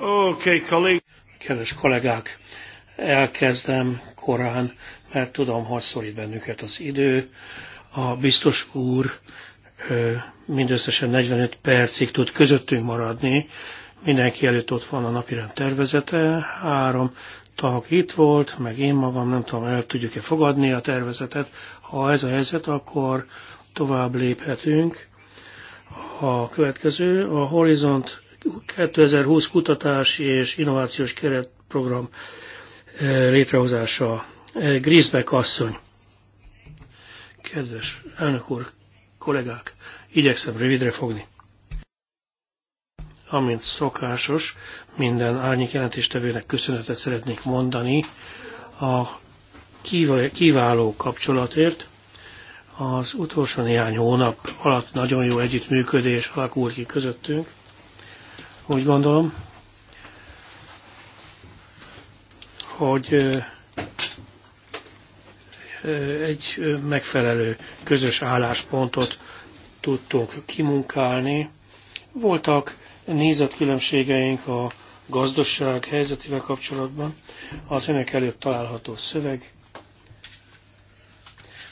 Okay, Kedves kollégák, elkezdem korán, mert tudom, hogy szorít bennünket az idő. A biztos úr mindösszesen 45 percig tud közöttünk maradni. Mindenki előtt ott van a napirend tervezete. Három tag itt volt, meg én magam, nem tudom, el tudjuk-e fogadni a tervezetet. Ha ez a helyzet, akkor tovább léphetünk. A következő, a Horizont 2020 kutatási és innovációs keretprogram eh, létrehozása. Eh, Grisbeck asszony. Kedves elnök úr, kollégák, igyekszem rövidre fogni. Amint szokásos, minden árnyék jelentéstevőnek köszönetet szeretnék mondani a kiváló kapcsolatért. Az utolsó néhány hónap alatt nagyon jó együttműködés alakult ki közöttünk úgy gondolom, hogy egy megfelelő közös álláspontot tudtunk kimunkálni. Voltak nézetkülönbségeink a gazdaság helyzetével kapcsolatban. Az önök előtt található szöveg,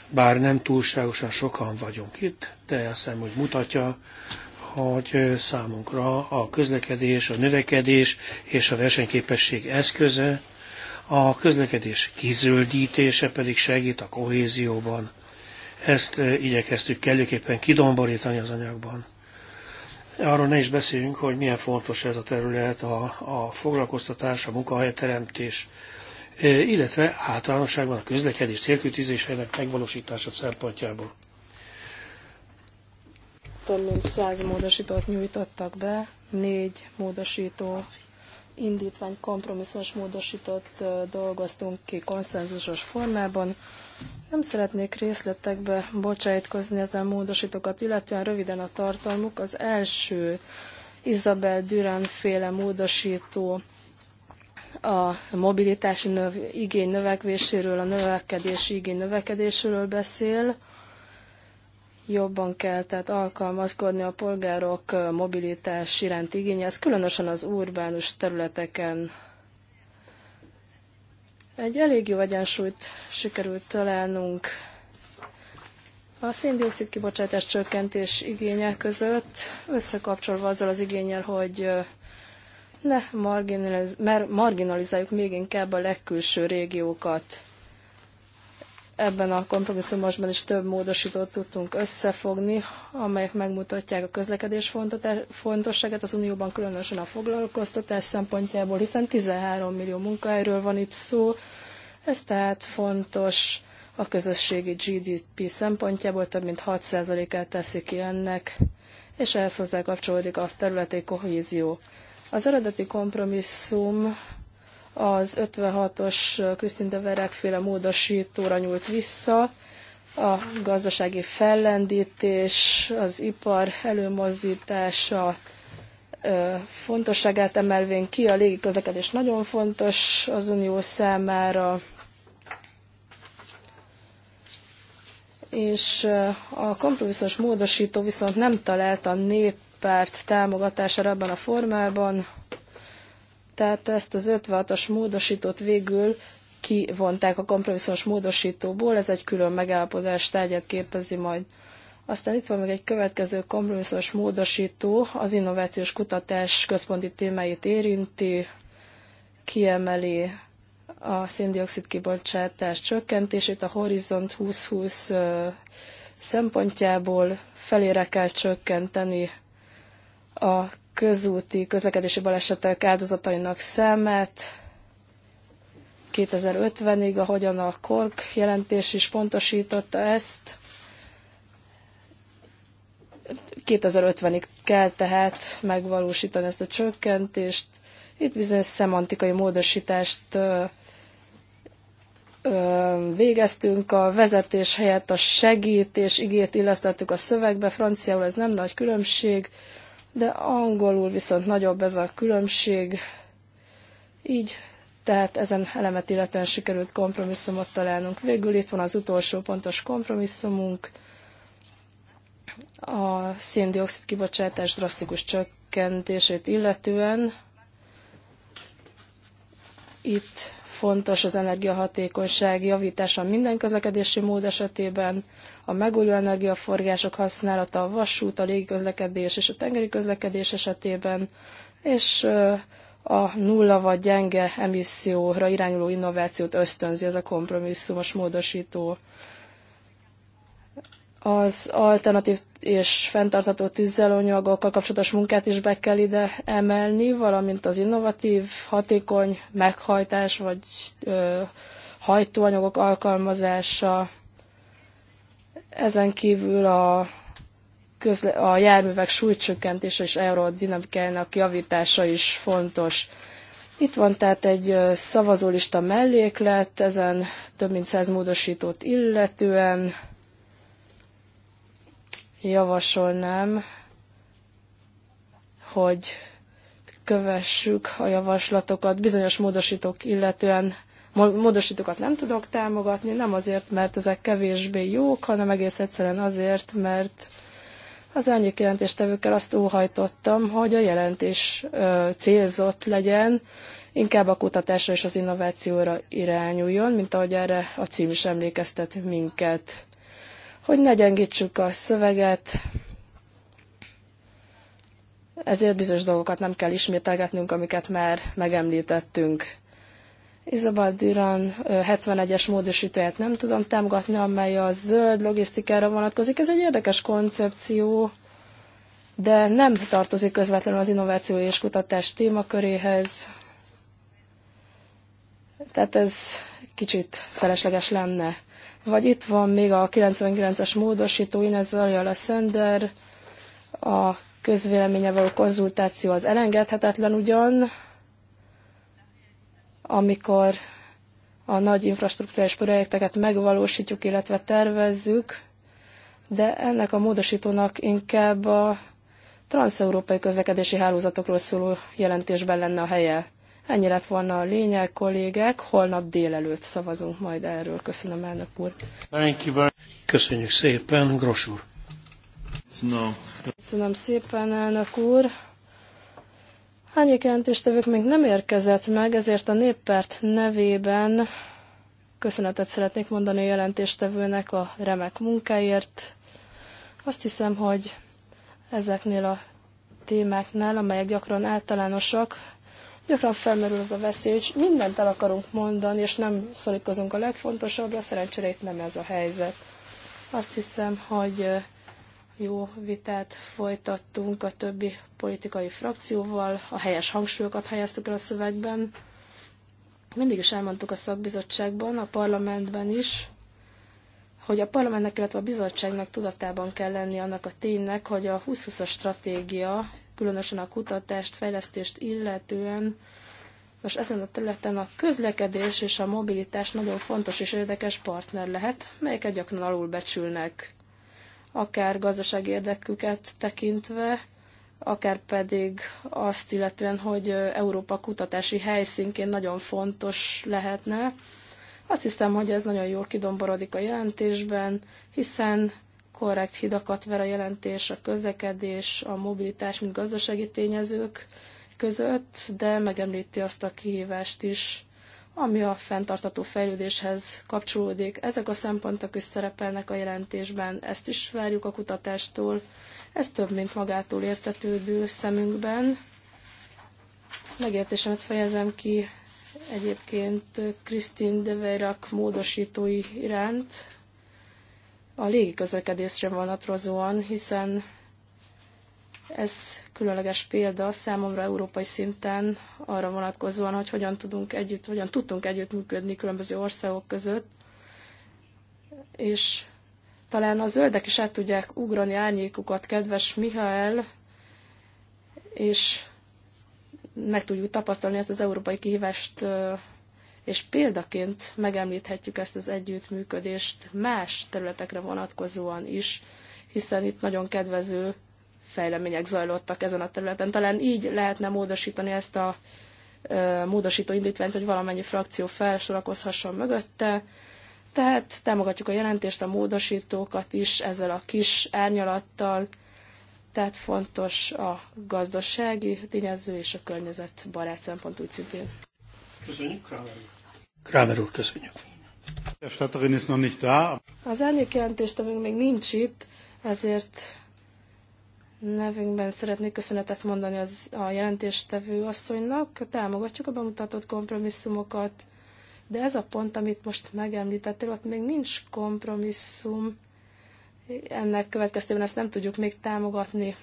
bár nem túlságosan sokan vagyunk itt, de azt hiszem, hogy mutatja hogy számunkra a közlekedés, a növekedés és a versenyképesség eszköze, a közlekedés kizöldítése pedig segít a kohézióban. Ezt igyekeztük kellőképpen kidomborítani az anyagban. Arról ne is beszéljünk, hogy milyen fontos ez a terület, a, a foglalkoztatás, a munkahelyteremtés, illetve általánosságban a közlekedés célkütizéseinek megvalósítása szempontjából több mint száz módosítót nyújtottak be, négy módosító indítvány kompromisszos módosított dolgoztunk ki konszenzusos formában. Nem szeretnék részletekbe bocsájtkozni ezen módosítókat, illetően röviden a tartalmuk. Az első Isabel Durán féle módosító a mobilitási növ, igény növekvéséről, a növekedési igény növekedéséről beszél jobban kell tehát alkalmazkodni a polgárok mobilitás iránt igényhez, különösen az urbánus területeken. Egy elég jó egyensúlyt sikerült találnunk a széndiokszid kibocsátás csökkentés igénye között, összekapcsolva azzal az igényel, hogy ne marginaliz- marginalizáljuk még inkább a legkülső régiókat. Ebben a kompromisszumosban is több módosítót tudtunk összefogni, amelyek megmutatják a közlekedés fontosságát az Unióban, különösen a foglalkoztatás szempontjából, hiszen 13 millió munkahelyről van itt szó, ez tehát fontos a közösségi GDP szempontjából több mint 6%-át teszi ki ennek, és ehhez hozzá kapcsolódik a területi kohézió. Az eredeti kompromisszum az 56-os Krisztin Deverek féle módosítóra nyúlt vissza, a gazdasági fellendítés, az ipar előmozdítása fontosságát emelvén ki, a légiközlekedés nagyon fontos az unió számára, és a kompromisszos módosító viszont nem találta a néppárt támogatására abban a formában, tehát ezt az 56 os módosítót végül kivonták a kompromisszumos módosítóból, ez egy külön megállapodás tárgyát képezi majd. Aztán itt van még egy következő kompromisszumos módosító, az innovációs kutatás központi témáit érinti, kiemeli a széndiokszid kibocsátás csökkentését, a Horizont 2020 szempontjából felére kell csökkenteni a közúti közlekedési balesetek áldozatainak számát 2050-ig, ahogyan a KORK jelentés is pontosította ezt. 2050-ig kell tehát megvalósítani ezt a csökkentést. Itt bizonyos szemantikai módosítást végeztünk, a vezetés helyett a segítés igét illesztettük a szövegbe, franciául ez nem nagy különbség, de angolul viszont nagyobb ez a különbség. Így tehát ezen elemet illetően sikerült kompromisszumot találnunk. Végül itt van az utolsó pontos kompromisszumunk. A széndiokszid kibocsátás drasztikus csökkentését illetően itt Fontos az energiahatékonyság javítása minden közlekedési mód esetében, a megújuló energiaforgások használata a vasút, a légiközlekedés és a tengeri közlekedés esetében, és a nulla vagy gyenge emisszióra irányuló innovációt ösztönzi ez a kompromisszumos módosító. Az alternatív és fenntartható tüzelőanyagokkal kapcsolatos munkát is be kell ide emelni, valamint az innovatív, hatékony meghajtás vagy ö, hajtóanyagok alkalmazása. Ezen kívül a, közle, a járművek súlycsökkentése és aerodinamikájának javítása is fontos. Itt van tehát egy szavazólista melléklet, ezen több mint száz módosítót illetően javasolnám, hogy kövessük a javaslatokat. Bizonyos módosítók illetően módosítókat nem tudok támogatni, nem azért, mert ezek kevésbé jók, hanem egész egyszerűen azért, mert az elnyék jelentéstevőkkel azt óhajtottam, hogy a jelentés célzott legyen, inkább a kutatásra és az innovációra irányuljon, mint ahogy erre a cím is emlékeztet minket hogy ne gyengítsük a szöveget, ezért bizonyos dolgokat nem kell ismételgetnünk, amiket már megemlítettünk. Isabel Duran 71-es módosítóját nem tudom támogatni, amely a zöld logisztikára vonatkozik. Ez egy érdekes koncepció, de nem tartozik közvetlenül az innováció és kutatás témaköréhez. Tehát ez kicsit felesleges lenne. Vagy itt van még a 99-es módosító Inez Arjala Szender, a közvéleménye való konzultáció az elengedhetetlen ugyan, amikor a nagy infrastruktúrás projekteket megvalósítjuk, illetve tervezzük, de ennek a módosítónak inkább a transeurópai közlekedési hálózatokról szóló jelentésben lenne a helye. Ennyi lett volna a lényeg, kollégek. Holnap délelőtt szavazunk majd erről. Köszönöm, elnök úr. Köszönjük szépen, Gros úr. Köszönöm szépen, elnök úr. Ányék jelentéstevők még nem érkezett meg, ezért a néppárt nevében köszönetet szeretnék mondani a jelentéstevőnek a remek munkáért. Azt hiszem, hogy ezeknél a témáknál, amelyek gyakran általánosak, Gyakran felmerül az a veszély, hogy mindent el akarunk mondani, és nem szorítkozunk a legfontosabbra, szerencsére itt nem ez a helyzet. Azt hiszem, hogy jó vitát folytattunk a többi politikai frakcióval, a helyes hangsúlyokat helyeztük el a szövegben. Mindig is elmondtuk a szakbizottságban, a parlamentben is, hogy a parlamentnek, illetve a bizottságnak tudatában kell lenni annak a ténynek, hogy a 2020-as stratégia különösen a kutatást, fejlesztést illetően. Most ezen a területen a közlekedés és a mobilitás nagyon fontos és érdekes partner lehet, melyeket gyakran becsülnek, akár gazdasági érdeküket tekintve, akár pedig azt illetően, hogy Európa kutatási helyszínként nagyon fontos lehetne. Azt hiszem, hogy ez nagyon jól kidomborodik a jelentésben, hiszen korrekt hidakat ver a jelentés a közlekedés, a mobilitás, mint gazdasági tényezők között, de megemlíti azt a kihívást is, ami a fenntartató fejlődéshez kapcsolódik. Ezek a szempontok is szerepelnek a jelentésben, ezt is várjuk a kutatástól. Ez több, mint magától értetődő szemünkben. Megértésemet fejezem ki egyébként Krisztin Deveirak módosítói iránt, a légi közlekedésre vonatkozóan, hiszen ez különleges példa számomra európai szinten arra vonatkozóan, hogy hogyan tudunk együtt, hogyan tudtunk együttműködni különböző országok között, és talán a zöldek is át tudják ugrani árnyékukat, kedves Mihael, és meg tudjuk tapasztalni ezt az európai kihívást és példaként megemlíthetjük ezt az együttműködést más területekre vonatkozóan is, hiszen itt nagyon kedvező fejlemények zajlottak ezen a területen. Talán így lehetne módosítani ezt a módosító indítványt, hogy valamennyi frakció felsorakozhasson mögötte. Tehát támogatjuk a jelentést, a módosítókat is ezzel a kis árnyalattal, tehát fontos a gazdasági tényező és a környezetbarát szempont úgy szintén. Köszönjük, Kállam! Kramer úr, köszönjük. Az még nincs itt, ezért nevünkben szeretnék köszönetet mondani az, a jelentéstevő asszonynak. Támogatjuk a bemutatott kompromisszumokat, de ez a pont, amit most megemlítettél, ott még nincs kompromisszum. Ennek következtében ezt nem tudjuk még támogatni.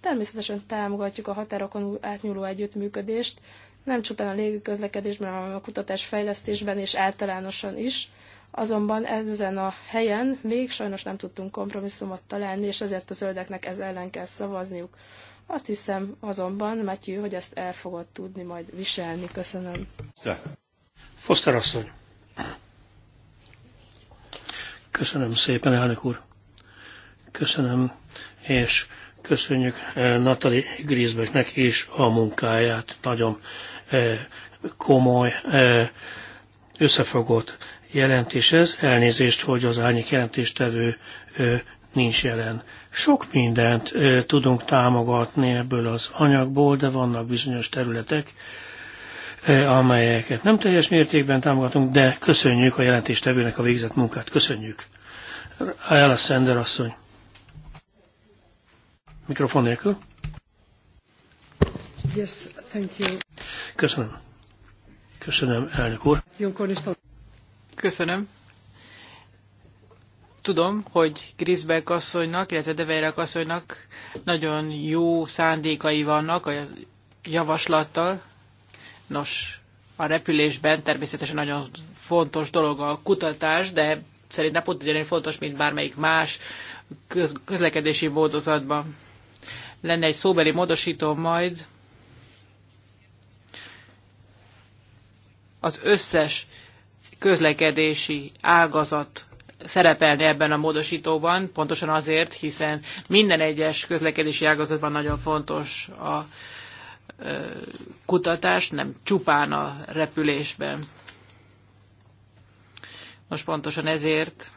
Természetesen támogatjuk a határokon átnyúló együttműködést, nem csupán a közlekedésben, hanem a kutatás fejlesztésben és általánosan is. Azonban ezen a helyen még sajnos nem tudtunk kompromisszumot találni, és ezért a zöldeknek ez ellen kell szavazniuk. Azt hiszem azonban, Matyő, hogy ezt el fogod tudni majd viselni. Köszönöm. De. Foster asszony. Köszönöm szépen, elnök úr. Köszönöm, és köszönjük eh, Natali Grisbeknek is a munkáját. Nagyon komoly, összefogott jelentés ez. Elnézést, hogy az árnyék jelentéstevő nincs jelen. Sok mindent tudunk támogatni ebből az anyagból, de vannak bizonyos területek, amelyeket nem teljes mértékben támogatunk, de köszönjük a jelentéstevőnek a végzett munkát. Köszönjük. Ella Sender asszony. Mikrofon nélkül. Yes, thank you. Köszönöm. Köszönöm, elnök úr. Köszönöm. Tudom, hogy Grisbeck asszonynak, illetve Deveirek asszonynak nagyon jó szándékai vannak a javaslattal. Nos, a repülésben természetesen nagyon fontos dolog a kutatás, de szerintem pont ugyanilyen fontos, mint bármelyik más közlekedési módozatban. Lenne egy szóbeli módosító majd az összes közlekedési ágazat szerepelni ebben a módosítóban, pontosan azért, hiszen minden egyes közlekedési ágazatban nagyon fontos a kutatás, nem csupán a repülésben. Most pontosan ezért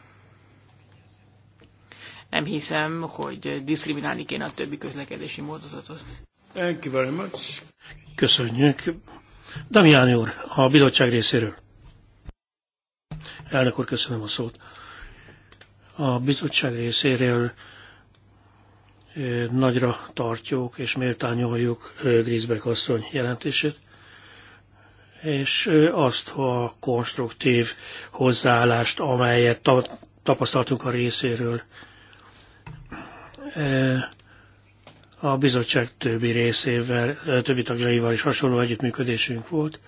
nem hiszem, hogy diszkriminálni kéne a többi közlekedési módozatot. Thank you very much. Köszönjük. Damián úr, a bizottság részéről. Elnök úr, köszönöm a szót. A bizottság részéről nagyra tartjuk és méltányoljuk Grisbeck asszony jelentését, és azt a konstruktív hozzáállást, amelyet tapasztaltunk a részéről a bizottság többi részével, többi tagjaival is hasonló együttműködésünk volt.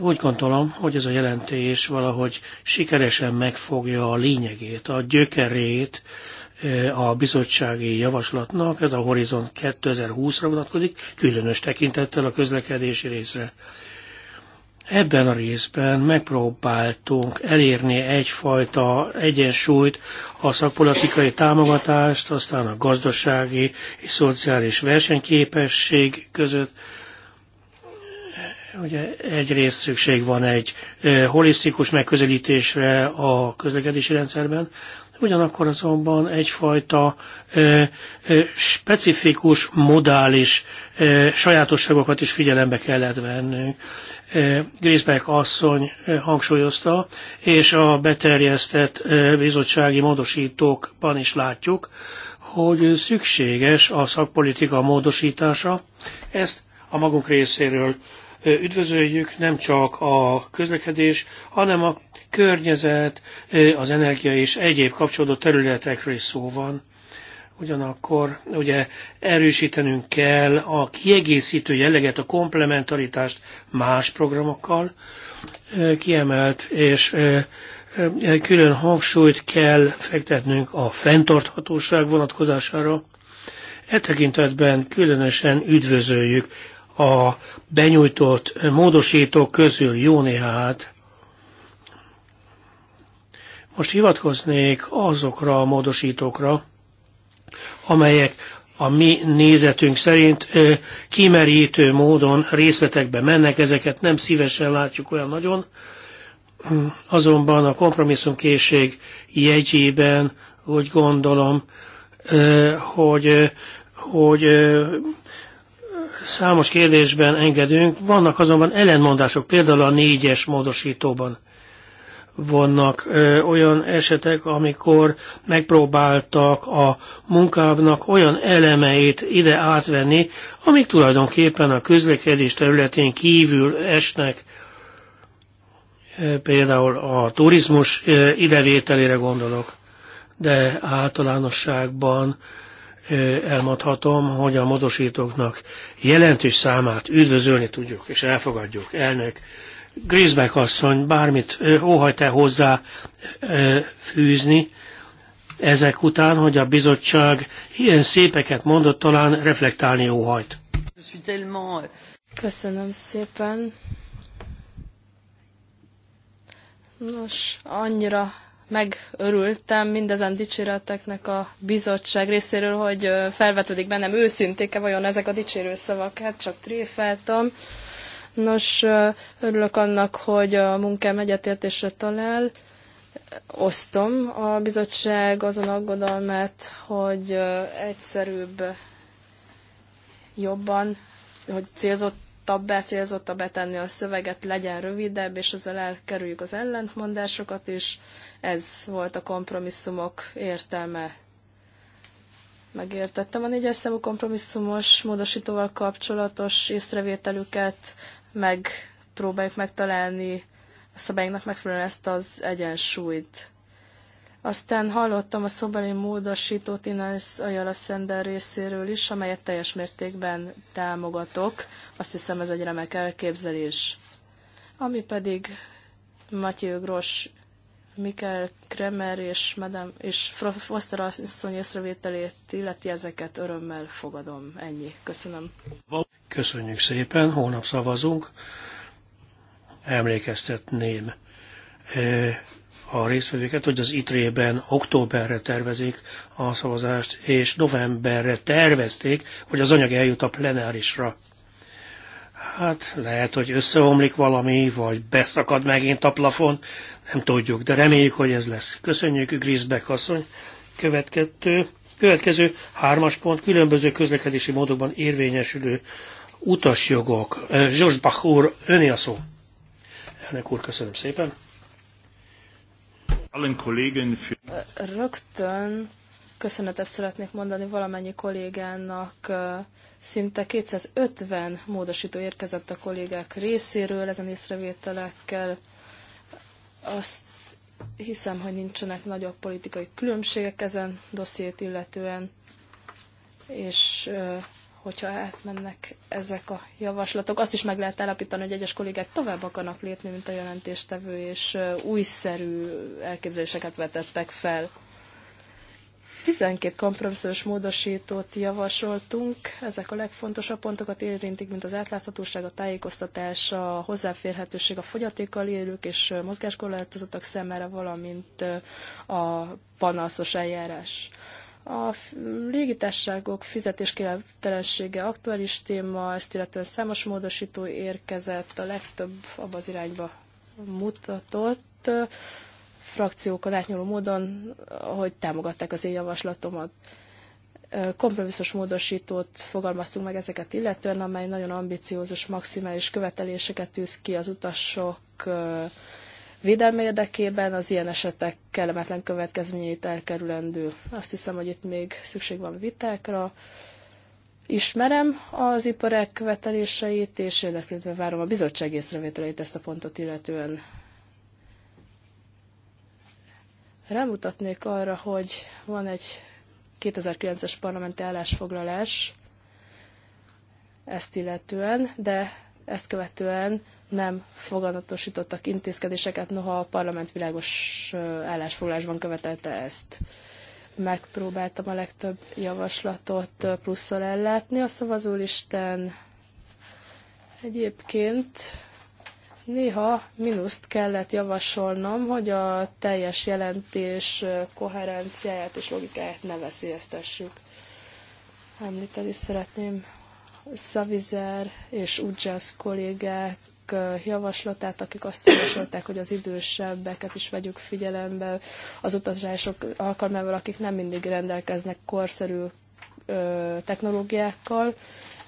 Úgy gondolom, hogy ez a jelentés valahogy sikeresen megfogja a lényegét, a gyökerét a bizottsági javaslatnak, ez a Horizont 2020-ra vonatkozik, különös tekintettel a közlekedési részre. Ebben a részben megpróbáltunk elérni egyfajta egyensúlyt a szakpolitikai támogatást, aztán a gazdasági és szociális versenyképesség között. Ugye egyrészt szükség van egy holisztikus megközelítésre a közlekedési rendszerben, ugyanakkor azonban egyfajta ö, ö, specifikus, modális ö, sajátosságokat is figyelembe kellett vennünk. Eh, Grisbeck asszony eh, hangsúlyozta, és a beterjesztett eh, bizottsági módosítókban is látjuk, hogy szükséges a szakpolitika módosítása. Ezt a magunk részéről üdvözöljük nem csak a közlekedés, hanem a környezet, az energia és egyéb kapcsolódó területekről is szó van. Ugyanakkor ugye erősítenünk kell a kiegészítő jelleget, a komplementaritást más programokkal kiemelt, és külön hangsúlyt kell fektetnünk a fenntarthatóság vonatkozására. E tekintetben különösen üdvözöljük a benyújtott módosítók közül jó néhát. Most hivatkoznék azokra a módosítókra, amelyek a mi nézetünk szerint kimerítő módon részletekbe mennek, ezeket nem szívesen látjuk olyan nagyon, azonban a kompromisszumkészség jegyében úgy gondolom, hogy, hogy számos kérdésben engedünk, vannak azonban ellenmondások, például a négyes módosítóban vannak ö, olyan esetek, amikor megpróbáltak a munkának olyan elemeit ide átvenni, amik tulajdonképpen a közlekedés területén kívül esnek, e, például a turizmus e, idevételére gondolok, de általánosságban e, elmondhatom, hogy a modosítóknak jelentős számát üdvözölni tudjuk és elfogadjuk. Elnök, Grisbeck asszony, bármit óhajt-e hozzá fűzni ezek után, hogy a bizottság ilyen szépeket mondott, talán reflektálni óhajt. Köszönöm szépen. Nos, annyira megörültem mindezen dicséreteknek a bizottság részéről, hogy felvetődik bennem őszintéke vajon ezek a dicsérő szavak, hát csak tréfeltem. Nos, örülök annak, hogy a munkám egyetértésre talál. Osztom a bizottság azon aggodalmát, hogy egyszerűbb, jobban, hogy célzottabbá, célzottabbá tenni a szöveget, legyen rövidebb, és ezzel elkerüljük az ellentmondásokat is. Ez volt a kompromisszumok értelme megértettem a négyes számú kompromisszumos módosítóval kapcsolatos észrevételüket meg próbáljuk megtalálni a szabályoknak megfelelően ezt az egyensúlyt. Aztán hallottam a szobeli módosítót Inez Ajala Szender részéről is, amelyet teljes mértékben támogatok. Azt hiszem ez egy remek elképzelés. Ami pedig Matyő Gros, Mikkel Kremer és, Madame, és Foster asszony észrevételét illeti, ezeket örömmel fogadom. Ennyi. Köszönöm. Köszönjük szépen, holnap szavazunk. Emlékeztetném a résztvevőket, hogy az ITRE-ben októberre tervezik a szavazást, és novemberre tervezték, hogy az anyag eljut a plenárisra. Hát lehet, hogy összeomlik valami, vagy beszakad megint a plafon, nem tudjuk, de reméljük, hogy ez lesz. Köszönjük, Griszbek asszony. Következő, következő hármas pont, különböző közlekedési módokban érvényesülő utasjogok. Zsosbach úr, öné a szó. Elnök úr, köszönöm szépen. Rögtön köszönetet szeretnék mondani valamennyi kollégának. Szinte 250 módosító érkezett a kollégák részéről ezen észrevételekkel. Azt hiszem, hogy nincsenek nagyobb politikai különbségek ezen dossziét illetően, és hogyha átmennek ezek a javaslatok. Azt is meg lehet állapítani, hogy egyes kollégák tovább akarnak lépni, mint a jelentéstevő, és újszerű elképzeléseket vetettek fel. 12 kompromisszós módosítót javasoltunk. Ezek a legfontosabb pontokat érintik, mint az átláthatóság, a tájékoztatás, a hozzáférhetőség a fogyatékkal élők és mozgáskorlátozottak szemére, valamint a panaszos eljárás. A légitárságok fizetésképtelensége aktuális téma, ezt illetően számos módosító érkezett, a legtöbb abba az irányba mutatott frakciókon átnyúló módon, hogy támogatták az én javaslatomat. Kompromisszus módosítót fogalmaztunk meg ezeket illetően, amely nagyon ambiciózus, maximális követeléseket tűz ki az utasok védelme érdekében az ilyen esetek kellemetlen következményeit elkerülendő. Azt hiszem, hogy itt még szükség van vitákra. Ismerem az iparek követeléseit, és érdeklődve várom a bizottság észrevételeit ezt a pontot illetően. Rámutatnék arra, hogy van egy 2009-es parlamenti állásfoglalás ezt illetően, de ezt követően nem fogadatosítottak intézkedéseket, noha a parlament világos állásfoglalásban követelte ezt. Megpróbáltam a legtöbb javaslatot plusszal ellátni a szavazólisten. Egyébként néha mínuszt kellett javasolnom, hogy a teljes jelentés koherenciáját és logikáját ne veszélyeztessük. Említeni szeretném Szavizer és Ugyász kollégák javaslatát, akik azt javasolták, hogy az idősebbeket is vegyük figyelembe az utazások alkalmával, akik nem mindig rendelkeznek korszerű technológiákkal.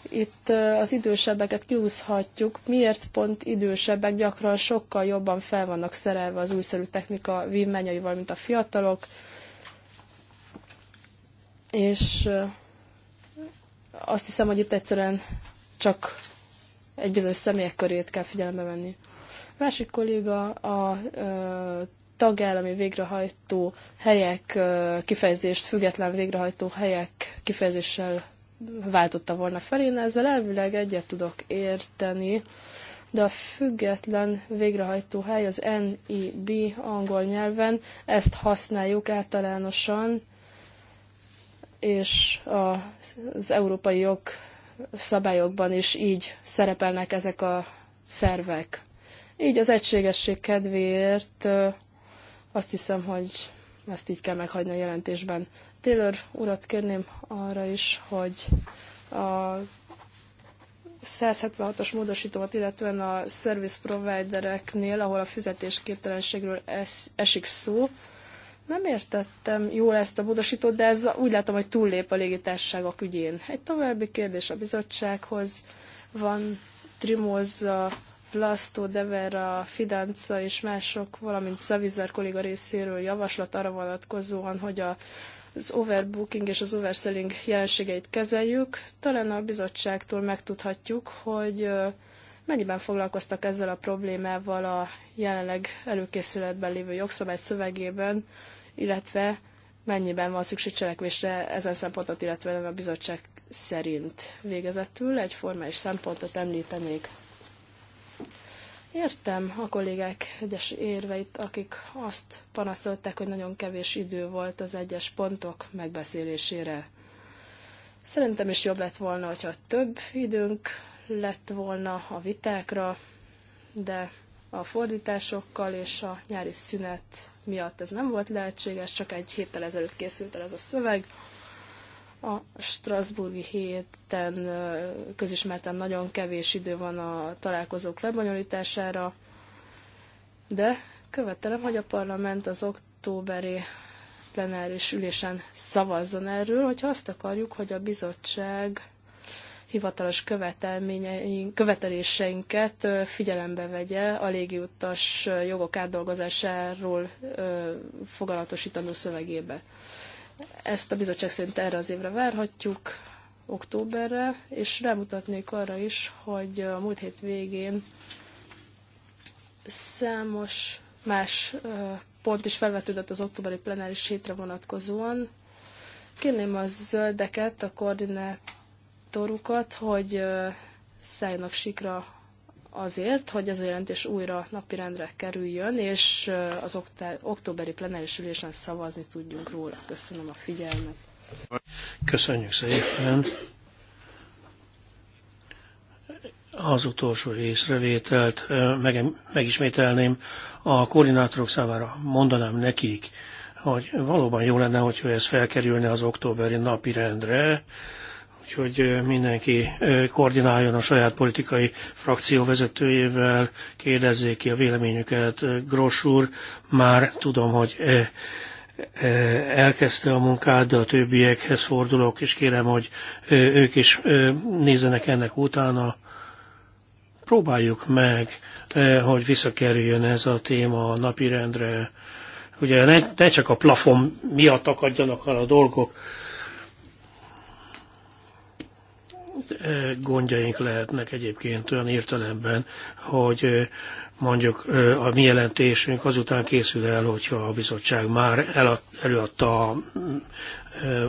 Itt az idősebbeket kiúzhatjuk, Miért pont idősebbek gyakran sokkal jobban fel vannak szerelve az újszerű technika vívmányaival, mint a fiatalok? És azt hiszem, hogy itt egyszerűen csak egy bizonyos személyek körét kell figyelembe venni. A másik kolléga a ö, tagállami végrehajtó helyek ö, kifejezést független végrehajtó helyek kifejezéssel váltotta volna fel. Én ezzel elvileg egyet tudok érteni, de a független végrehajtó hely az NIB angol nyelven, ezt használjuk általánosan, és az európai jog szabályokban is így szerepelnek ezek a szervek. Így az egységesség kedvéért azt hiszem, hogy ezt így kell meghagyni a jelentésben. Taylor urat kérném arra is, hogy a 176-os módosítómat, illetően a service providereknél, ahol a fizetésképtelenségről es, esik szó, nem értettem jól ezt a módosítót, de ez úgy látom, hogy túllép a légitársaságok ügyén. Egy további kérdés a bizottsághoz. Van Trimozza, Vlasto, Devera, Fidanca és mások, valamint Szavizer kolléga részéről javaslat arra vonatkozóan, hogy a az overbooking és az overselling jelenségeit kezeljük. Talán a bizottságtól megtudhatjuk, hogy Mennyiben foglalkoztak ezzel a problémával a jelenleg előkészületben lévő jogszabály szövegében, illetve mennyiben van szükség cselekvésre ezen szempontot, illetve nem a bizottság szerint végezetül egy formális szempontot említenék. Értem a kollégák egyes érveit, akik azt panaszolták, hogy nagyon kevés idő volt az egyes pontok megbeszélésére. Szerintem is jobb lett volna, hogyha több időnk lett volna a vitákra, de a fordításokkal és a nyári szünet miatt ez nem volt lehetséges, csak egy héttel ezelőtt készült el ez a szöveg. A Strasburgi héten közismerten nagyon kevés idő van a találkozók lebonyolítására, de követelem, hogy a parlament az októberi plenáris ülésen szavazzon erről, hogyha azt akarjuk, hogy a bizottság hivatalos követeléseinket figyelembe vegye a légiutas jogok átdolgozásáról fogalatosítandó szövegébe. Ezt a bizottság szerint erre az évre várhatjuk, októberre, és rámutatnék arra is, hogy a múlt hét végén számos más pont is felvetődött az októberi plenáris hétre vonatkozóan. Kérném a zöldeket, a koordinát torukat, hogy szálljanak sikra azért, hogy ez a jelentés újra napirendre kerüljön, és az októberi plenáris ülésen szavazni tudjunk róla. Köszönöm a figyelmet. Köszönjük szépen. Az utolsó észrevételt meg, megismételném. A koordinátorok számára mondanám nekik, hogy valóban jó lenne, hogyha ez felkerülne az októberi napi rendre, úgyhogy mindenki koordináljon a saját politikai frakció vezetőjével, kérdezzék ki a véleményüket. Gross úr, már tudom, hogy elkezdte a munkát, de a többiekhez fordulok, és kérem, hogy ők is nézzenek ennek utána. Próbáljuk meg, hogy visszakerüljön ez a téma a napirendre. Ugye ne, ne csak a plafon miatt akadjanak el a dolgok, gondjaink lehetnek egyébként olyan értelemben, hogy mondjuk a mi jelentésünk azután készül el, hogyha a bizottság már elad, előadta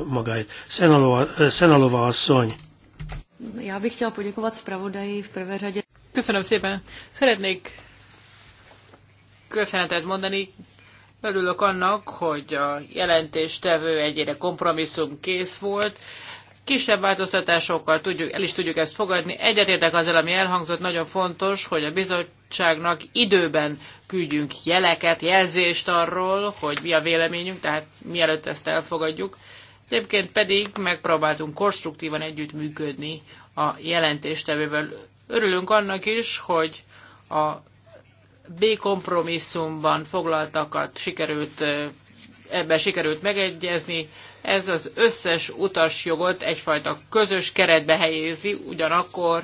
magáit. Szenalova, Szenalova asszony. Já bych chtěla poděkovat zpravodaji v prvé řadě. Köszönöm szépen. Szeretnék köszönetet mondani. Örülök annak, hogy a jelentéstevő egyére kompromisszum kész volt. Kisebb változtatásokkal tudjuk, el is tudjuk ezt fogadni. Egyetértek azzal, ami elhangzott, nagyon fontos, hogy a bizottságnak időben küldjünk jeleket, jelzést arról, hogy mi a véleményünk, tehát mielőtt ezt elfogadjuk. Egyébként pedig megpróbáltunk konstruktívan együttműködni a jelentéstevővel. Örülünk annak is, hogy a B kompromisszumban foglaltakat sikerült, ebben sikerült megegyezni, ez az összes utasjogot egyfajta közös keretbe helyezi, ugyanakkor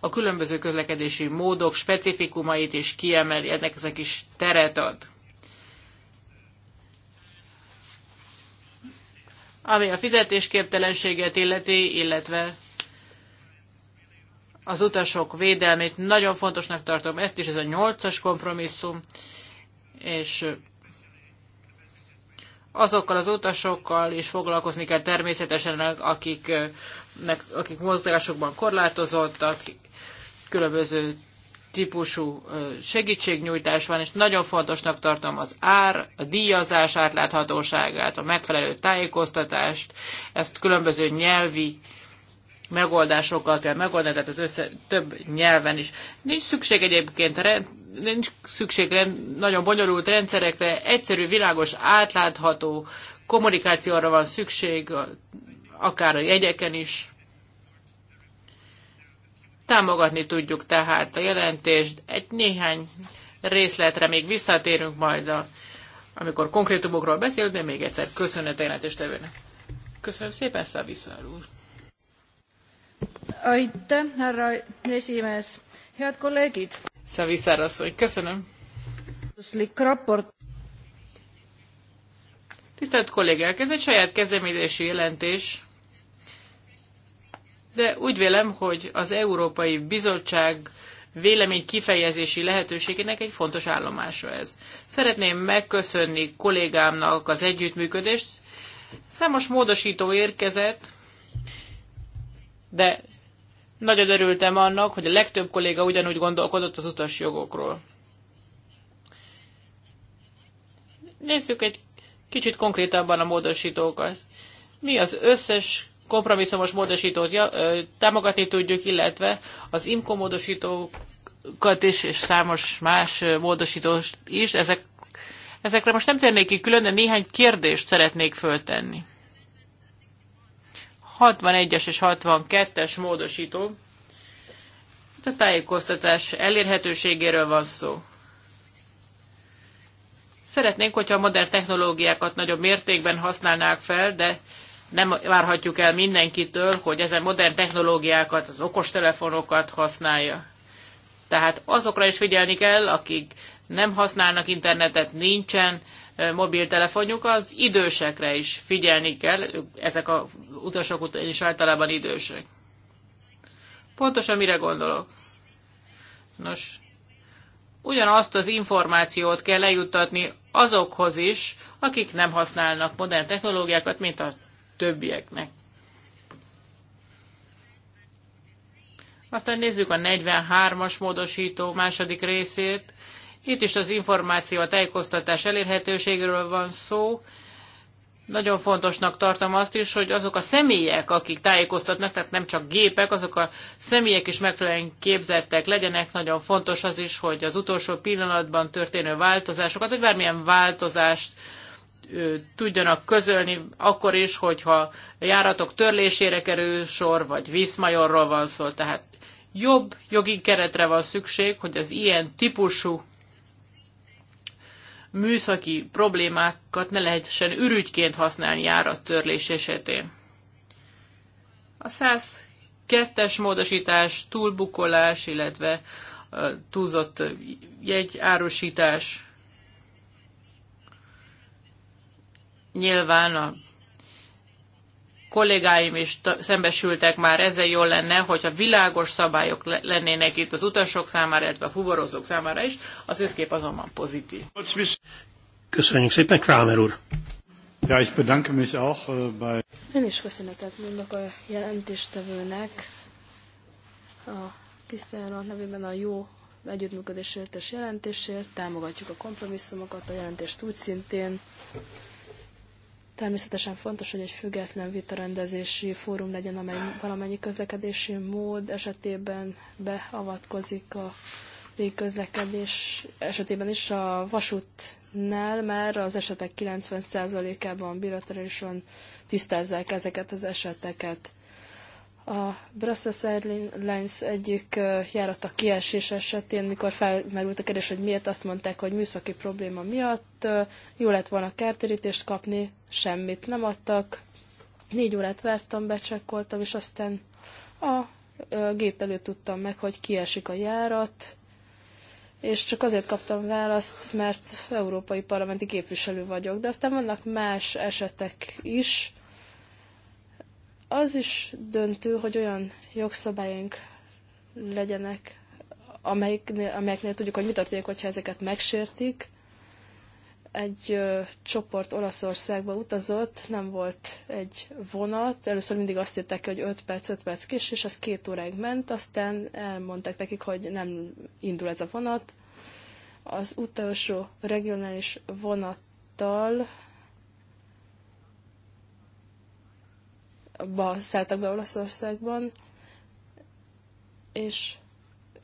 a különböző közlekedési módok specifikumait is kiemeli, ennek ezek is teret ad. Ami a fizetésképtelenséget illeti, illetve az utasok védelmét nagyon fontosnak tartom. Ezt is ez a nyolcas kompromisszum, és azokkal az utasokkal is foglalkozni kell természetesen, akiknek, akik mozgásokban korlátozottak, különböző típusú segítségnyújtás van, és nagyon fontosnak tartom az ár, a díjazás átláthatóságát, a megfelelő tájékoztatást, ezt különböző nyelvi megoldásokkal kell megoldani, tehát az össze, több nyelven is. Nincs szükség egyébként, rend, nincs szükség nagyon bonyolult rendszerekre, egyszerű, világos, átlátható kommunikációra van szükség, akár a jegyeken is. Támogatni tudjuk tehát a jelentést. Egy néhány részletre még visszatérünk majd, a, amikor konkrétumokról beszélünk, de még egyszer köszönet a jelentéstevőnek. Köszönöm szépen, Szaviszár úr! Aitäh, härra esimees. Head kolleegid. Savisaar köszönöm. köszönöm. Raport. Tisztelt kollégák, ez egy saját kezdeményezési jelentés, de úgy vélem, hogy az Európai Bizottság vélemény kifejezési lehetőségének egy fontos állomása ez. Szeretném megköszönni kollégámnak az együttműködést. Számos módosító érkezett, de nagyon örültem annak, hogy a legtöbb kolléga ugyanúgy gondolkodott az jogokról. Nézzük egy kicsit konkrétabban a módosítókat. Mi az összes kompromisszumos módosítót támogatni tudjuk, illetve az IMCO módosítókat is, és számos más módosítót is. Ezek, ezekre most nem térnék ki külön, de néhány kérdést szeretnék föltenni. 61-es és 62-es módosító. A tájékoztatás elérhetőségéről van szó. Szeretnénk, hogyha a modern technológiákat nagyobb mértékben használnák fel, de nem várhatjuk el mindenkitől, hogy ezen modern technológiákat, az okostelefonokat használja. Tehát azokra is figyelni kell, akik nem használnak internetet, nincsen mobiltelefonjuk, az idősekre is figyelni kell, ezek a utasok is általában idősek. Pontosan mire gondolok? Nos, ugyanazt az információt kell eljuttatni azokhoz is, akik nem használnak modern technológiákat, mint a többieknek. Aztán nézzük a 43-as módosító második részét. Itt is az információ, a tájékoztatás elérhetőségről van szó. Nagyon fontosnak tartom azt is, hogy azok a személyek, akik tájékoztatnak, tehát nem csak gépek, azok a személyek is megfelelően képzettek legyenek. Nagyon fontos az is, hogy az utolsó pillanatban történő változásokat, vagy bármilyen változást tudjanak közölni, akkor is, hogyha járatok törlésére kerül sor, vagy vízmajorról van szó. Tehát jobb jogi keretre van szükség, hogy az ilyen típusú műszaki problémákat ne lehessen ürügyként használni törlés esetén. A 102-es módosítás, túlbukolás, illetve túlzott jegyárusítás nyilván a kollégáim is szembesültek már, ezzel jól lenne, hogyha világos szabályok lennének itt az utasok számára, illetve a fuvarozók számára is, az összkép azonban pozitív. Köszönjük szépen, Krámer úr! Ja, ich bedanke mich auch äh, bei... Én is köszönetet mondok a jelentéstevőnek, a Krisztiánról nevében a jó együttműködésért és jelentésért, támogatjuk a kompromisszumokat, a jelentést úgy szintén. Természetesen fontos, hogy egy független vitarendezési fórum legyen, amely valamennyi közlekedési mód esetében beavatkozik a légközlekedés esetében is a vasútnál, mert az esetek 90%-ában bilaterálisan tisztázzák ezeket az eseteket. A Brussels Airlines egyik járata kiesés esetén, mikor felmerült a kérdés, hogy miért azt mondták, hogy műszaki probléma miatt jó lett volna kártérítést kapni, semmit nem adtak. Négy órát vártam, becsekkoltam, és aztán a gép előtt tudtam meg, hogy kiesik a járat, és csak azért kaptam választ, mert európai parlamenti képviselő vagyok. De aztán vannak más esetek is, az is döntő, hogy olyan jogszabályunk legyenek, amelyeknél, amelyeknél tudjuk, hogy mi történik, hogyha ezeket megsértik. Egy ö, csoport Olaszországba utazott, nem volt egy vonat. Először mindig azt írták ki, hogy 5 perc, 5 perc kis, és az két óráig ment, aztán elmondták nekik, hogy nem indul ez a vonat. Az utolsó regionális vonattal ba szálltak be Olaszországban, és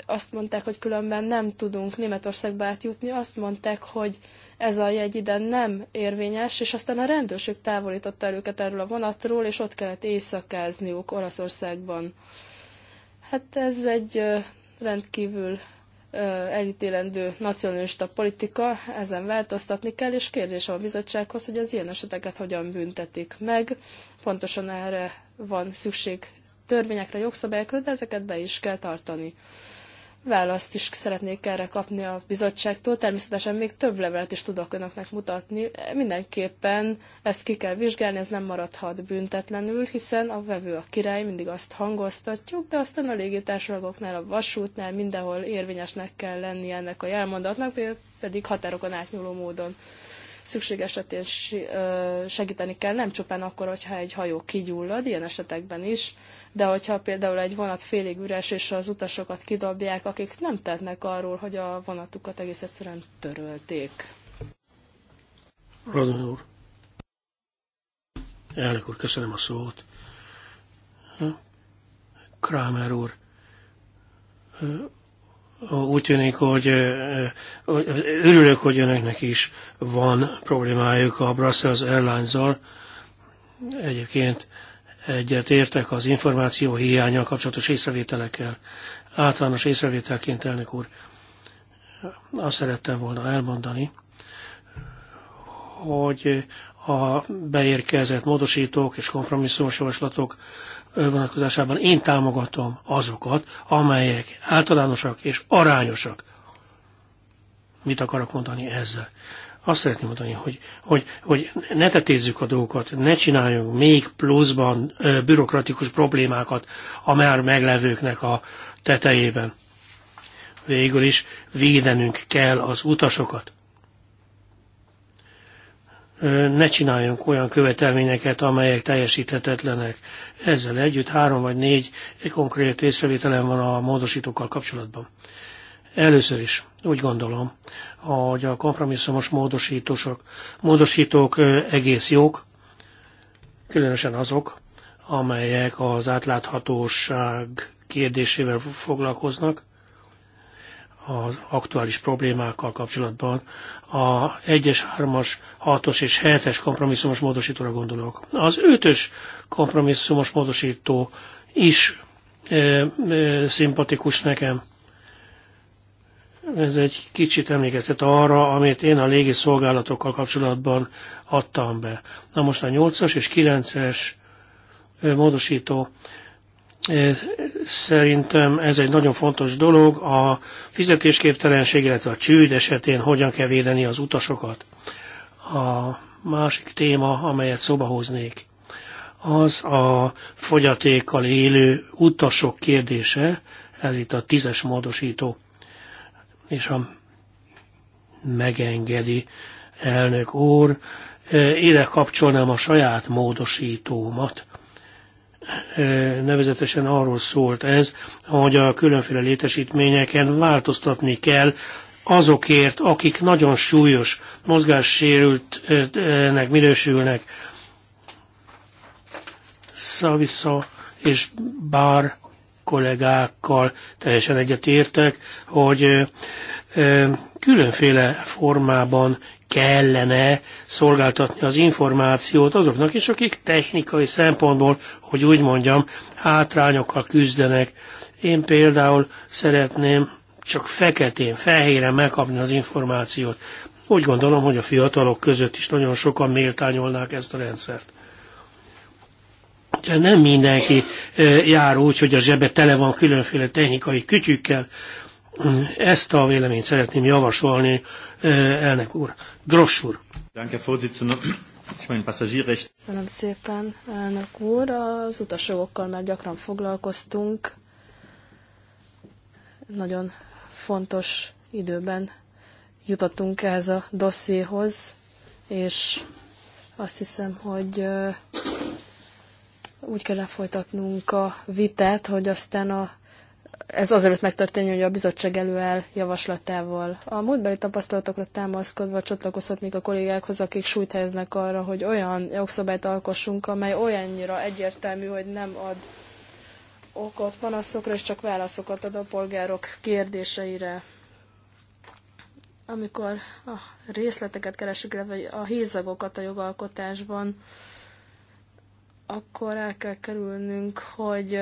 azt mondták, hogy különben nem tudunk Németországba átjutni, azt mondták, hogy ez a jegy ide nem érvényes, és aztán a rendőrség távolította el őket erről a vonatról, és ott kellett éjszakázniuk Olaszországban. Hát ez egy rendkívül elítélendő nacionalista politika, ezen változtatni kell, és kérdés a bizottsághoz, hogy az ilyen eseteket hogyan büntetik meg. Pontosan erre van szükség törvényekre, jogszabályokra, de ezeket be is kell tartani. Választ is szeretnék erre kapni a bizottságtól. Természetesen még több levelet is tudok önöknek mutatni. Mindenképpen ezt ki kell vizsgálni, ez nem maradhat büntetlenül, hiszen a vevő a király, mindig azt hangoztatjuk, de aztán a légitársaságoknál, a vasútnál mindenhol érvényesnek kell lenni ennek a jelmondatnak, pedig határokon átnyúló módon szükség esetén segíteni kell, nem csupán akkor, hogyha egy hajó kigyullad, ilyen esetekben is, de hogyha például egy vonat félig üres, és az utasokat kidobják, akik nem tehetnek arról, hogy a vonatukat egész egyszerűen törölték. Radon úr. Elnök úr, köszönöm a szót. Krámer úr, úgy tűnik, hogy örülök, hogy önöknek is van problémájuk a Brussels airlines -zal. Egyébként egyet értek az információ hiányal kapcsolatos észrevételekkel. Általános észrevételként, elnök úr, azt szerettem volna elmondani, hogy a beérkezett módosítók és kompromisszós javaslatok vonatkozásában én támogatom azokat, amelyek általánosak és arányosak. Mit akarok mondani ezzel? azt szeretném mondani, hogy, hogy, hogy ne tetézzük a dolgokat, ne csináljunk még pluszban bürokratikus problémákat a már meglevőknek a tetejében. Végül is védenünk kell az utasokat. Ne csináljunk olyan követelményeket, amelyek teljesíthetetlenek. Ezzel együtt három vagy négy konkrét észrevételem van a módosítókkal kapcsolatban. Először is úgy gondolom, hogy a kompromisszumos módosítósok, módosítók egész jók, különösen azok, amelyek az átláthatóság kérdésével foglalkoznak, az aktuális problémákkal kapcsolatban. A 1-es, 3-as, 6-os és 7-es kompromisszumos módosítóra gondolok. Az 5-ös kompromisszumos módosító is e, e, szimpatikus nekem. Ez egy kicsit emlékeztet arra, amit én a légi szolgálatokkal kapcsolatban adtam be. Na most a 8-as és 9-es módosító szerintem ez egy nagyon fontos dolog, a fizetésképtelenség, illetve a csőd esetén hogyan kell védeni az utasokat. A másik téma, amelyet szóba hoznék, az a fogyatékkal élő utasok kérdése, ez itt a tízes módosító és a megengedi elnök úr, ide kapcsolnám a saját módosítómat. Nevezetesen arról szólt ez, hogy a különféle létesítményeken változtatni kell azokért, akik nagyon súlyos mozgássérültnek minősülnek. Szavisza és bár kollégákkal teljesen egyetértek, hogy különféle formában kellene szolgáltatni az információt azoknak is, akik technikai szempontból, hogy úgy mondjam, hátrányokkal küzdenek. Én például szeretném csak feketén, fehéren megkapni az információt. Úgy gondolom, hogy a fiatalok között is nagyon sokan méltányolnák ezt a rendszert nem mindenki jár úgy, hogy a zsebe tele van különféle technikai kütyükkel. Ezt a véleményt szeretném javasolni, elnök úr. Gross úr. Köszönöm szépen, elnök úr. Az utasokkal már gyakran foglalkoztunk. Nagyon fontos időben jutottunk ehhez a dossziéhoz, és azt hiszem, hogy úgy kell lefolytatnunk a vitát, hogy aztán a, ez azelőtt megtörténjen, hogy a bizottság előáll javaslatával. A múltbeli tapasztalatokra támaszkodva csatlakozhatnék a kollégákhoz, akik súlyt helyeznek arra, hogy olyan jogszabályt alkossunk, amely olyannyira egyértelmű, hogy nem ad okot panaszokra, és csak válaszokat ad a polgárok kérdéseire. Amikor a részleteket keresünk, vagy a hízagokat a jogalkotásban, akkor el kell kerülnünk, hogy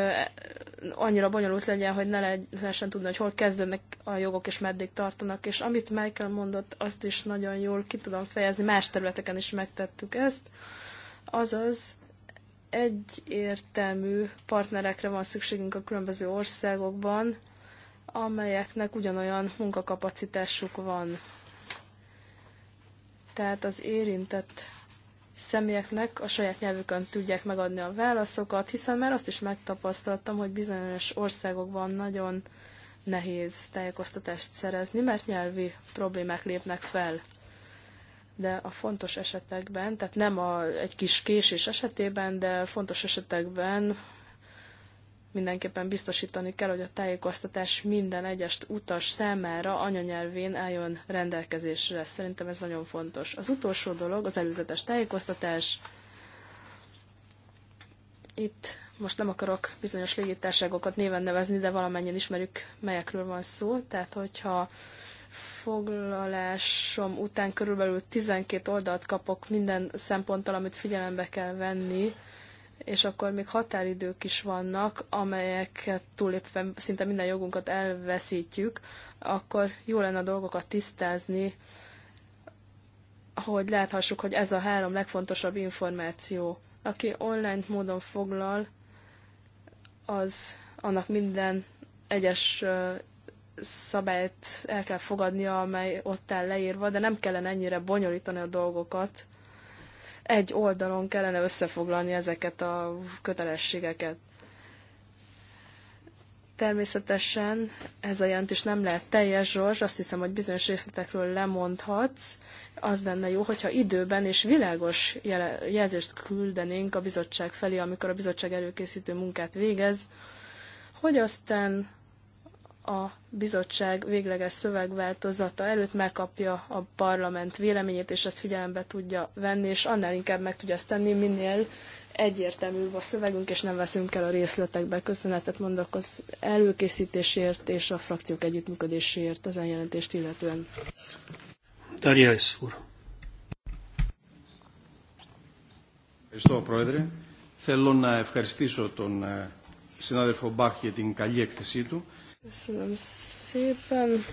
annyira bonyolult legyen, hogy ne lehessen tudni, hogy hol kezdenek a jogok és meddig tartanak. És amit Michael mondott, azt is nagyon jól ki tudom fejezni, más területeken is megtettük ezt. Azaz, egyértelmű partnerekre van szükségünk a különböző országokban, amelyeknek ugyanolyan munkakapacitásuk van. Tehát az érintett személyeknek a saját nyelvükön tudják megadni a válaszokat, hiszen már azt is megtapasztaltam, hogy bizonyos országokban nagyon nehéz tájékoztatást szerezni, mert nyelvi problémák lépnek fel. De a fontos esetekben, tehát nem a, egy kis késés esetében, de fontos esetekben mindenképpen biztosítani kell, hogy a tájékoztatás minden egyes utas számára anyanyelvén álljon rendelkezésre. Szerintem ez nagyon fontos. Az utolsó dolog az előzetes tájékoztatás. Itt most nem akarok bizonyos légitárságokat néven nevezni, de valamennyien ismerjük, melyekről van szó. Tehát, hogyha foglalásom után körülbelül 12 oldalt kapok minden szemponttal, amit figyelembe kell venni, és akkor még határidők is vannak, amelyeket túllépve szinte minden jogunkat elveszítjük, akkor jó lenne a dolgokat tisztázni, hogy láthassuk, hogy ez a három legfontosabb információ. Aki online módon foglal, az annak minden egyes szabályt el kell fogadnia, amely ott áll leírva, de nem kellene ennyire bonyolítani a dolgokat, egy oldalon kellene összefoglalni ezeket a kötelességeket. Természetesen ez a jelentés nem lehet teljes, Zsors, azt hiszem, hogy bizonyos részletekről lemondhatsz. Az lenne jó, hogyha időben és világos jelzést küldenénk a bizottság felé, amikor a bizottság előkészítő munkát végez, hogy aztán a bizottság végleges szövegváltozata előtt megkapja a parlament véleményét, és ezt figyelembe tudja venni, és annál inkább meg tudja ezt tenni, minél egyértelműbb a szövegünk, és nem veszünk el a részletekbe. Köszönetet mondok az előkészítésért és a frakciók együttműködéséért az jelentést illetően. Darius úr. Ευχαριστώ, Πρόεδρε. Θέλω να ευχαριστήσω τον συνάδελφο Μπαχ για την καλή έκθεσή του. Köszönöm szépen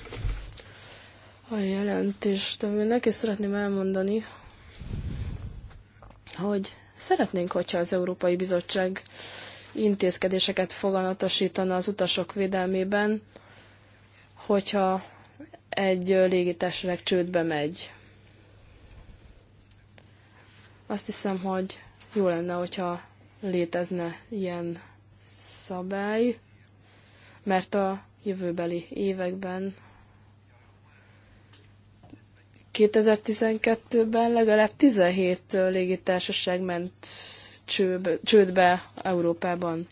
a jelentéstevőnek, és szeretném elmondani, hogy szeretnénk, hogyha az Európai Bizottság intézkedéseket foganatosítana az utasok védelmében, hogyha egy légitársaság csődbe megy. Azt hiszem, hogy jó lenne, hogyha létezne ilyen szabály mert a jövőbeli években 2012-ben legalább 17 légitársaság ment csőbe, csődbe Európában.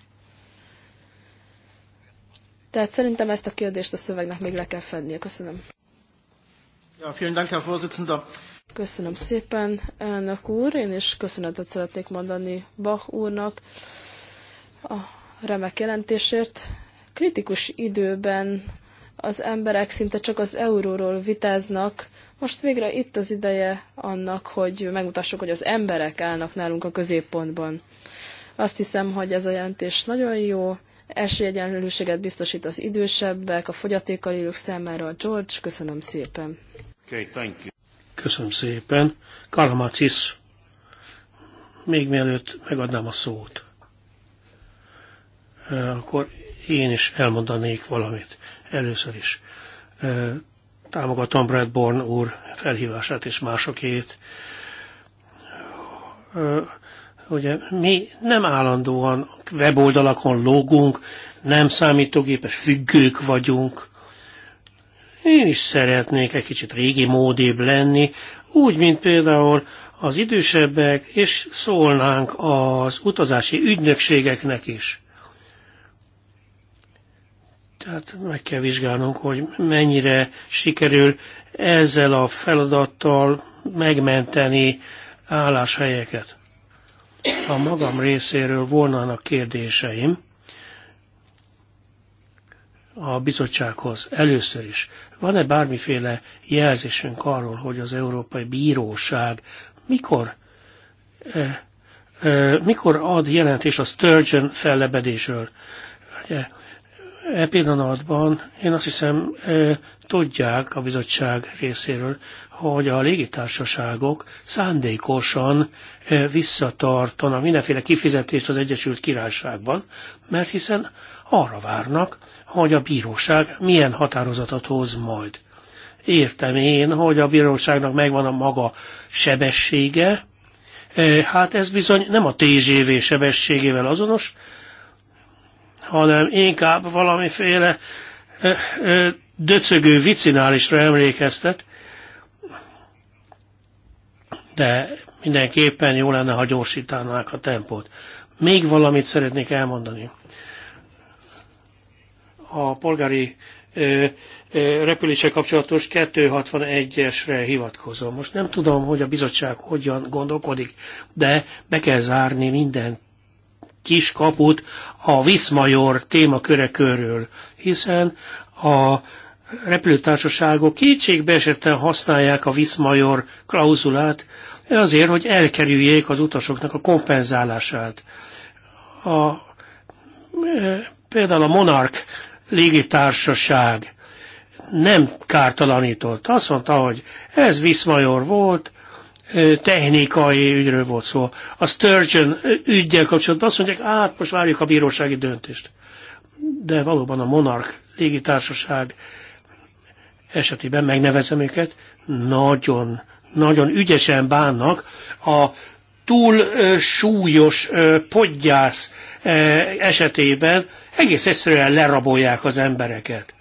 Tehát szerintem ezt a kérdést a szövegnek még le kell fednie. Köszönöm. Ja, vielen Dank, Herr Vorsitzender. Köszönöm szépen, elnök úr. Én is köszönetet szeretnék mondani Bach úrnak a remek jelentésért. Kritikus időben az emberek szinte csak az euróról vitáznak, most végre itt az ideje annak, hogy megmutassuk, hogy az emberek állnak nálunk a középpontban. Azt hiszem, hogy ez a jelentés nagyon jó, esélyegyenlőséget biztosít az idősebbek, a fogyatékkal élők számára. George, köszönöm szépen. Okay, thank you. Köszönöm szépen. Karamacis, még mielőtt megadnám a szót, eh, akkor én is elmondanék valamit. Először is támogatom Bradborn úr felhívását és másokét. Ugye mi nem állandóan weboldalakon lógunk, nem számítógépes függők vagyunk. Én is szeretnék egy kicsit régi módébb lenni, úgy, mint például az idősebbek, és szólnánk az utazási ügynökségeknek is. Tehát meg kell vizsgálnunk, hogy mennyire sikerül ezzel a feladattal megmenteni álláshelyeket. A magam részéről volnának kérdéseim a bizottsághoz először is. Van-e bármiféle jelzésünk arról, hogy az Európai Bíróság mikor e, e, mikor ad jelentést a Sturgeon fellebedésről? E pillanatban én azt hiszem e, tudják a bizottság részéről, hogy a légitársaságok szándékosan e, visszatartanak mindenféle kifizetést az Egyesült Királyságban, mert hiszen arra várnak, hogy a bíróság milyen határozatot hoz majd. Értem én, hogy a bíróságnak megvan a maga sebessége, e, hát ez bizony nem a TGV sebességével azonos, hanem inkább valamiféle döcögő vicinálisra emlékeztet, de mindenképpen jó lenne, ha gyorsítanák a tempót. Még valamit szeretnék elmondani. A polgári ö, ö, repülése kapcsolatos 261-esre hivatkozom. Most nem tudom, hogy a bizottság hogyan gondolkodik, de be kell zárni minden kis kaput a Viszmajor témaköre körül, hiszen a repülőtársaságok kétségbeesetten használják a Viszmajor klauzulát azért, hogy elkerüljék az utasoknak a kompenzálását. A, e, például a Monarch légitársaság nem kártalanított. Azt mondta, hogy ez Viszmajor volt, technikai ügyről volt szó. A Sturgeon ügyel kapcsolatban azt mondják, hát most várjuk a bírósági döntést. De valóban a Monarch légitársaság esetében megnevezem őket, nagyon, nagyon ügyesen bánnak a túl ö, súlyos ö, podgyász ö, esetében egész egyszerűen lerabolják az embereket.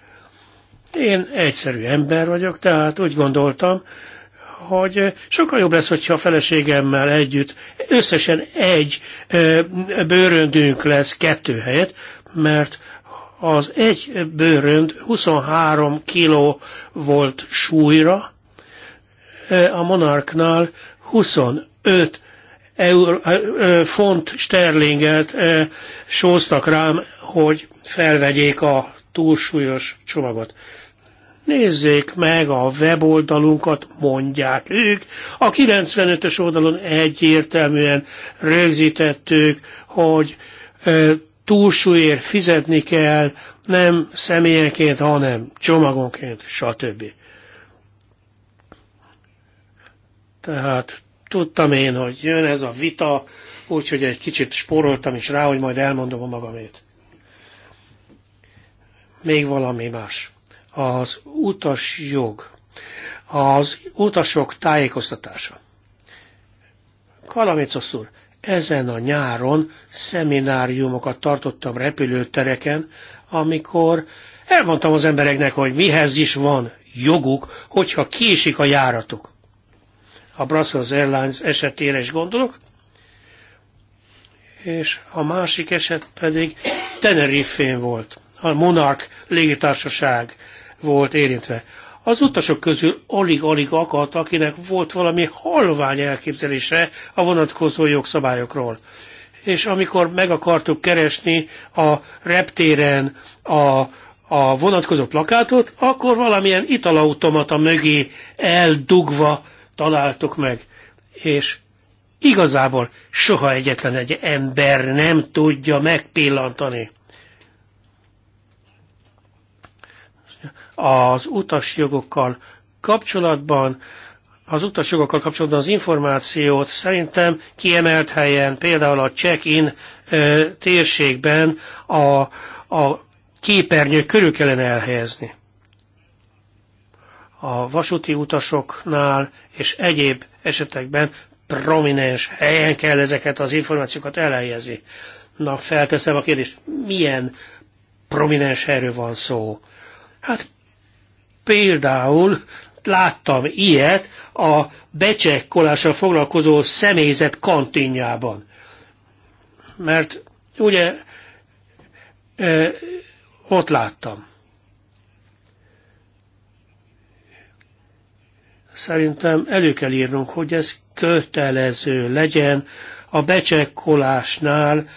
Én egyszerű ember vagyok, tehát úgy gondoltam, hogy sokkal jobb lesz, hogyha a feleségemmel együtt összesen egy bőröndünk lesz kettő helyet, mert az egy bőrönd 23 kiló volt súlyra, a monarknál 25 eur, font sterlinget sóztak rám, hogy felvegyék a túlsúlyos csomagot. Nézzék meg a weboldalunkat, mondják ők. A 95-ös oldalon egyértelműen rögzítettük, hogy túlsúlyért fizetni kell, nem személyenként, hanem csomagonként, stb. Tehát tudtam én, hogy jön ez a vita, úgyhogy egy kicsit sporoltam is rá, hogy majd elmondom a magamét. Még valami más az utas jog, az utasok tájékoztatása. Kalamicos úr, ezen a nyáron szemináriumokat tartottam repülőtereken, amikor elmondtam az embereknek, hogy mihez is van joguk, hogyha késik a járatuk. A Brussels Airlines esetére is gondolok, és a másik eset pedig Tenerife-n volt, a Monarch légitársaság volt érintve. Az utasok közül alig-alig akadt, akinek volt valami halvány elképzelése a vonatkozó jogszabályokról. És amikor meg akartuk keresni a reptéren a, a vonatkozó plakátot, akkor valamilyen italautomata mögé eldugva találtuk meg. És igazából soha egyetlen egy ember nem tudja megpillantani. az utasjogokkal kapcsolatban, az utasjogokkal kapcsolatban az információt szerintem kiemelt helyen, például a check-in térségben a, a képernyő körül kellene elhelyezni. A vasúti utasoknál és egyéb esetekben prominens helyen kell ezeket az információkat elhelyezni. Na, felteszem a kérdést, milyen prominens erő van szó? Hát Például láttam ilyet a becsekkolással foglalkozó személyzet kantinjában. Mert ugye ö, ott láttam. Szerintem elő kell írnunk, hogy ez kötelező legyen a becsekkolásnál,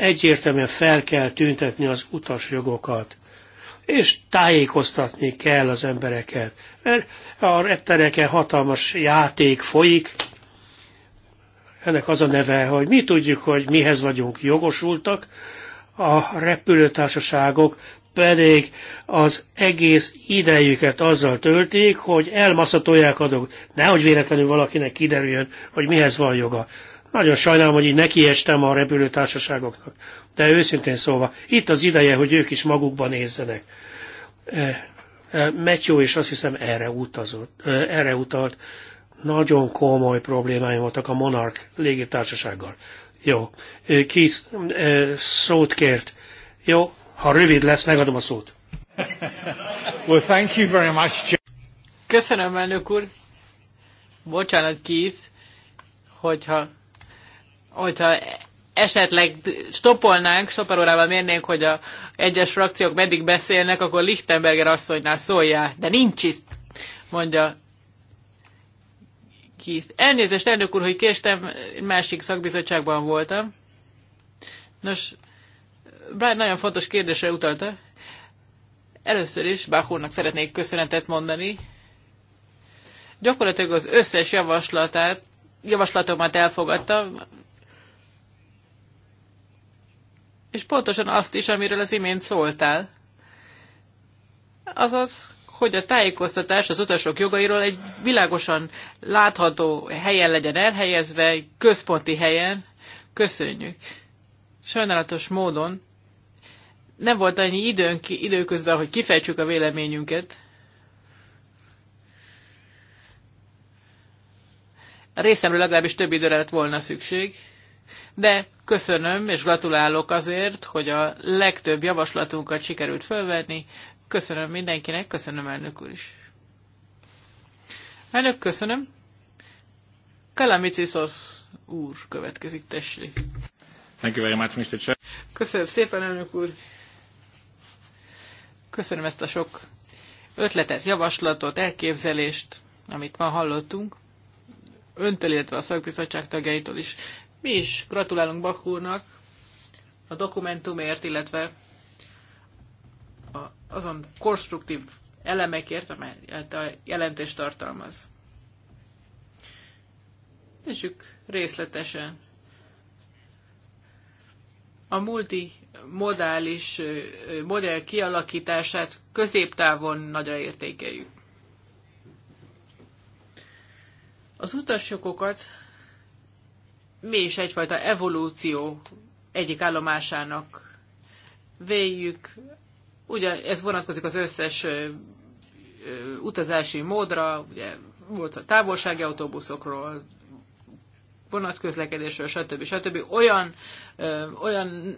egyértelműen fel kell tüntetni az utasjogokat és tájékoztatni kell az embereket. Mert a retteneken hatalmas játék folyik, ennek az a neve, hogy mi tudjuk, hogy mihez vagyunk jogosultak, a repülőtársaságok pedig az egész idejüket azzal töltik, hogy elmaszatolják adók. Nehogy véletlenül valakinek kiderüljön, hogy mihez van joga. Nagyon sajnálom, hogy így nekiestem a repülőtársaságoknak. De őszintén szólva, itt az ideje, hogy ők is magukban nézzenek. E, e, Matthew is azt hiszem erre, utazott, e, erre utalt. Nagyon komoly problémáim voltak a Monarch légitársasággal. Jó. Ki szót kért? Jó, ha rövid lesz, megadom a szót. Well, thank you very much. Köszönöm, elnök úr. Bocsánat, Keith, hogyha hogyha esetleg stopolnánk, stoparórával mérnénk, hogy a egyes frakciók meddig beszélnek, akkor Lichtenberger asszonynál szóljál, de nincs itt, mondja Keith. Elnézést, elnök úr, hogy késtem, másik szakbizottságban voltam. Nos, bár nagyon fontos kérdésre utalta. Először is Bachurnak szeretnék köszönetet mondani. Gyakorlatilag az összes javaslatát, javaslatomat elfogadta, és pontosan azt is, amiről az imént szóltál. Azaz, hogy a tájékoztatás az utasok jogairól egy világosan látható helyen legyen elhelyezve, egy központi helyen. Köszönjük. Sajnálatos módon nem volt annyi időnk időközben, hogy kifejtsük a véleményünket. A részemről legalábbis több időre lett volna szükség de köszönöm és gratulálok azért, hogy a legtöbb javaslatunkat sikerült fölvenni. Köszönöm mindenkinek, köszönöm elnök úr is. Elnök, köszönöm. Kalamicisos úr következik, tessék. Thank you very much, Mr. Chair. Köszönöm szépen, elnök úr. Köszönöm ezt a sok ötletet, javaslatot, elképzelést, amit ma hallottunk öntől, illetve a szakbizottság tagjaitól is mi is gratulálunk Bach úrnak a dokumentumért, illetve azon konstruktív elemekért, amelyet a jelentés tartalmaz. Nézzük részletesen. A multimodális modell kialakítását középtávon nagyra értékeljük. Az utasjogokat mi is egyfajta evolúció egyik állomásának véljük. Ugye ez vonatkozik az összes utazási módra, ugye volt a távolsági autóbuszokról, vonatközlekedésről, stb. stb. Olyan, ö, olyan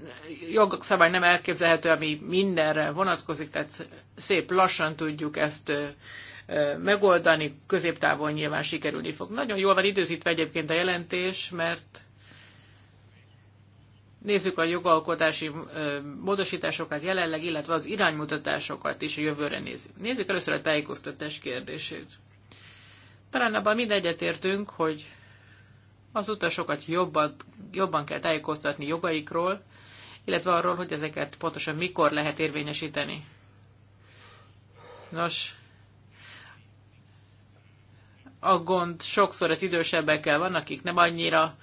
jogszabály nem elképzelhető, ami mindenre vonatkozik, tehát szép lassan tudjuk ezt ö, megoldani, középtávon nyilván sikerülni fog. Nagyon jól van időzítve egyébként a jelentés, mert nézzük a jogalkotási módosításokat jelenleg, illetve az iránymutatásokat is a jövőre nézzük. Nézzük először a tájékoztatás kérdését. Talán abban mind egyetértünk, hogy az utasokat jobban, jobban kell tájékoztatni jogaikról, illetve arról, hogy ezeket pontosan mikor lehet érvényesíteni. Nos, a gond sokszor az idősebbekkel van, akik nem annyira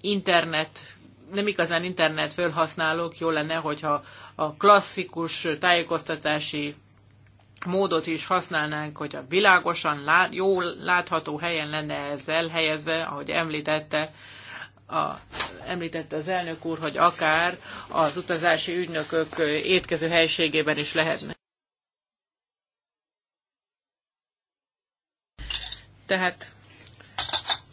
internet, nem igazán internet felhasználók, jó lenne, hogyha a klasszikus tájékoztatási módot is használnánk, hogy a világosan, lát, jól látható helyen lenne ez elhelyezve, ahogy említette, a, említette az elnök úr, hogy akár az utazási ügynökök étkező helységében is lehetne. Tehát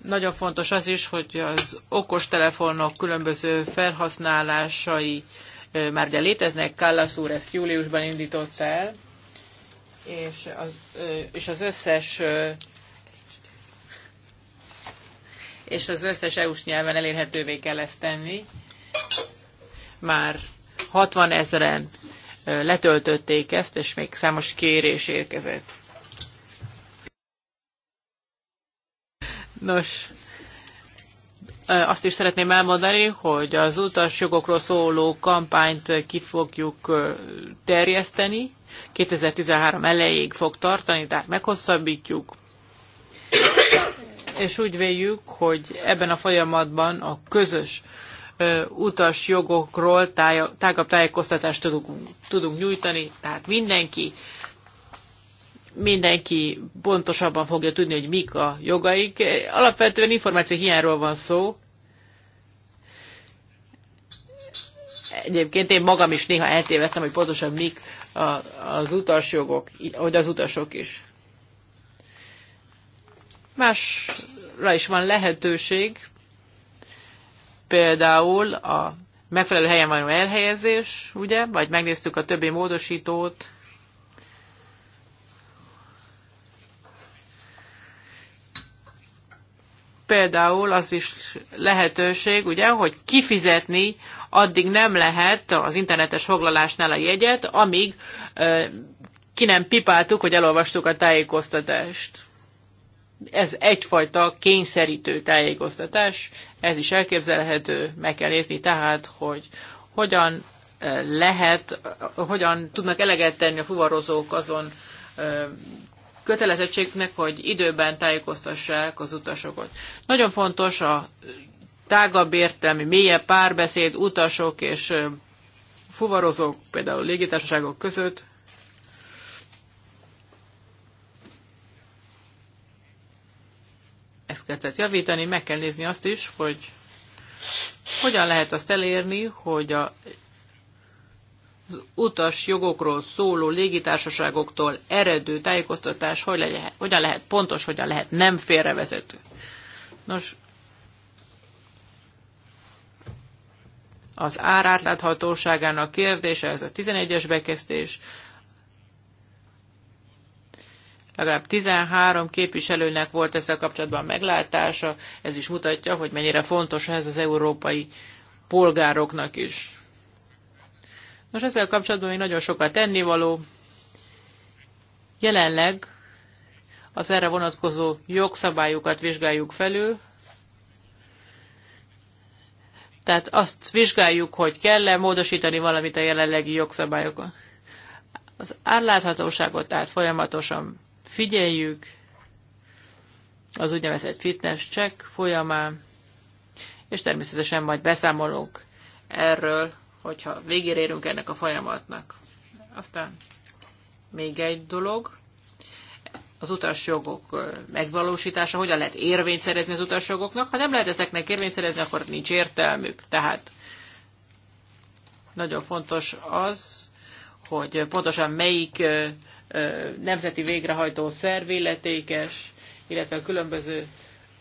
nagyon fontos az is, hogy az okostelefonok különböző felhasználásai már ugye léteznek, Kallas úr ezt júliusban indította el, és az, és az összes és az összes EU-s nyelven elérhetővé kell ezt tenni. Már 60 ezeren letöltötték ezt, és még számos kérés érkezett. Nos, azt is szeretném elmondani, hogy az utasjogokról szóló kampányt ki fogjuk terjeszteni. 2013 elejéig fog tartani, tehát meghosszabbítjuk. És úgy véljük, hogy ebben a folyamatban a közös utasjogokról tágabb tájékoztatást tudunk, tudunk nyújtani, tehát mindenki mindenki pontosabban fogja tudni, hogy mik a jogaik. Alapvetően információ hiányról van szó. Egyébként én magam is néha eltéveztem, hogy pontosan mik az utasjogok, hogy az utasok is. Másra is van lehetőség, például a megfelelő helyen való elhelyezés, ugye, vagy megnéztük a többi módosítót, például az is lehetőség, ugye, hogy kifizetni addig nem lehet az internetes foglalásnál a jegyet, amíg ö, ki nem pipáltuk, hogy elolvastuk a tájékoztatást. Ez egyfajta kényszerítő tájékoztatás, ez is elképzelhető, meg kell nézni tehát, hogy hogyan lehet, hogyan tudnak eleget tenni a fuvarozók azon kötelezettségnek, hogy időben tájékoztassák az utasokat. Nagyon fontos a tágabb értelmi, mélyebb párbeszéd utasok és fuvarozók, például légitársaságok között. Ezt kellett javítani, meg kell nézni azt is, hogy hogyan lehet azt elérni, hogy a az utas jogokról szóló légitársaságoktól eredő tájékoztatás hogy legyen, hogyan lehet pontos, hogyan lehet nem félrevezető. Nos, az ár átláthatóságának kérdése, ez a 11-es bekezdés, legalább 13 képviselőnek volt ezzel kapcsolatban meglátása, ez is mutatja, hogy mennyire fontos ez az európai polgároknak is. Nos, ezzel kapcsolatban még nagyon sokat tennivaló. Jelenleg az erre vonatkozó jogszabályokat vizsgáljuk felül, tehát azt vizsgáljuk, hogy kell-e módosítani valamit a jelenlegi jogszabályokon. Az átláthatóságot tehát folyamatosan figyeljük, az úgynevezett fitness check folyamán, és természetesen majd beszámolunk erről hogyha végére érünk ennek a folyamatnak. Aztán még egy dolog, az utasjogok megvalósítása, hogyan lehet érvényt szerezni az utasjogoknak. Ha nem lehet ezeknek érvényt szerezni, akkor nincs értelmük. Tehát nagyon fontos az, hogy pontosan melyik nemzeti végrehajtó szerv illetékes, illetve a különböző,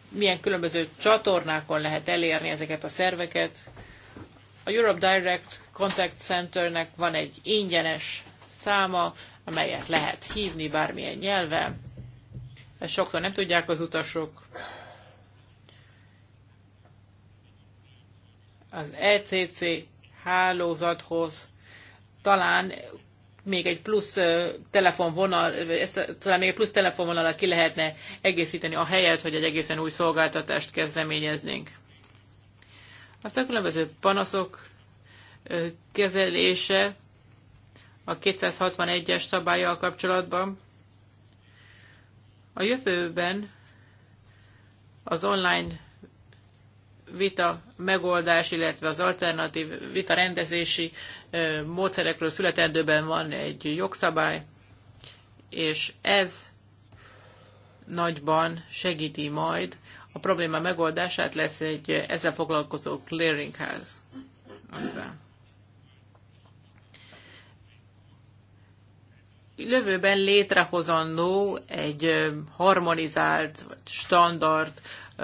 milyen különböző csatornákon lehet elérni ezeket a szerveket, a Europe Direct Contact Centernek van egy ingyenes száma, amelyet lehet hívni bármilyen nyelven. Ezt sokszor nem tudják az utasok. Az ECC hálózathoz talán még egy plusz telefonvonal, ezt, talán még egy plusz telefonvonal ki lehetne egészíteni a helyet, hogy egy egészen új szolgáltatást kezdeményeznénk. Aztán különböző panaszok kezelése a 261-es szabályjal kapcsolatban. A jövőben az online vita megoldás, illetve az alternatív vita rendezési módszerekről születendőben van egy jogszabály, és ez nagyban segíti majd a probléma megoldását, lesz egy ezzel foglalkozó clearinghouse. Aztán. Lövőben létrehozandó egy harmonizált, vagy standard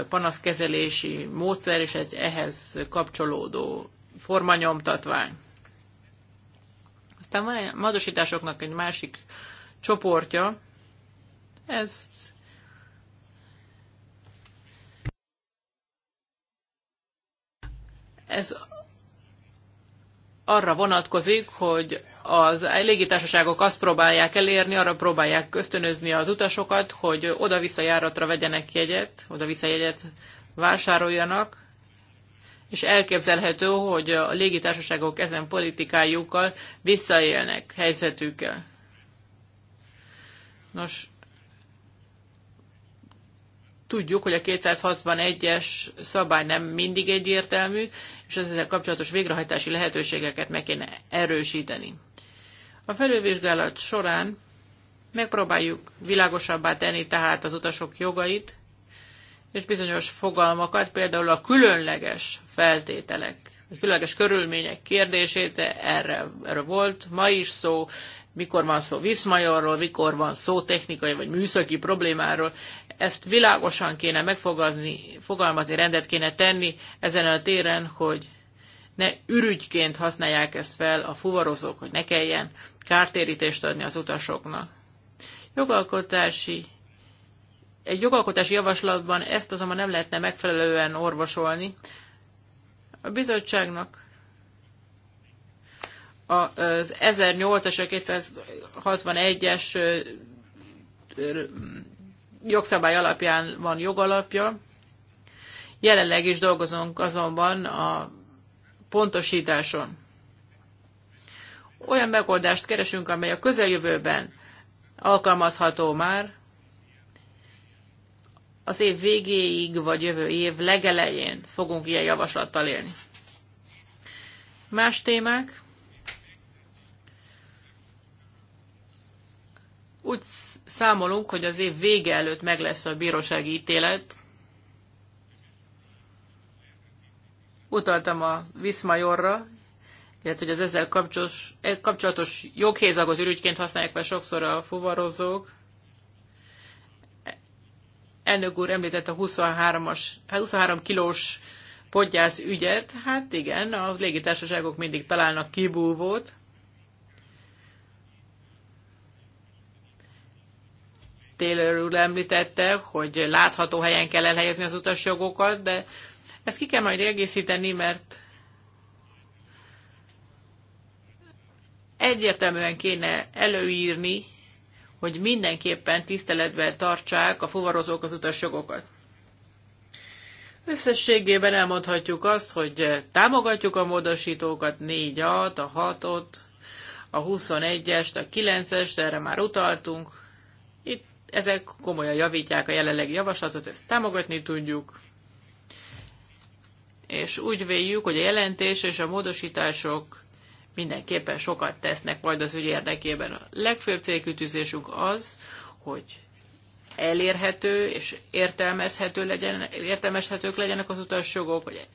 panaszkezelési módszer és egy ehhez kapcsolódó formanyomtatvány. Aztán van egy módosításoknak egy másik csoportja, ez Ez arra vonatkozik, hogy az légitársaságok azt próbálják elérni, arra próbálják ösztönözni az utasokat, hogy oda-vissza járatra vegyenek jegyet, oda-vissza jegyet vásároljanak, és elképzelhető, hogy a légitársaságok ezen politikájukkal visszaélnek helyzetükkel. Nos, tudjuk, hogy a 261-es szabály nem mindig egyértelmű, és az ezzel kapcsolatos végrehajtási lehetőségeket meg kéne erősíteni. A felülvizsgálat során megpróbáljuk világosabbá tenni tehát az utasok jogait, és bizonyos fogalmakat, például a különleges feltételek különleges körülmények kérdését, erre, erre volt ma is szó, mikor van szó viszmajorról, mikor van szó technikai vagy műszaki problémáról, ezt világosan kéne megfogalmazni, fogalmazni, rendet kéne tenni ezen a téren, hogy ne ürügyként használják ezt fel a fuvarozók, hogy ne kelljen kártérítést adni az utasoknak. Jogalkotási egy jogalkotási javaslatban ezt azonban nem lehetne megfelelően orvosolni, a bizottságnak az 1008-as, a 261-es jogszabály alapján van jogalapja. Jelenleg is dolgozunk azonban a pontosításon. Olyan megoldást keresünk, amely a közeljövőben alkalmazható már, az év végéig, vagy jövő év legelején fogunk ilyen javaslattal élni. Más témák? Úgy számolunk, hogy az év vége előtt meg lesz a bírósági ítélet. Utaltam a Viszmajorra, illetve hogy az ezzel kapcsolatos, kapcsolatos joghézagot ürügyként használják fel sokszor a fuvarozók elnök úr említette a 23-as, 23 kilós podgyász ügyet. Hát igen, a légitársaságok mindig találnak kibúvót. Taylor úr említette, hogy látható helyen kell elhelyezni az utasjogokat, de ezt ki kell majd egészíteni, mert egyértelműen kéne előírni hogy mindenképpen tiszteletben tartsák a fuvarozók az utasjogokat. Összességében elmondhatjuk azt, hogy támogatjuk a módosítókat, 4-at, a 6-ot, a 21-est, a 9-est, erre már utaltunk. Itt ezek komolyan javítják a jelenlegi javaslatot, ezt támogatni tudjuk. És úgy véljük, hogy a jelentés és a módosítások mindenképpen sokat tesznek majd az ügy érdekében. A legfőbb célkütűzésünk az, hogy elérhető és értelmezhető legyen, értelmezhetők legyenek az utasjogok, vagy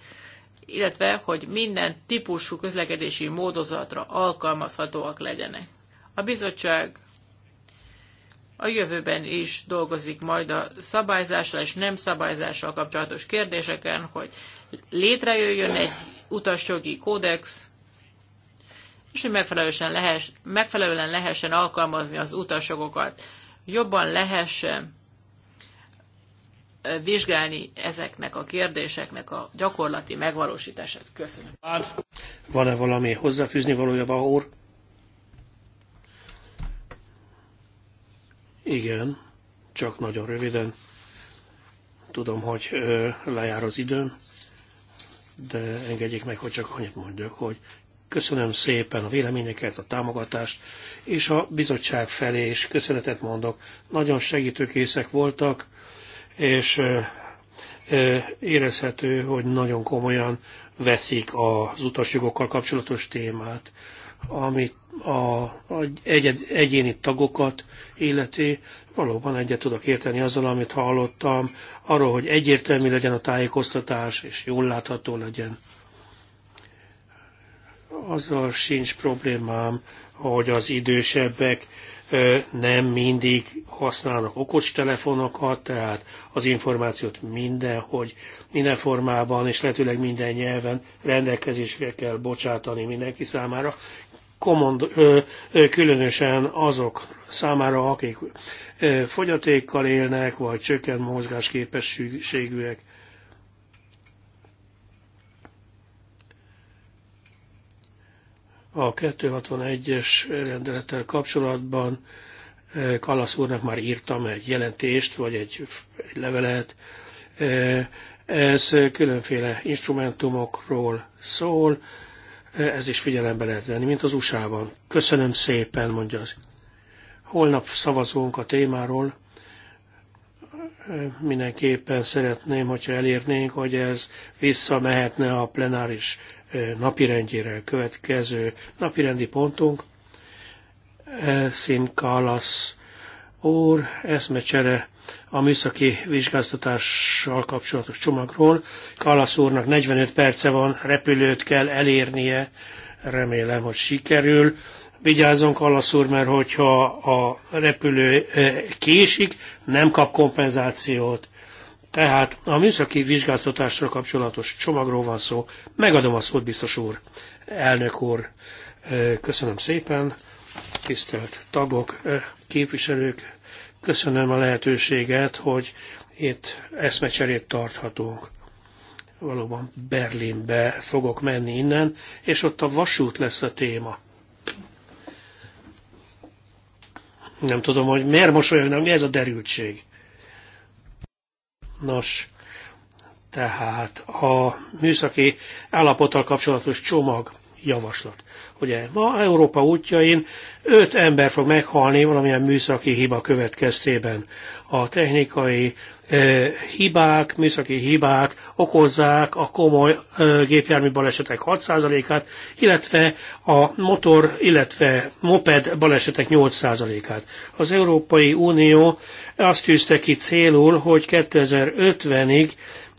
illetve, hogy minden típusú közlekedési módozatra alkalmazhatóak legyenek. A bizottság a jövőben is dolgozik majd a szabályzással és nem szabályzással kapcsolatos kérdéseken, hogy létrejöjjön egy utasjogi kódex, és hogy megfelelően, lehess, megfelelően lehessen alkalmazni az utasokokat, jobban lehessen vizsgálni ezeknek a kérdéseknek a gyakorlati megvalósítását. Köszönöm. Van-e valami hozzáfűzni valója, úr? Igen, csak nagyon röviden. Tudom, hogy lejár az időm, de engedjék meg, hogy csak annyit mondjak, hogy Köszönöm szépen a véleményeket, a támogatást, és a bizottság felé is köszönetet mondok. Nagyon segítőkészek voltak, és érezhető, hogy nagyon komolyan veszik az utasjogokkal kapcsolatos témát, amit a, a egyed, egyéni tagokat illeti, valóban egyet tudok érteni azzal, amit hallottam, arról, hogy egyértelmű legyen a tájékoztatás, és jól látható legyen azzal sincs problémám, hogy az idősebbek nem mindig használnak okos telefonokat, tehát az információt hogy minden formában és lehetőleg minden nyelven rendelkezésre kell bocsátani mindenki számára. Komond, különösen azok számára, akik fogyatékkal élnek, vagy csökkent mozgásképességűek. A 261-es rendelettel kapcsolatban eh, Kalasz úrnak már írtam egy jelentést, vagy egy, egy levelet. Eh, ez különféle instrumentumokról szól, eh, ez is figyelembe lehet venni, mint az USA-ban. Köszönöm szépen, mondja az. Holnap szavazunk a témáról. Mindenképpen szeretném, hogyha elérnénk, hogy ez visszamehetne a plenáris napirendjére következő napirendi pontunk. Szim Kalasz úr eszmecsere a műszaki vizsgáztatással kapcsolatos csomagról. Kalasz úrnak 45 perce van, repülőt kell elérnie, remélem, hogy sikerül. Vigyázzon Kalasz úr, mert hogyha a repülő késik, nem kap kompenzációt. Tehát a műszaki vizsgáztatásra kapcsolatos csomagról van szó. Megadom a szót, biztos úr. Elnök úr, köszönöm szépen. Tisztelt tagok, képviselők, köszönöm a lehetőséget, hogy itt eszmecserét tarthatunk. Valóban Berlinbe fogok menni innen, és ott a vasút lesz a téma. Nem tudom, hogy miért mosolyognak, mi ez a derültség. Nos, tehát a műszaki állapottal kapcsolatos csomag javaslat. Ugye ma Európa útjain öt ember fog meghalni valamilyen műszaki hiba következtében. A technikai hibák, műszaki hibák okozzák a komoly gépjármű balesetek 6%-át, illetve a motor, illetve moped balesetek 8%-át. Az Európai Unió azt tűzte ki célul, hogy 2050-ig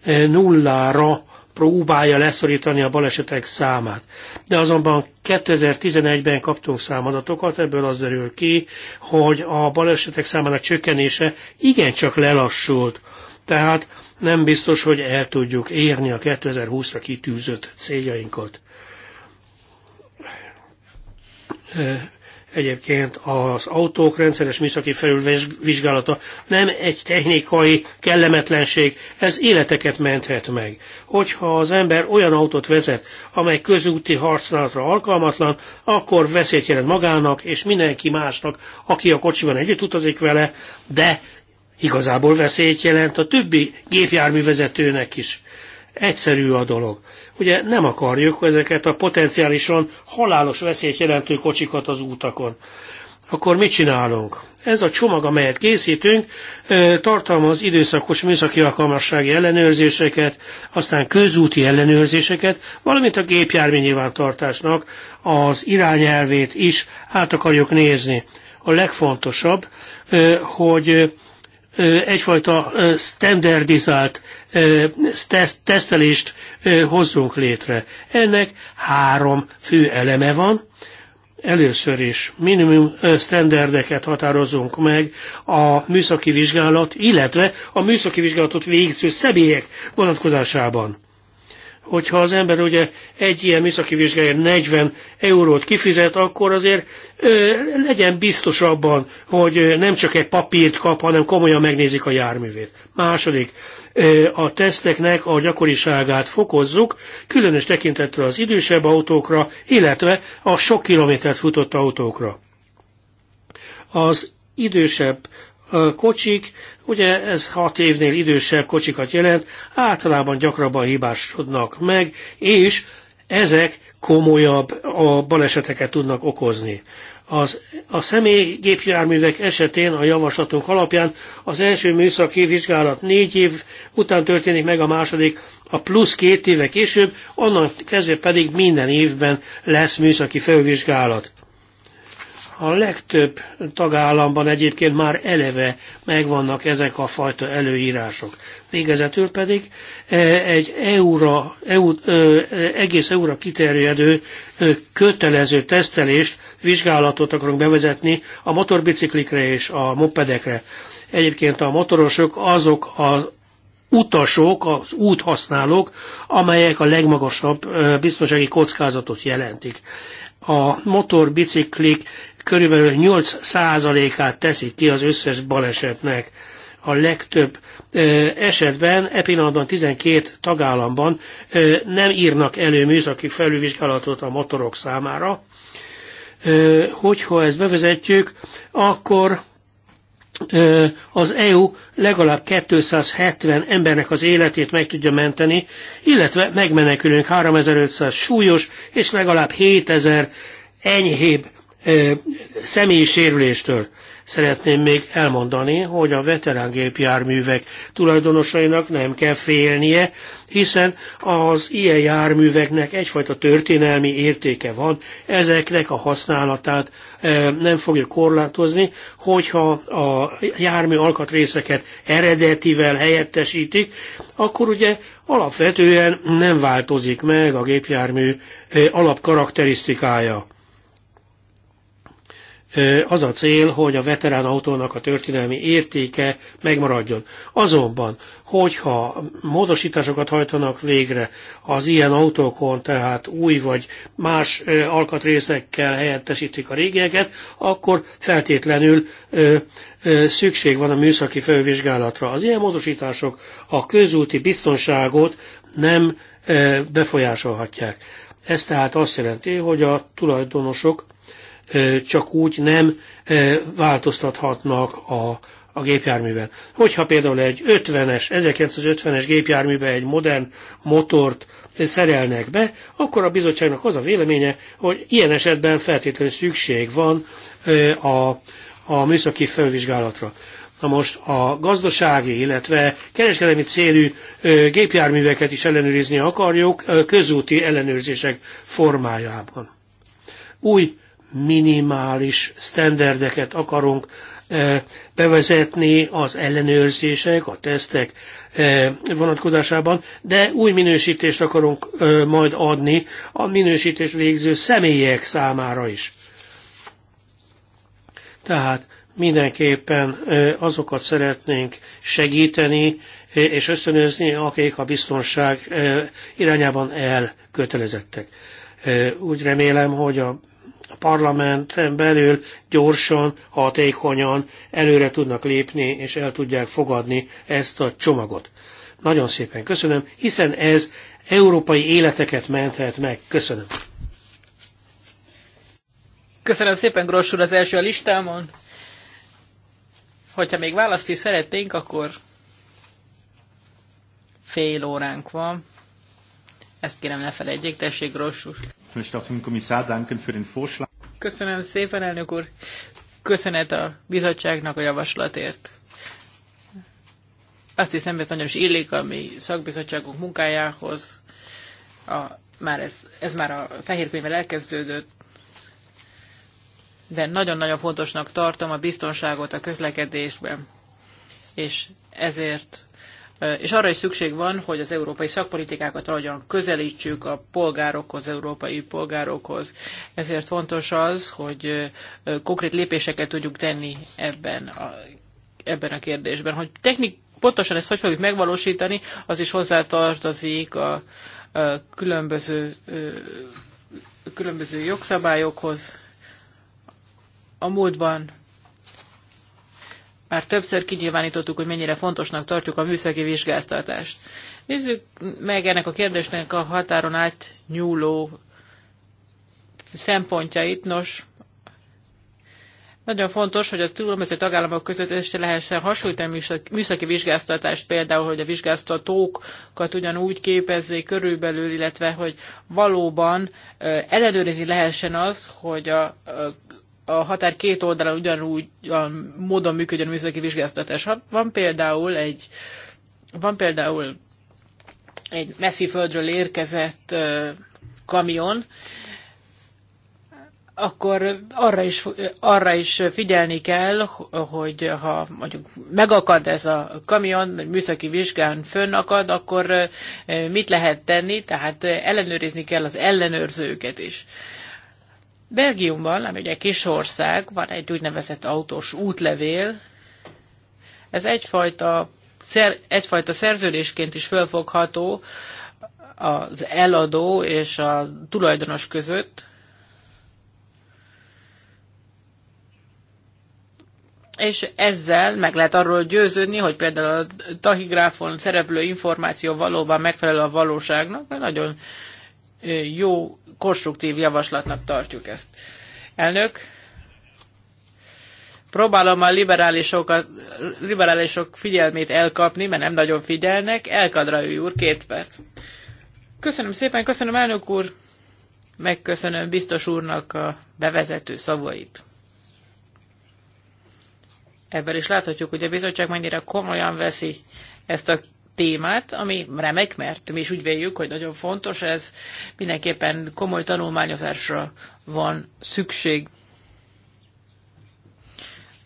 nullára próbálja leszorítani a balesetek számát. De azonban 2011-ben kaptunk számadatokat, ebből az derül ki, hogy a balesetek számának csökkenése igencsak lelassult. Tehát nem biztos, hogy el tudjuk érni a 2020-ra kitűzött céljainkat. Egyébként az autók rendszeres műszaki felülvizsgálata nem egy technikai kellemetlenség, ez életeket menthet meg. Hogyha az ember olyan autót vezet, amely közúti használatra alkalmatlan, akkor veszélyt jelent magának és mindenki másnak, aki a kocsiban együtt utazik vele, de igazából veszélyt jelent a többi gépjárművezetőnek is. Egyszerű a dolog. Ugye nem akarjuk ezeket a potenciálisan halálos veszélyt jelentő kocsikat az útakon. Akkor mit csinálunk? Ez a csomag, amelyet készítünk, tartalmaz időszakos műszaki alkalmassági ellenőrzéseket, aztán közúti ellenőrzéseket, valamint a gépjármű nyilvántartásnak az irányelvét is át akarjuk nézni. A legfontosabb, hogy egyfajta standardizált tesztelést hozzunk létre. Ennek három fő eleme van. Először is minimum sztenderdeket határozunk meg a műszaki vizsgálat, illetve a műszaki vizsgálatot végző személyek vonatkozásában hogyha az ember ugye egy ilyen műszaki vizsgáért 40 eurót kifizet, akkor azért ö, legyen biztos abban, hogy nem csak egy papírt kap, hanem komolyan megnézik a járművét. Második, ö, a teszteknek a gyakoriságát fokozzuk, különös tekintettel az idősebb autókra, illetve a sok kilométert futott autókra. Az idősebb kocsik, ugye ez hat évnél idősebb kocsikat jelent, általában gyakrabban hibásodnak meg, és ezek komolyabb a baleseteket tudnak okozni. Az, a személygépjárművek esetén a javaslatunk alapján az első műszaki vizsgálat négy év után történik meg, a második a plusz két éve később, annak kezdve pedig minden évben lesz műszaki felvizsgálat. A legtöbb tagállamban egyébként már eleve megvannak ezek a fajta előírások. Végezetül pedig e, egy EU-ra, EU, e, egész EU-ra kiterjedő e, kötelező tesztelést, vizsgálatot akarunk bevezetni a motorbiciklikre és a mopedekre. Egyébként a motorosok azok a utasok, az úthasználók, amelyek a legmagasabb biztonsági kockázatot jelentik a motorbiciklik körülbelül 8%-át teszik ki az összes balesetnek. A legtöbb esetben, e pillanatban 12 tagállamban nem írnak elő műszaki felülvizsgálatot a motorok számára. Hogyha ezt bevezetjük, akkor az EU legalább 270 embernek az életét meg tudja menteni, illetve megmenekülünk 3500 súlyos és legalább 7000 enyhébb személyi sérüléstől. Szeretném még elmondani, hogy a veterán gépjárművek tulajdonosainak nem kell félnie, hiszen az ilyen járműveknek egyfajta történelmi értéke van, ezeknek a használatát nem fogja korlátozni, hogyha a jármű alkatrészeket eredetivel helyettesítik, akkor ugye alapvetően nem változik meg a gépjármű alapkarakterisztikája az a cél, hogy a veterán autónak a történelmi értéke megmaradjon. Azonban, hogyha módosításokat hajtanak végre az ilyen autókon, tehát új vagy más alkatrészekkel helyettesítik a régieket, akkor feltétlenül szükség van a műszaki felvizsgálatra. Az ilyen módosítások a közúti biztonságot nem befolyásolhatják. Ez tehát azt jelenti, hogy a tulajdonosok csak úgy nem változtathatnak a, a gépjárművel. Hogyha például egy 50-es, 1950-es gépjárműbe egy modern motort szerelnek be, akkor a bizottságnak az a véleménye, hogy ilyen esetben feltétlenül szükség van a, a műszaki felvizsgálatra. Na most a gazdasági, illetve kereskedelmi célú gépjárműveket is ellenőrizni akarjuk közúti ellenőrzések formájában. Új minimális sztenderdeket akarunk eh, bevezetni az ellenőrzések, a tesztek eh, vonatkozásában, de új minősítést akarunk eh, majd adni a minősítés végző személyek számára is. Tehát mindenképpen azokat szeretnénk segíteni és ösztönözni, akik a biztonság irányában elkötelezettek. Úgy remélem, hogy a a parlamenten belül gyorsan, hatékonyan előre tudnak lépni, és el tudják fogadni ezt a csomagot. Nagyon szépen köszönöm, hiszen ez európai életeket menthet meg. Köszönöm. Köszönöm szépen, Gross úr, az első a listámon. Hogyha még választ is szeretnénk, akkor fél óránk van. Ezt kérem ne felejtjék, tessék, Gross úr. Kommissar danken für den Vorschlag. Köszönöm szépen, elnök úr. Köszönet a bizottságnak a javaslatért. Azt hiszem, ez nagyon is illik a mi szakbizottságunk munkájához. A, már ez, ez már a könyvvel elkezdődött, de nagyon-nagyon fontosnak tartom a biztonságot a közlekedésben, és ezért és arra is szükség van, hogy az európai szakpolitikákat ahogyan közelítsük a polgárokhoz, európai polgárokhoz. Ezért fontos az, hogy konkrét lépéseket tudjuk tenni ebben a, ebben a kérdésben. Hogy technik, pontosan ezt hogy fogjuk megvalósítani, az is hozzátartozik a, a különböző, a különböző jogszabályokhoz. A múltban már többször kinyilvánítottuk, hogy mennyire fontosnak tartjuk a műszaki vizsgáztatást. Nézzük meg ennek a kérdésnek a határon át nyúló szempontjait. Nos, nagyon fontos, hogy a különböző tagállamok között össze lehessen hasonlítani műszaki vizsgáztatást, például, hogy a vizsgáztatókat ugyanúgy képezzék körülbelül, illetve hogy valóban ellenőrizni lehessen az, hogy a a határ két oldalán ugyanúgy a módon működjön a műszaki vizsgáztatás. Van például egy, van például egy messzi földről érkezett kamion, akkor arra is, arra is figyelni kell, hogy ha mondjuk megakad ez a kamion, műszaki vizsgán fönnakad, akkor mit lehet tenni, tehát ellenőrizni kell az ellenőrzőket is. Belgiumban, ami ugye kis ország, van egy úgynevezett autós útlevél. Ez egyfajta, szer, egyfajta szerződésként is fölfogható az eladó és a tulajdonos között. És ezzel meg lehet arról győződni, hogy például a tahigráfon szereplő információ valóban megfelel a valóságnak, mert nagyon jó konstruktív javaslatnak tartjuk ezt. Elnök, próbálom a liberálisokat, liberálisok figyelmét elkapni, mert nem nagyon figyelnek. ő úr, két perc. Köszönöm szépen, köszönöm elnök úr, megköszönöm biztos úrnak a bevezető szavait. Ebből is láthatjuk, hogy a bizottság mennyire komolyan veszi ezt a témát, ami remek, mert mi is úgy véljük, hogy nagyon fontos, ez mindenképpen komoly tanulmányozásra van szükség.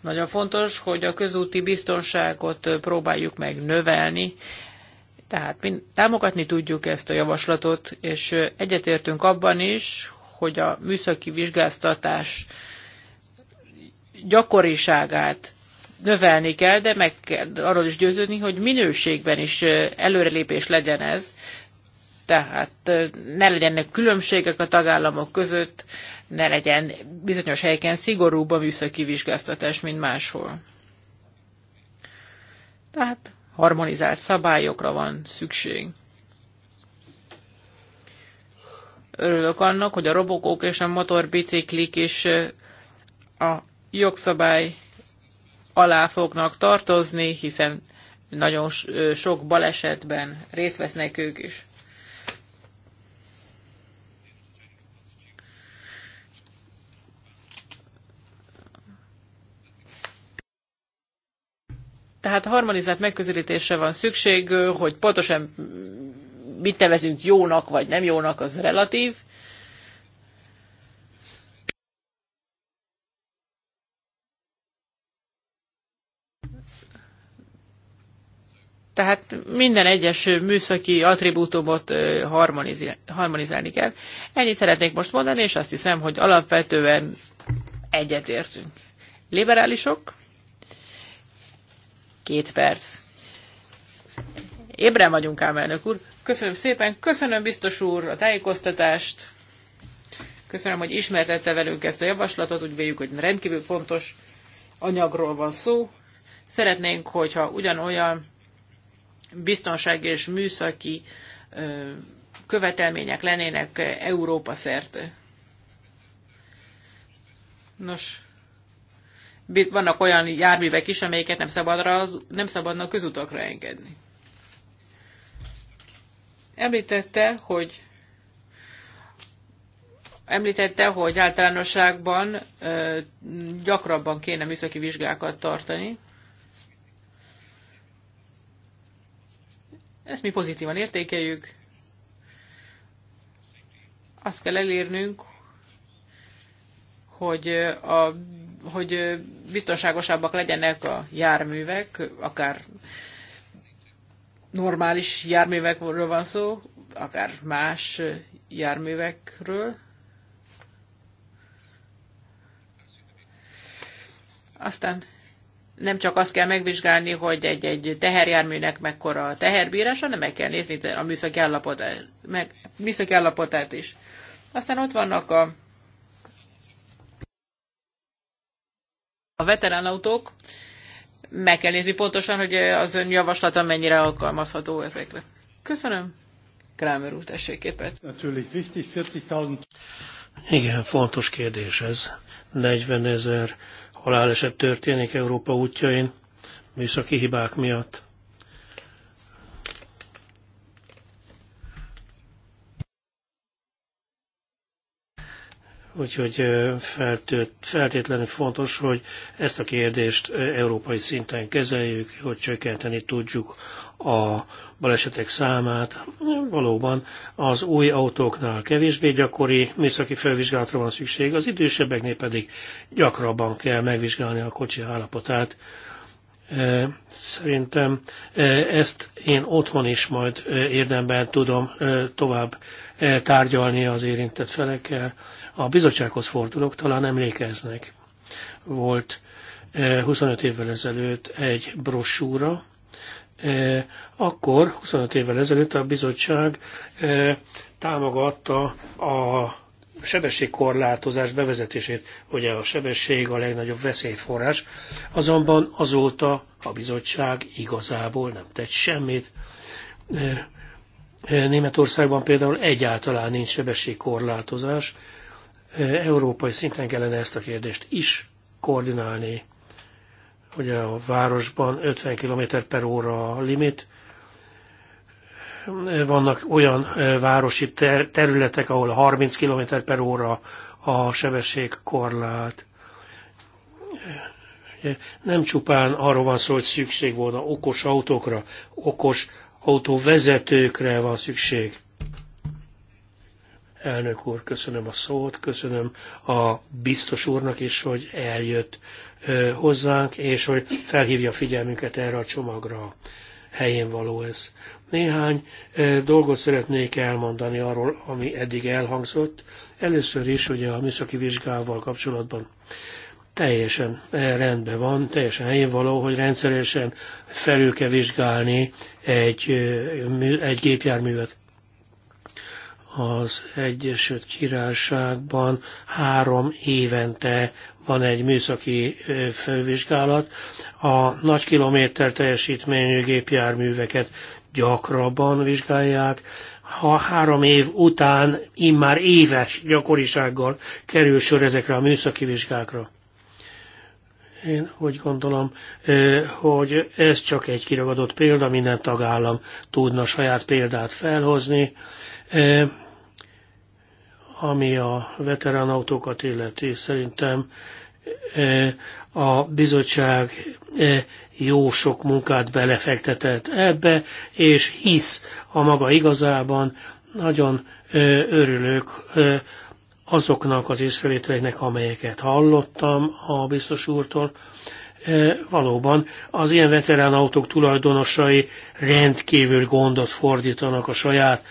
Nagyon fontos, hogy a közúti biztonságot próbáljuk meg növelni, tehát mi támogatni tudjuk ezt a javaslatot, és egyetértünk abban is, hogy a műszaki vizsgáztatás gyakoriságát növelni kell, de meg kell arról is győződni, hogy minőségben is előrelépés legyen ez. Tehát ne legyenek különbségek a tagállamok között, ne legyen bizonyos helyeken szigorúbb a műszaki vizsgáztatás, mint máshol. Tehát harmonizált szabályokra van szükség. Örülök annak, hogy a robokók és a motorbiciklik is a jogszabály alá fognak tartozni, hiszen nagyon sok balesetben részt vesznek ők is. Tehát harmonizált megközelítésre van szükség, hogy pontosan mit nevezünk jónak vagy nem jónak, az relatív. Tehát minden egyes műszaki attribútumot harmonizálni kell. Ennyit szeretnék most mondani, és azt hiszem, hogy alapvetően egyetértünk. Liberálisok? Két perc. Ébren vagyunk ám, elnök úr. Köszönöm szépen, köszönöm biztos úr a tájékoztatást. Köszönöm, hogy ismertette velünk ezt a javaslatot. Úgy véljük, hogy rendkívül fontos anyagról van szó. Szeretnénk, hogyha ugyanolyan biztonsági és műszaki követelmények lennének Európa szerte. Nos, vannak olyan járművek is, amelyeket nem, szabadra, nem szabadna közutakra engedni. Említette, hogy említette, hogy általánosságban ö, gyakrabban kéne műszaki vizsgákat tartani. Ezt mi pozitívan értékeljük. Azt kell elérnünk, hogy, a, hogy biztonságosabbak legyenek a járművek, akár normális járművekről van szó, akár más járművekről. Aztán nem csak azt kell megvizsgálni, hogy egy-egy teherjárműnek mekkora a teherbírása, hanem meg kell nézni a műszaki állapotát, meg, műszaki állapotát is. Aztán ott vannak a, a veteránautók, meg kell nézni pontosan, hogy az ön javaslata mennyire alkalmazható ezekre. Köszönöm. Krámer úr, tessék képet. Igen, fontos kérdés ez. 40 ezer haláleset történik Európa útjain műszaki hibák miatt. Úgyhogy feltőt, feltétlenül fontos, hogy ezt a kérdést európai szinten kezeljük, hogy csökkenteni tudjuk a balesetek számát. Valóban az új autóknál kevésbé gyakori műszaki felvizsgálatra van szükség, az idősebbeknél pedig gyakrabban kell megvizsgálni a kocsi állapotát. E, szerintem e, ezt én otthon is majd e, érdemben tudom tovább tárgyalni az érintett felekkel. A bizottsághoz fordulok, talán emlékeznek. Volt 25 évvel ezelőtt egy brosúra, E, akkor 25 évvel ezelőtt a bizottság e, támogatta a sebességkorlátozás bevezetését, ugye a sebesség a legnagyobb veszélyforrás, azonban azóta a bizottság igazából nem tett semmit. E, Németországban például egyáltalán nincs sebességkorlátozás, európai szinten kellene ezt a kérdést is koordinálni ugye a városban 50 km per óra a limit. Vannak olyan e, városi ter- területek, ahol 30 km per óra a sebességkorlát. E, nem csupán arról van szó, hogy szükség volna okos autókra, okos autóvezetőkre van szükség. Elnök úr, köszönöm a szót, köszönöm a biztos úrnak is, hogy eljött hozzánk, és hogy felhívja a figyelmünket erre a csomagra. Helyén való ez. Néhány dolgot szeretnék elmondani arról, ami eddig elhangzott. Először is hogy a műszaki vizsgával kapcsolatban teljesen rendben van, teljesen helyén való, hogy rendszeresen felül kell vizsgálni egy, egy gépjárművet az Egyesült Királyságban három évente van egy műszaki felvizsgálat. A nagy kilométer teljesítményű gépjárműveket gyakrabban vizsgálják, ha három év után immár éves gyakorisággal kerül sor ezekre a műszaki vizsgákra. Én úgy gondolom, hogy ez csak egy kiragadott példa, minden tagállam tudna saját példát felhozni. Ami a veterán autókat illeti, szerintem a bizottság jó sok munkát belefektetett ebbe, és hisz a maga igazában, nagyon örülök azoknak az észrevételeknek, amelyeket hallottam a biztos úrtól. Valóban az ilyen veterán autók tulajdonosai rendkívül gondot fordítanak a saját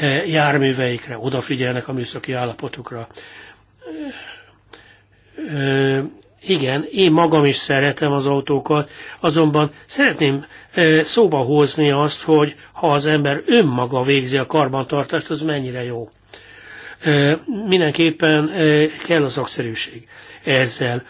E, járműveikre, odafigyelnek a műszaki állapotukra. E, e, igen, én magam is szeretem az autókat, azonban szeretném szóba hozni azt, hogy ha az ember önmaga végzi a karbantartást, az mennyire jó. Mindenképpen kell az szakszerűség ezzel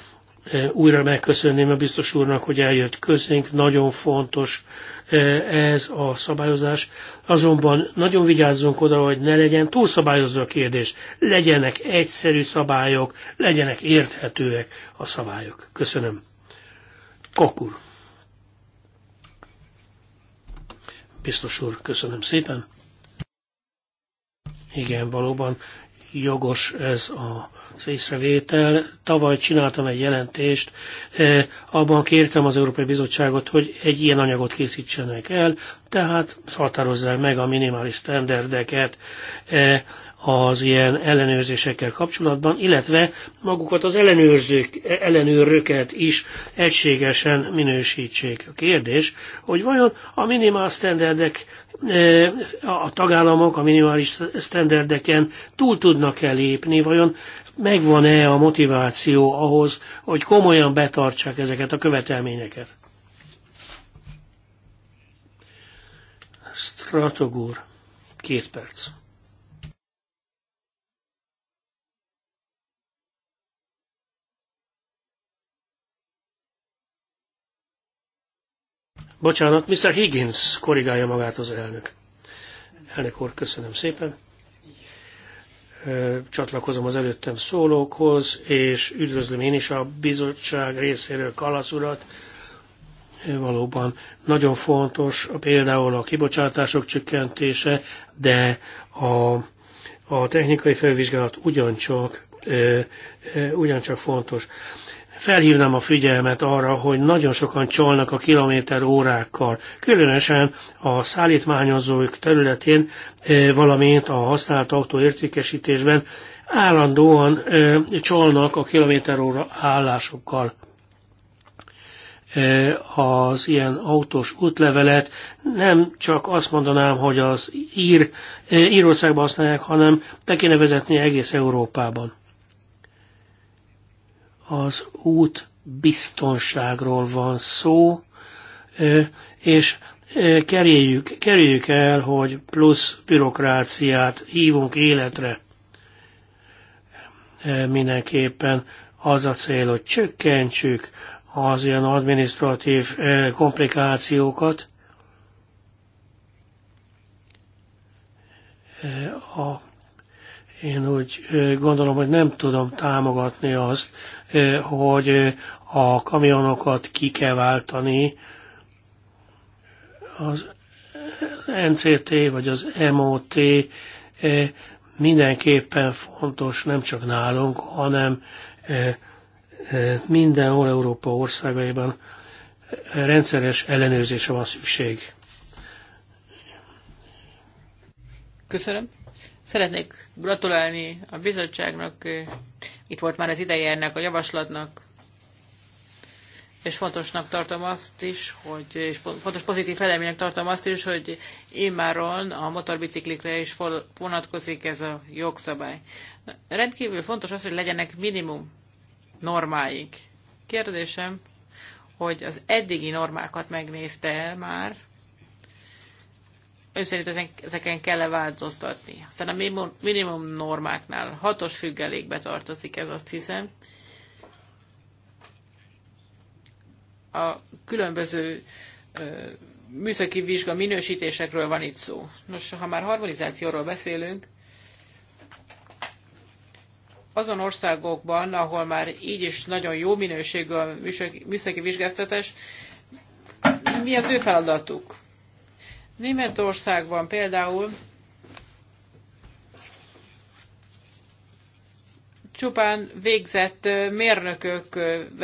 újra megköszönném a biztos úrnak, hogy eljött közénk. Nagyon fontos ez a szabályozás. Azonban nagyon vigyázzunk oda, hogy ne legyen túlszabályozva a kérdés. Legyenek egyszerű szabályok, legyenek érthetőek a szabályok. Köszönöm. Kokur. Biztos úr, köszönöm szépen. Igen, valóban jogos ez a az észrevétel. Tavaly csináltam egy jelentést, e, abban kértem az Európai Bizottságot, hogy egy ilyen anyagot készítsenek el, tehát határozzák meg a minimális standardeket e, az ilyen ellenőrzésekkel kapcsolatban, illetve magukat az ellenőrzők, ellenőröket is egységesen minősítsék. A kérdés, hogy vajon a minimál standardek, e, a tagállamok a minimális standardeken túl tudnak-e lépni, vajon megvan-e a motiváció ahhoz, hogy komolyan betartsák ezeket a követelményeket? Stratogur, két perc. Bocsánat, Mr. Higgins korrigálja magát az elnök. Elnök úr, köszönöm szépen csatlakozom az előttem szólókhoz, és üdvözlöm én is a bizottság részéről Kalasz urat. Valóban nagyon fontos a, például a kibocsátások csökkentése, de a, a technikai felvizsgálat ugyancsak, ugyancsak fontos. Felhívnám a figyelmet arra, hogy nagyon sokan csalnak a kilométer órákkal, különösen a szállítmányozók területén, eh, valamint a használt autó értékesítésben állandóan eh, csalnak a kilométer óra állásokkal eh, az ilyen autós útlevelet. Nem csak azt mondanám, hogy az ír, Írországban használják, hanem be kéne vezetni egész Európában az út biztonságról van szó, és kerüljük, kerüljük el, hogy plusz bürokráciát hívunk életre. Mindenképpen az a cél, hogy csökkentsük az ilyen administratív komplikációkat. A, én úgy gondolom, hogy nem tudom támogatni azt, hogy a kamionokat ki kell váltani. Az NCT vagy az MOT mindenképpen fontos, nem csak nálunk, hanem mindenhol Európa országaiban rendszeres ellenőrzésre van szükség. Köszönöm. Szeretnék gratulálni a bizottságnak, itt volt már az ideje ennek a javaslatnak, és fontosnak tartom azt is, hogy, és fontos pozitív feleménynek tartom azt is, hogy immáron a motorbiciklikre is vonatkozik ez a jogszabály. Rendkívül fontos az, hogy legyenek minimum normáink. Kérdésem, hogy az eddigi normákat megnézte el már, ő szerint ezeken kell-e változtatni? Aztán a minimum normáknál hatos függelékbe tartozik ez, azt hiszem. A különböző ö, műszaki vizsga minősítésekről van itt szó. Nos, ha már harmonizációról beszélünk, azon országokban, ahol már így is nagyon jó minőségű a műszaki vizsgáztatás, mi az ő feladatuk? Németországban például csupán végzett mérnökök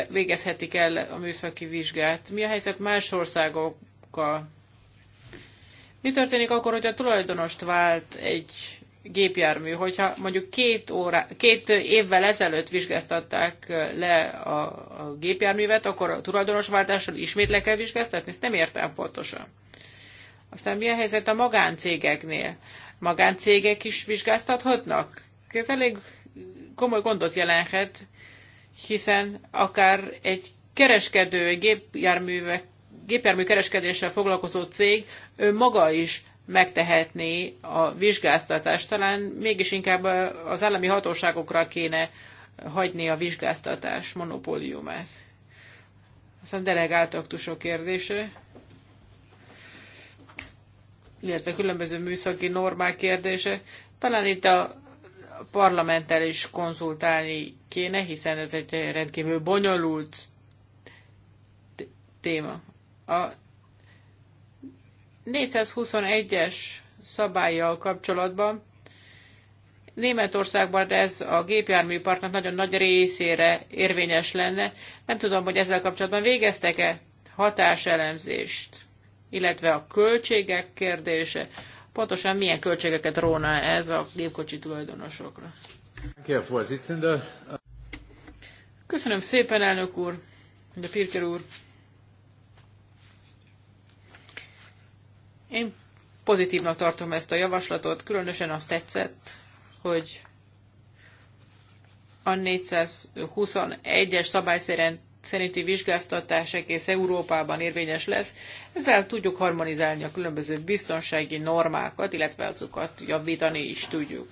végezhetik el a műszaki vizsgát. Mi a helyzet más országokkal? Mi történik akkor, hogyha tulajdonost vált egy gépjármű, hogyha mondjuk két, órá, két évvel ezelőtt vizsgáztatták le a, a gépjárművet, akkor a tulajdonosváltással ismét le kell vizsgáztatni? Ezt nem értem pontosan. Aztán mi a helyzet a magáncégeknél? Magáncégek is vizsgáztathatnak? Ez elég komoly gondot jelenthet, hiszen akár egy kereskedő, egy gépjárművek, gépjármű kereskedéssel foglalkozó cég ő maga is megtehetné a vizsgáztatást. Talán mégis inkább az állami hatóságokra kéne hagyni a vizsgáztatás monopóliumát. Aztán delegált aktusok kérdése illetve különböző műszaki normák kérdése. Talán itt a parlamenttel is konzultálni kéne, hiszen ez egy rendkívül bonyolult téma. A 421-es szabályjal kapcsolatban Németországban ez a gépjárműparknak nagyon nagy részére érvényes lenne. Nem tudom, hogy ezzel kapcsolatban végeztek-e hatáselemzést illetve a költségek kérdése. Pontosan milyen költségeket róna ez a gépkocsi tulajdonosokra? Köszönöm szépen, elnök úr, de Pirker úr. Én pozitívnak tartom ezt a javaslatot, különösen azt tetszett, hogy a 421-es szabály szerint szerinti vizsgáztatás egész Európában érvényes lesz. Ezzel tudjuk harmonizálni a különböző biztonsági normákat, illetve azokat javítani is tudjuk.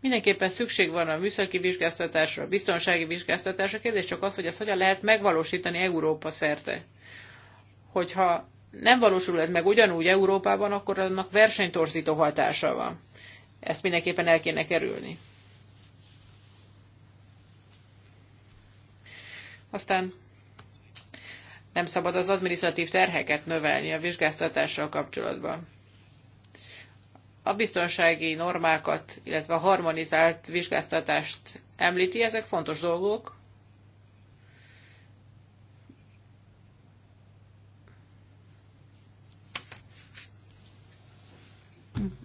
Mindenképpen szükség van a műszaki vizsgáztatásra, a biztonsági vizsgáztatásra. Kérdés csak az, hogy ezt hogyan lehet megvalósítani Európa szerte. Hogyha nem valósul ez meg ugyanúgy Európában, akkor annak versenytorzító hatása van. Ezt mindenképpen el kéne kerülni. Aztán nem szabad az administratív terheket növelni a vizsgáztatással kapcsolatban. A biztonsági normákat, illetve a harmonizált vizsgáztatást említi, ezek fontos dolgok,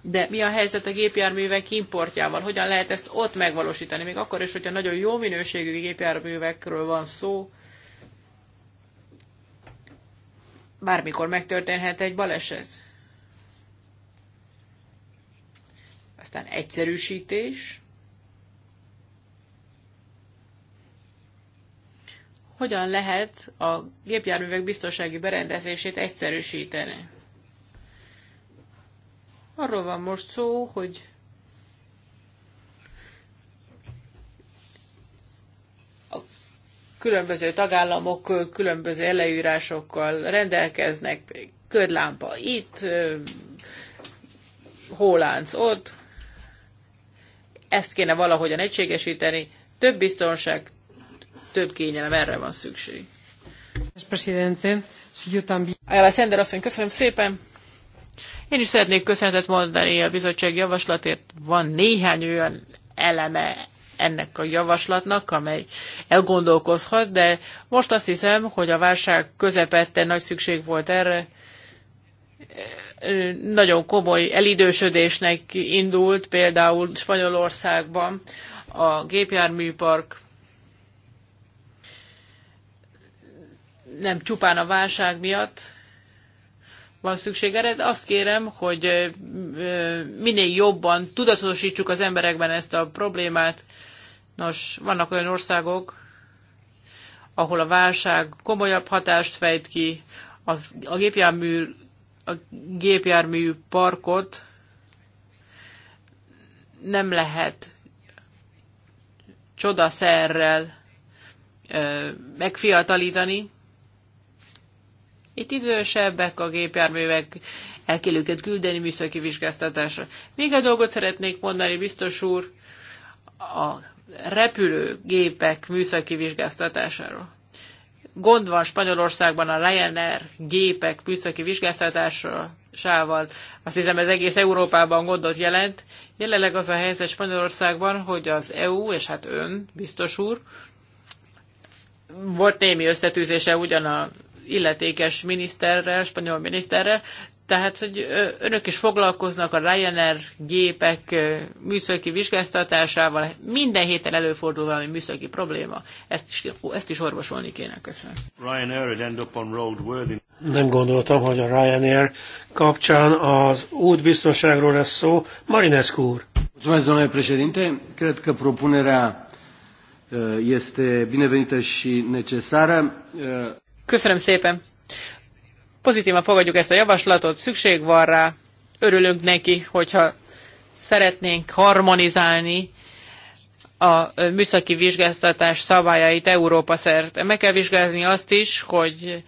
De mi a helyzet a gépjárművek importjával? Hogyan lehet ezt ott megvalósítani? Még akkor is, hogyha nagyon jó minőségű gépjárművekről van szó, bármikor megtörténhet egy baleset. Aztán egyszerűsítés. Hogyan lehet a gépjárművek biztonsági berendezését egyszerűsíteni? Arról van most szó, hogy a különböző tagállamok különböző elejűrásokkal rendelkeznek, ködlámpa itt, hólánc ott, ezt kéne valahogyan egységesíteni, több biztonság, több kényelem, erre van szükség. Ayala Szender asszony, köszönöm szépen! Én is szeretnék köszönetet mondani a bizottság javaslatért. Van néhány olyan eleme ennek a javaslatnak, amely elgondolkozhat, de most azt hiszem, hogy a válság közepette nagy szükség volt erre. Nagyon komoly elidősödésnek indult például Spanyolországban a gépjárműpark nem csupán a válság miatt, van szükség erre, de azt kérem, hogy minél jobban tudatosítsuk az emberekben ezt a problémát. Nos, vannak olyan országok, ahol a válság komolyabb hatást fejt ki, az, a, gépjármű, a gépjármű parkot nem lehet csodaszerrel megfiatalítani, itt idősebbek a gépjárművek, el kell őket küldeni műszaki vizsgáztatásra. Még egy dolgot szeretnék mondani, biztos úr, a repülőgépek műszaki vizsgáztatásáról. Gond van Spanyolországban a Ryanair gépek műszaki vizsgáztatásával. Azt hiszem ez egész Európában gondot jelent. Jelenleg az a helyzet Spanyolországban, hogy az EU, és hát ön, biztos úr, volt némi összetűzése ugyan a illetékes miniszterrel, spanyol miniszterrel, tehát, hogy önök is foglalkoznak a Ryanair gépek műszaki vizsgáztatásával, minden héten előfordul valami műszaki probléma. Ezt is, ezt is orvosolni kéne, köszönöm. Ryanair end up on Nem gondoltam, hogy a Ryanair kapcsán az útbiztonságról lesz szó. Marinescu úr. Köszönöm, este binevenită și necesară. Köszönöm szépen. Pozitívan fogadjuk ezt a javaslatot, szükség van rá, örülünk neki, hogyha szeretnénk harmonizálni a műszaki vizsgáztatás szabályait Európa szerte. Meg kell vizsgálni azt is, hogy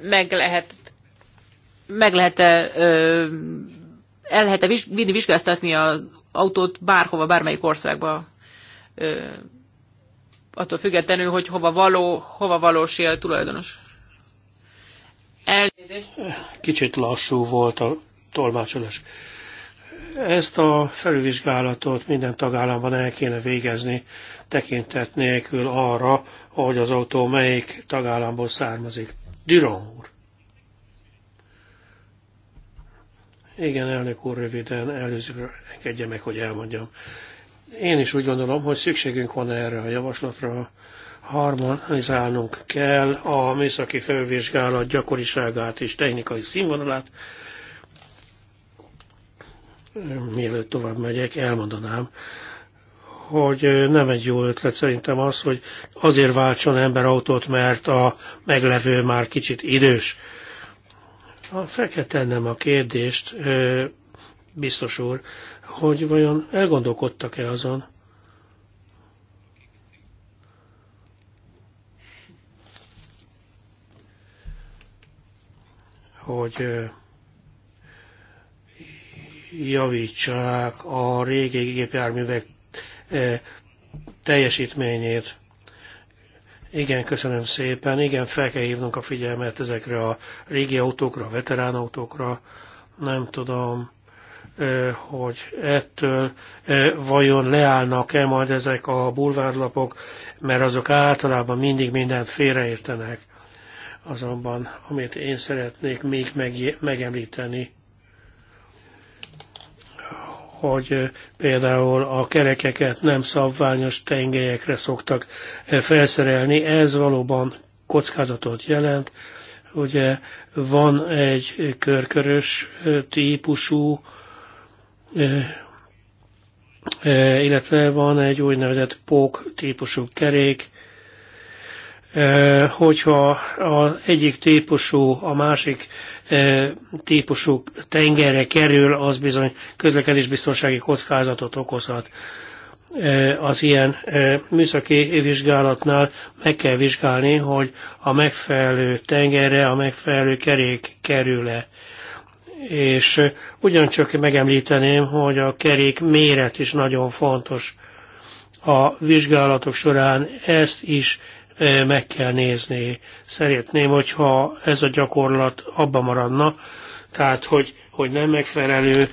meg lehet, meg lehet-e, el lehet-e vinni vizsgáztatni az autót bárhova, bármelyik országba attól függetlenül, hogy hova való, hova valós a tulajdonos. Elnézést. Kicsit lassú volt a tolmácsolás. Ezt a felülvizsgálatot minden tagállamban el kéne végezni, tekintet nélkül arra, hogy az autó melyik tagállamból származik. Düron úr. Igen, elnök úr, röviden előzőre engedje meg, hogy elmondjam. Én is úgy gondolom, hogy szükségünk van erre a javaslatra, harmonizálnunk kell a műszaki felvizsgálat gyakoriságát és technikai színvonalát. Mielőtt tovább megyek, elmondanám, hogy nem egy jó ötlet szerintem az, hogy azért váltson ember autót, mert a meglevő már kicsit idős. Fel kell tennem a kérdést, biztos úr, hogy vajon elgondolkodtak-e azon, hogy javítsák a régi gépjárművek teljesítményét. Igen, köszönöm szépen. Igen, fel kell hívnunk a figyelmet ezekre a régi autókra, a veterán autókra. Nem tudom, hogy ettől vajon leállnak-e majd ezek a bulvárlapok, mert azok általában mindig mindent félreértenek. Azonban, amit én szeretnék még megemlíteni, hogy például a kerekeket nem szabványos tengelyekre szoktak felszerelni. Ez valóban kockázatot jelent. Ugye van egy körkörös típusú illetve van egy úgynevezett pók típusú kerék, hogyha az egyik típusú a másik típusú tengerre kerül, az bizony közlekedésbiztonsági kockázatot okozhat. Az ilyen műszaki vizsgálatnál meg kell vizsgálni, hogy a megfelelő tengerre, a megfelelő kerék kerül-e és ugyancsak megemlíteném, hogy a kerék méret is nagyon fontos. A vizsgálatok során ezt is meg kell nézni. Szeretném, hogyha ez a gyakorlat abba maradna, tehát hogy, hogy nem megfelelő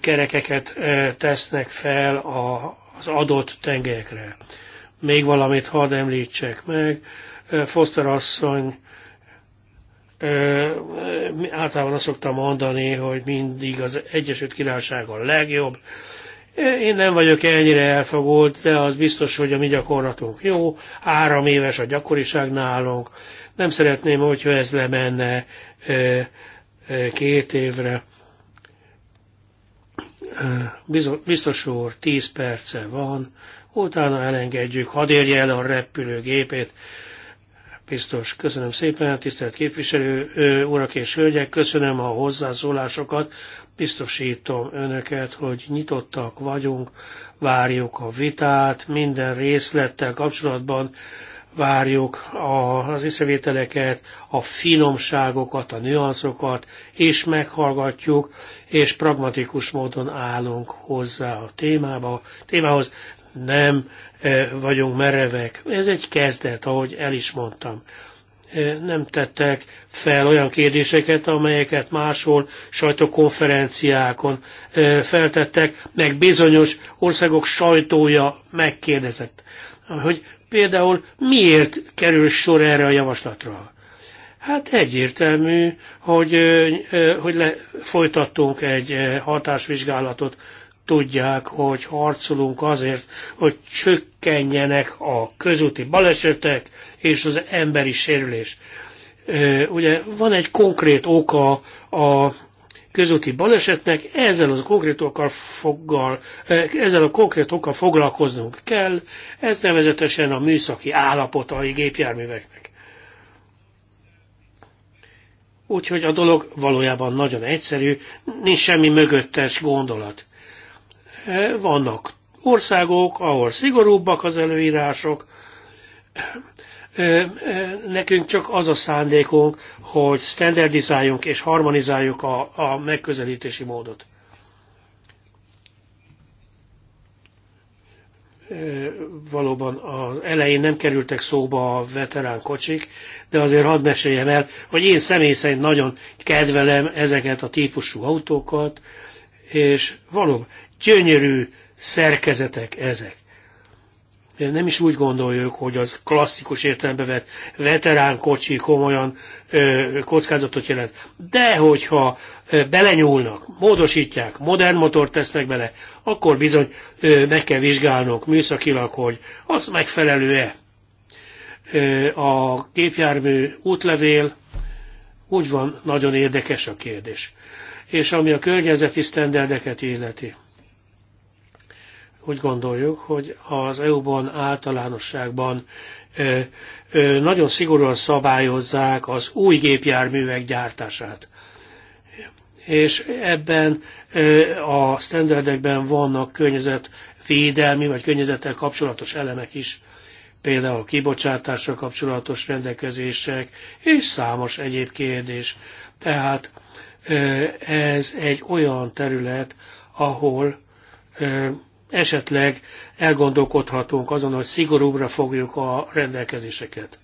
kerekeket tesznek fel az adott tengelyekre. Még valamit hadd említsek meg. Foster asszony általában azt szoktam mondani, hogy mindig az Egyesült Királyság a legjobb. Én nem vagyok ennyire elfogult, de az biztos, hogy a mi gyakorlatunk jó. Három éves a gyakoriság nálunk. Nem szeretném, hogyha ez lemenne két évre. Biztos úr, tíz perce van, utána elengedjük, hadd érje el a repülőgépét, Biztos, köszönöm szépen, tisztelt képviselő urak és hölgyek, köszönöm a hozzászólásokat, biztosítom önöket, hogy nyitottak vagyunk, várjuk a vitát, minden részlettel kapcsolatban várjuk az észrevételeket, a finomságokat, a nüanszokat, és meghallgatjuk, és pragmatikus módon állunk hozzá a témába, témához, nem vagyunk merevek. Ez egy kezdet, ahogy el is mondtam. Nem tettek fel olyan kérdéseket, amelyeket máshol sajtókonferenciákon feltettek, meg bizonyos országok sajtója megkérdezett. Hogy például miért kerül sor erre a javaslatra? Hát egyértelmű, hogy, hogy le, folytattunk egy hatásvizsgálatot tudják, hogy harcolunk azért, hogy csökkenjenek a közúti balesetek és az emberi sérülés. Ugye van egy konkrét oka a közúti balesetnek, ezzel a konkrét okkal foggal, ezzel a konkrét okkal foglalkoznunk kell, ez nevezetesen a műszaki állapotai gépjárműveknek. Úgyhogy a dolog valójában nagyon egyszerű, nincs semmi mögöttes gondolat. Vannak országok, ahol szigorúbbak az előírások, nekünk csak az a szándékunk, hogy standardizáljunk és harmonizáljuk a, a megközelítési módot. Valóban az elején nem kerültek szóba a veterán kocsik, de azért hadd meséljem el, hogy én személy szerint nagyon kedvelem ezeket a típusú autókat, és valóban Gyönyörű szerkezetek ezek. Nem is úgy gondoljuk, hogy az klasszikus értelembe vett veterán kocsi komolyan ö, kockázatot jelent. De hogyha ö, belenyúlnak, módosítják, modern motort tesznek bele, akkor bizony ö, meg kell vizsgálnunk műszakilag, hogy az megfelelő-e a gépjármű útlevél, úgy van, nagyon érdekes a kérdés. És ami a környezeti sztenderdeket illeti úgy gondoljuk, hogy az EU-ban általánosságban ö, ö, nagyon szigorúan szabályozzák az új gépjárművek gyártását. És ebben ö, a standardekben vannak környezetvédelmi vagy környezettel kapcsolatos elemek is, például kibocsátásra kapcsolatos rendelkezések és számos egyéb kérdés. Tehát ö, ez egy olyan terület, ahol esetleg elgondolkodhatunk azon, hogy szigorúbbra fogjuk a rendelkezéseket.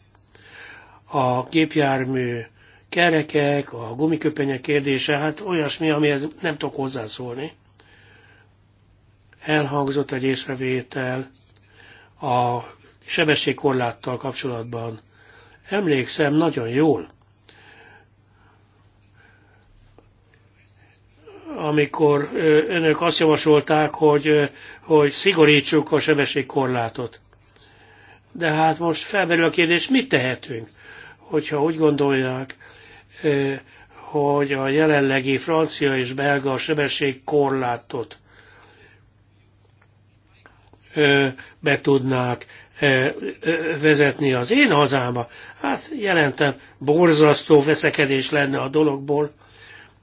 A gépjármű kerekek, a gumiköpenyek kérdése, hát olyasmi, amihez nem tudok hozzászólni. Elhangzott egy észrevétel a sebességkorláttal kapcsolatban. Emlékszem nagyon jól, amikor önök azt javasolták, hogy, hogy szigorítsuk a sebességkorlátot. De hát most felmerül a kérdés, mit tehetünk, hogyha úgy gondolják, hogy a jelenlegi francia és belga sebességkorlátot be tudnák vezetni az én hazámba. Hát jelentem, borzasztó veszekedés lenne a dologból.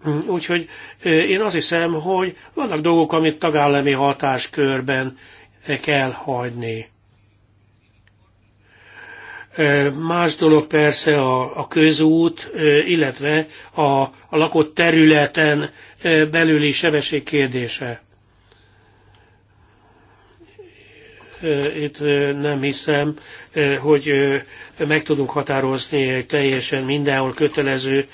Mm, úgyhogy én azt hiszem, hogy vannak dolgok, amit tagállami hatáskörben kell hagyni. Más dolog persze a, a közút, illetve a, a lakott területen belüli sebesség kérdése. Itt nem hiszem, hogy meg tudunk határozni egy teljesen mindenhol kötelező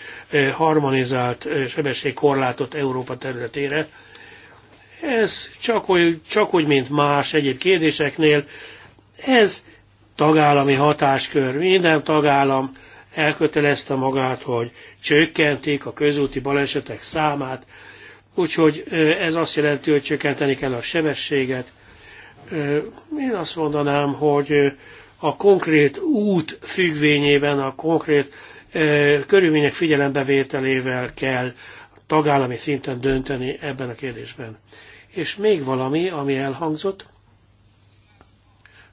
harmonizált eh, sebességkorlátot Európa területére. Ez csak úgy, csak úgy, mint más egyéb kérdéseknél, ez tagállami hatáskör. Minden tagállam elkötelezte magát, hogy csökkentik a közúti balesetek számát, úgyhogy eh, ez azt jelenti, hogy csökkenteni kell a sebességet. Eh, én azt mondanám, hogy a konkrét út függvényében, a konkrét körülmények figyelembevételével kell tagállami szinten dönteni ebben a kérdésben. És még valami, ami elhangzott,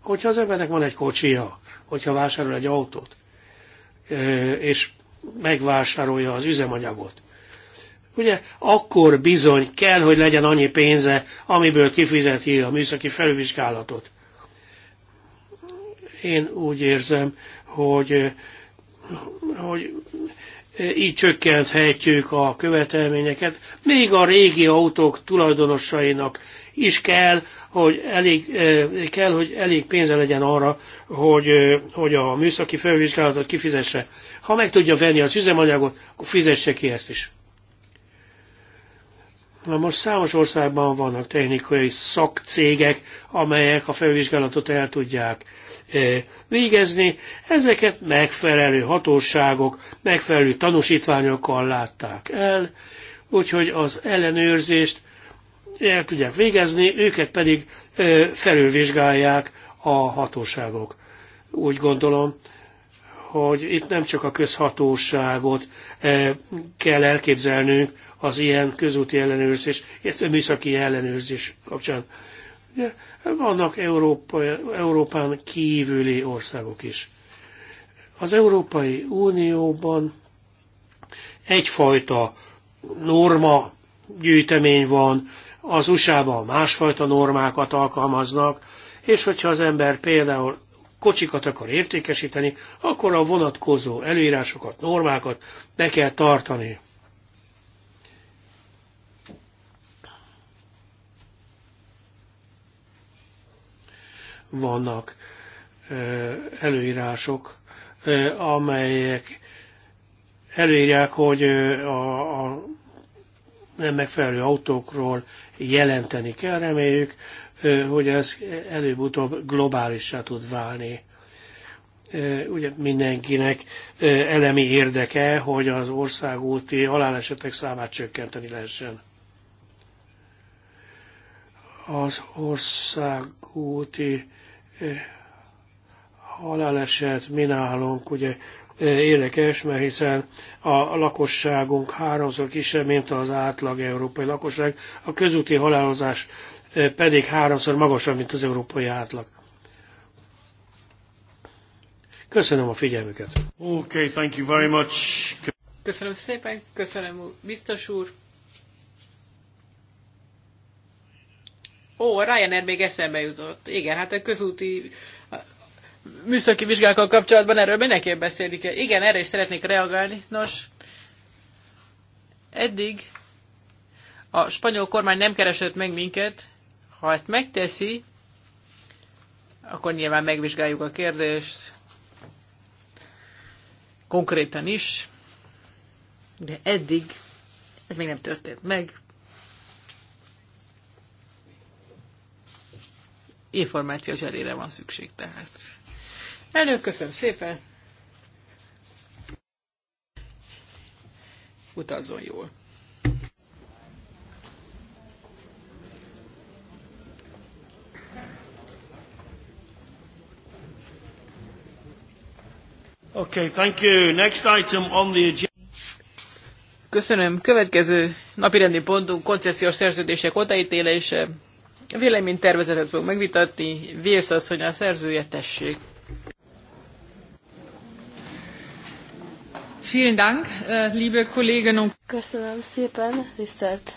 hogyha az embernek van egy kocsia, hogyha vásárol egy autót, és megvásárolja az üzemanyagot, ugye akkor bizony kell, hogy legyen annyi pénze, amiből kifizeti a műszaki felvizsgálatot. Én úgy érzem, hogy hogy így csökkenthetjük a követelményeket. Még a régi autók tulajdonosainak is kell, hogy elég, eh, kell, hogy elég pénze legyen arra, hogy, eh, hogy a műszaki felvizsgálatot kifizesse. Ha meg tudja venni az üzemanyagot, akkor fizesse ki ezt is. Na most számos országban vannak technikai szakcégek, amelyek a felvizsgálatot el tudják eh, végezni. Ezeket megfelelő hatóságok, megfelelő tanúsítványokkal látták el, úgyhogy az ellenőrzést el tudják végezni, őket pedig eh, felülvizsgálják a hatóságok. Úgy gondolom, hogy itt nem csak a közhatóságot eh, kell elképzelnünk, az ilyen közúti ellenőrzés, illetve műszaki ellenőrzés kapcsán. Ugye, vannak Európa, Európán kívüli országok is. Az Európai Unióban egyfajta norma gyűjtemény van, az USA-ban másfajta normákat alkalmaznak, és hogyha az ember például kocsikat akar értékesíteni, akkor a vonatkozó előírásokat, normákat be kell tartani. vannak előírások, amelyek előírják, hogy a, a nem megfelelő autókról jelenteni kell, reméljük, hogy ez előbb-utóbb globálisra tud válni. Ugye mindenkinek elemi érdeke, hogy az országúti halálesetek számát csökkenteni lehessen. Az országúti haláleset mi nálunk ugye e, érdekes, mert hiszen a lakosságunk háromszor kisebb, mint az átlag európai lakosság, a közúti halálozás e, pedig háromszor magasabb, mint az európai átlag. Köszönöm a figyelmüket. Okay, thank you very much. Köszönöm szépen, köszönöm biztos úr. Ó, Ryanair még eszembe jutott. Igen, hát a közúti műszaki vizsgákkal kapcsolatban erről mindenképp beszélni kell. Igen, erre is szeretnék reagálni. Nos, eddig a spanyol kormány nem keresett meg minket. Ha ezt megteszi, akkor nyilván megvizsgáljuk a kérdést konkrétan is, de eddig ez még nem történt meg. információ cserére van szükség tehát. Elnök, köszönöm szépen! Utazzon jól! Okay, thank you. Next item on the agenda. Köszönöm. Következő napirendi pontunk koncepciós szerződések odaítélése. A véleménytervezetet fog megvitatni. Vész asszony a szerzője, tessék. Vielen Dank, äh, liebe Kolleginnen und Köszönöm szépen, tisztelt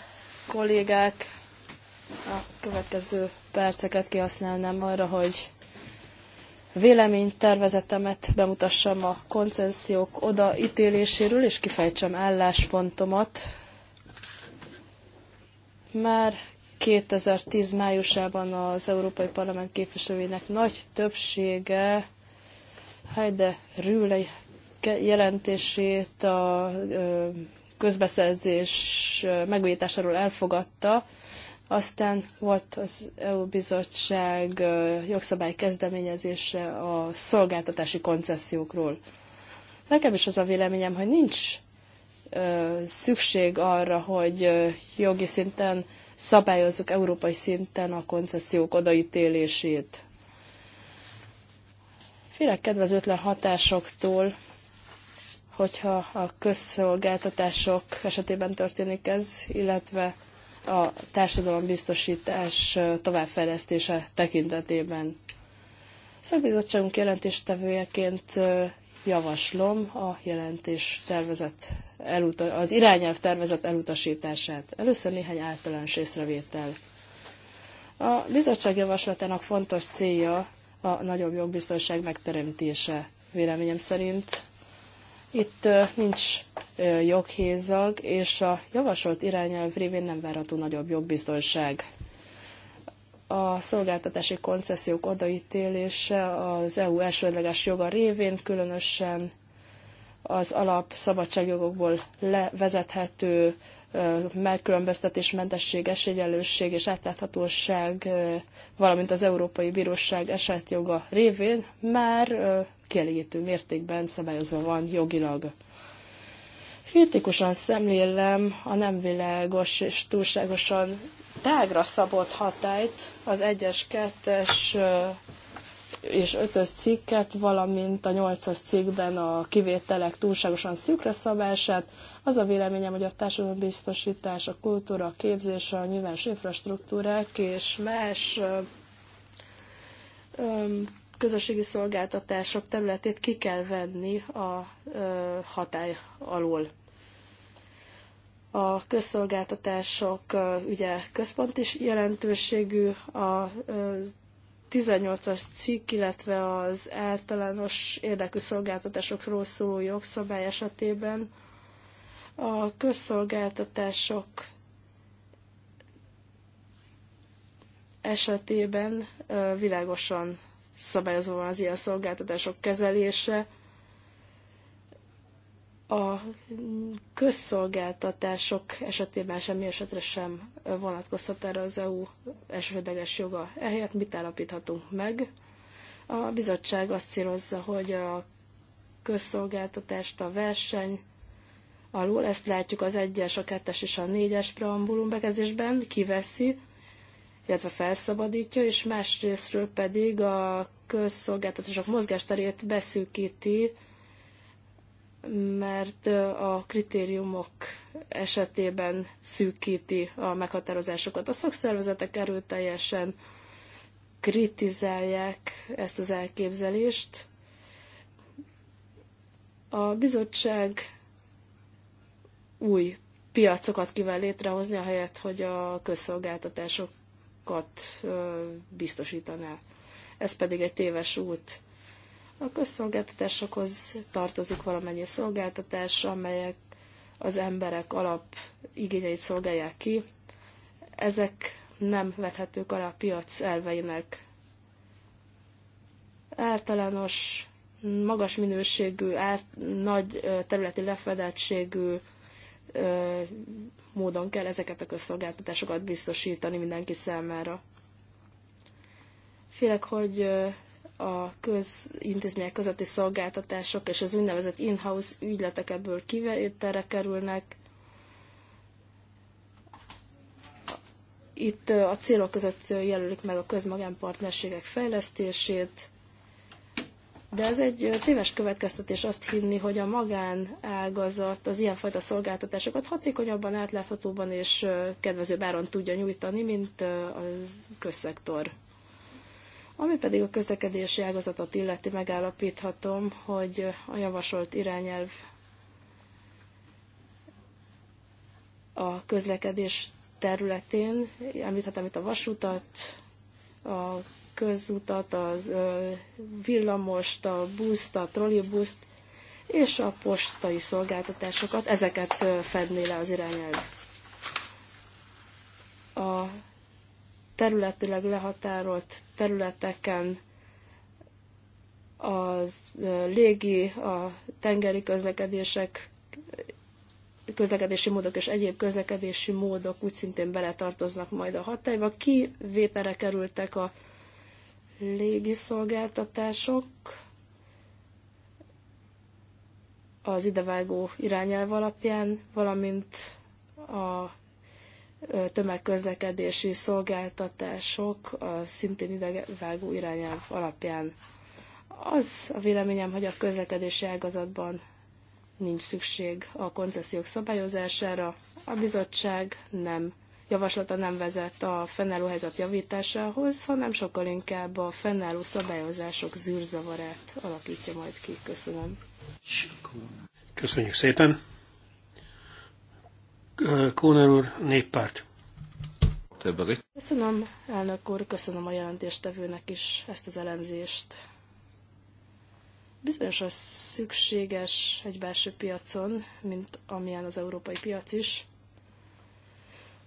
kollégák! A következő perceket kihasználnám arra, hogy véleménytervezetemet bemutassam a koncesziók odaítéléséről, és kifejtsem álláspontomat. Már 2010 májusában az Európai Parlament képviselőinek nagy többsége Heide Rüle jelentését a közbeszerzés megújításáról elfogadta, aztán volt az EU bizottság jogszabály kezdeményezése a szolgáltatási koncesziókról. Nekem is az a véleményem, hogy nincs szükség arra, hogy jogi szinten szabályozzuk európai szinten a koncesziók odaítélését. Félek kedvezőtlen hatásoktól, hogyha a közszolgáltatások esetében történik ez, illetve a társadalombiztosítás továbbfejlesztése tekintetében. Szakbizottságunk jelentéstevőjeként javaslom a jelentés tervezett eluta- az irányelv tervezet elutasítását. Először néhány általános észrevétel. A bizottság javaslatának fontos célja a nagyobb jogbiztonság megteremtése, véleményem szerint. Itt nincs joghézag, és a javasolt irányelv révén nem várható nagyobb jogbiztonság. A szolgáltatási koncesziók odaítélése az EU elsődleges joga révén különösen az alap szabadságjogokból levezethető megkülönböztetésmentesség, esélyegyenlőség és átláthatóság, valamint az Európai Bíróság esetjoga révén már kielégítő mértékben szabályozva van jogilag. Kritikusan szemlélem a nem világos és túlságosan tágra szabott hatályt az 1-es, 2-es és ötös cikket, valamint a nyolcas cikkben a kivételek túlságosan szűkre szabását. Az a véleményem, hogy a társadalombiztosítás, a kultúra, a képzés, a nyilvános infrastruktúrák és más közösségi szolgáltatások területét ki kell venni a hatály alól. A közszolgáltatások ugye központ is jelentőségű, a 18-as cikk, illetve az általános érdekű szolgáltatásokról szóló jogszabály esetében a közszolgáltatások esetében világosan szabályozva van az ilyen szolgáltatások kezelése, a közszolgáltatások esetében semmi esetre sem vonatkozhat erre az EU elsődleges joga. Ehelyett mit állapíthatunk meg? A bizottság azt célozza, hogy a közszolgáltatást a verseny alul, ezt látjuk az egyes, a kettes és a négyes preambulum bekezdésben, kiveszi, illetve felszabadítja, és másrésztről pedig a közszolgáltatások mozgásterét beszűkíti, mert a kritériumok esetében szűkíti a meghatározásokat. A szakszervezetek erőteljesen kritizálják ezt az elképzelést. A bizottság új piacokat kíván létrehozni, ahelyett, hogy a közszolgáltatásokat biztosítaná. Ez pedig egy téves út. A közszolgáltatásokhoz tartozik valamennyi szolgáltatás, amelyek az emberek alap igényeit szolgálják ki. Ezek nem vethetők alá a piac elveinek. Általános, magas minőségű, át, nagy területi lefedettségű ö, módon kell ezeket a közszolgáltatásokat biztosítani mindenki számára. Félek, hogy a közintézmények közötti szolgáltatások és az úgynevezett in-house ügyletek ebből kivételre kerülnek. Itt a célok között jelölik meg a közmagánpartnerségek fejlesztését, de ez egy téves következtetés azt hinni, hogy a magánágazat az ilyenfajta szolgáltatásokat hatékonyabban, átláthatóban és kedvező áron tudja nyújtani, mint a közszektor. Ami pedig a közlekedési ágazatot illeti, megállapíthatom, hogy a javasolt irányelv a közlekedés területén, említhetem itt a vasutat, a közutat, a villamost, a buszt, a trollibuszt, és a postai szolgáltatásokat, ezeket fedné le az irányelv. A területileg lehatárolt területeken a légi, a tengeri közlekedések, közlekedési módok és egyéb közlekedési módok úgy szintén beletartoznak majd a hatályba. Kivételre kerültek a légiszolgáltatások az idevágó irányelv alapján, valamint a tömegközlekedési szolgáltatások a szintén idevágó irányelv alapján. Az a véleményem, hogy a közlekedési ágazatban nincs szükség a koncesziók szabályozására. A bizottság nem javaslata nem vezet a fennálló helyzet javításához, hanem sokkal inkább a fennálló szabályozások zűrzavarát alakítja majd ki. Köszönöm. Köszönjük szépen. Kóner úr, néppárt. Köszönöm, elnök úr, köszönöm a jelentéstevőnek is ezt az elemzést. Bizonyos az szükséges egy belső piacon, mint amilyen az európai piac is,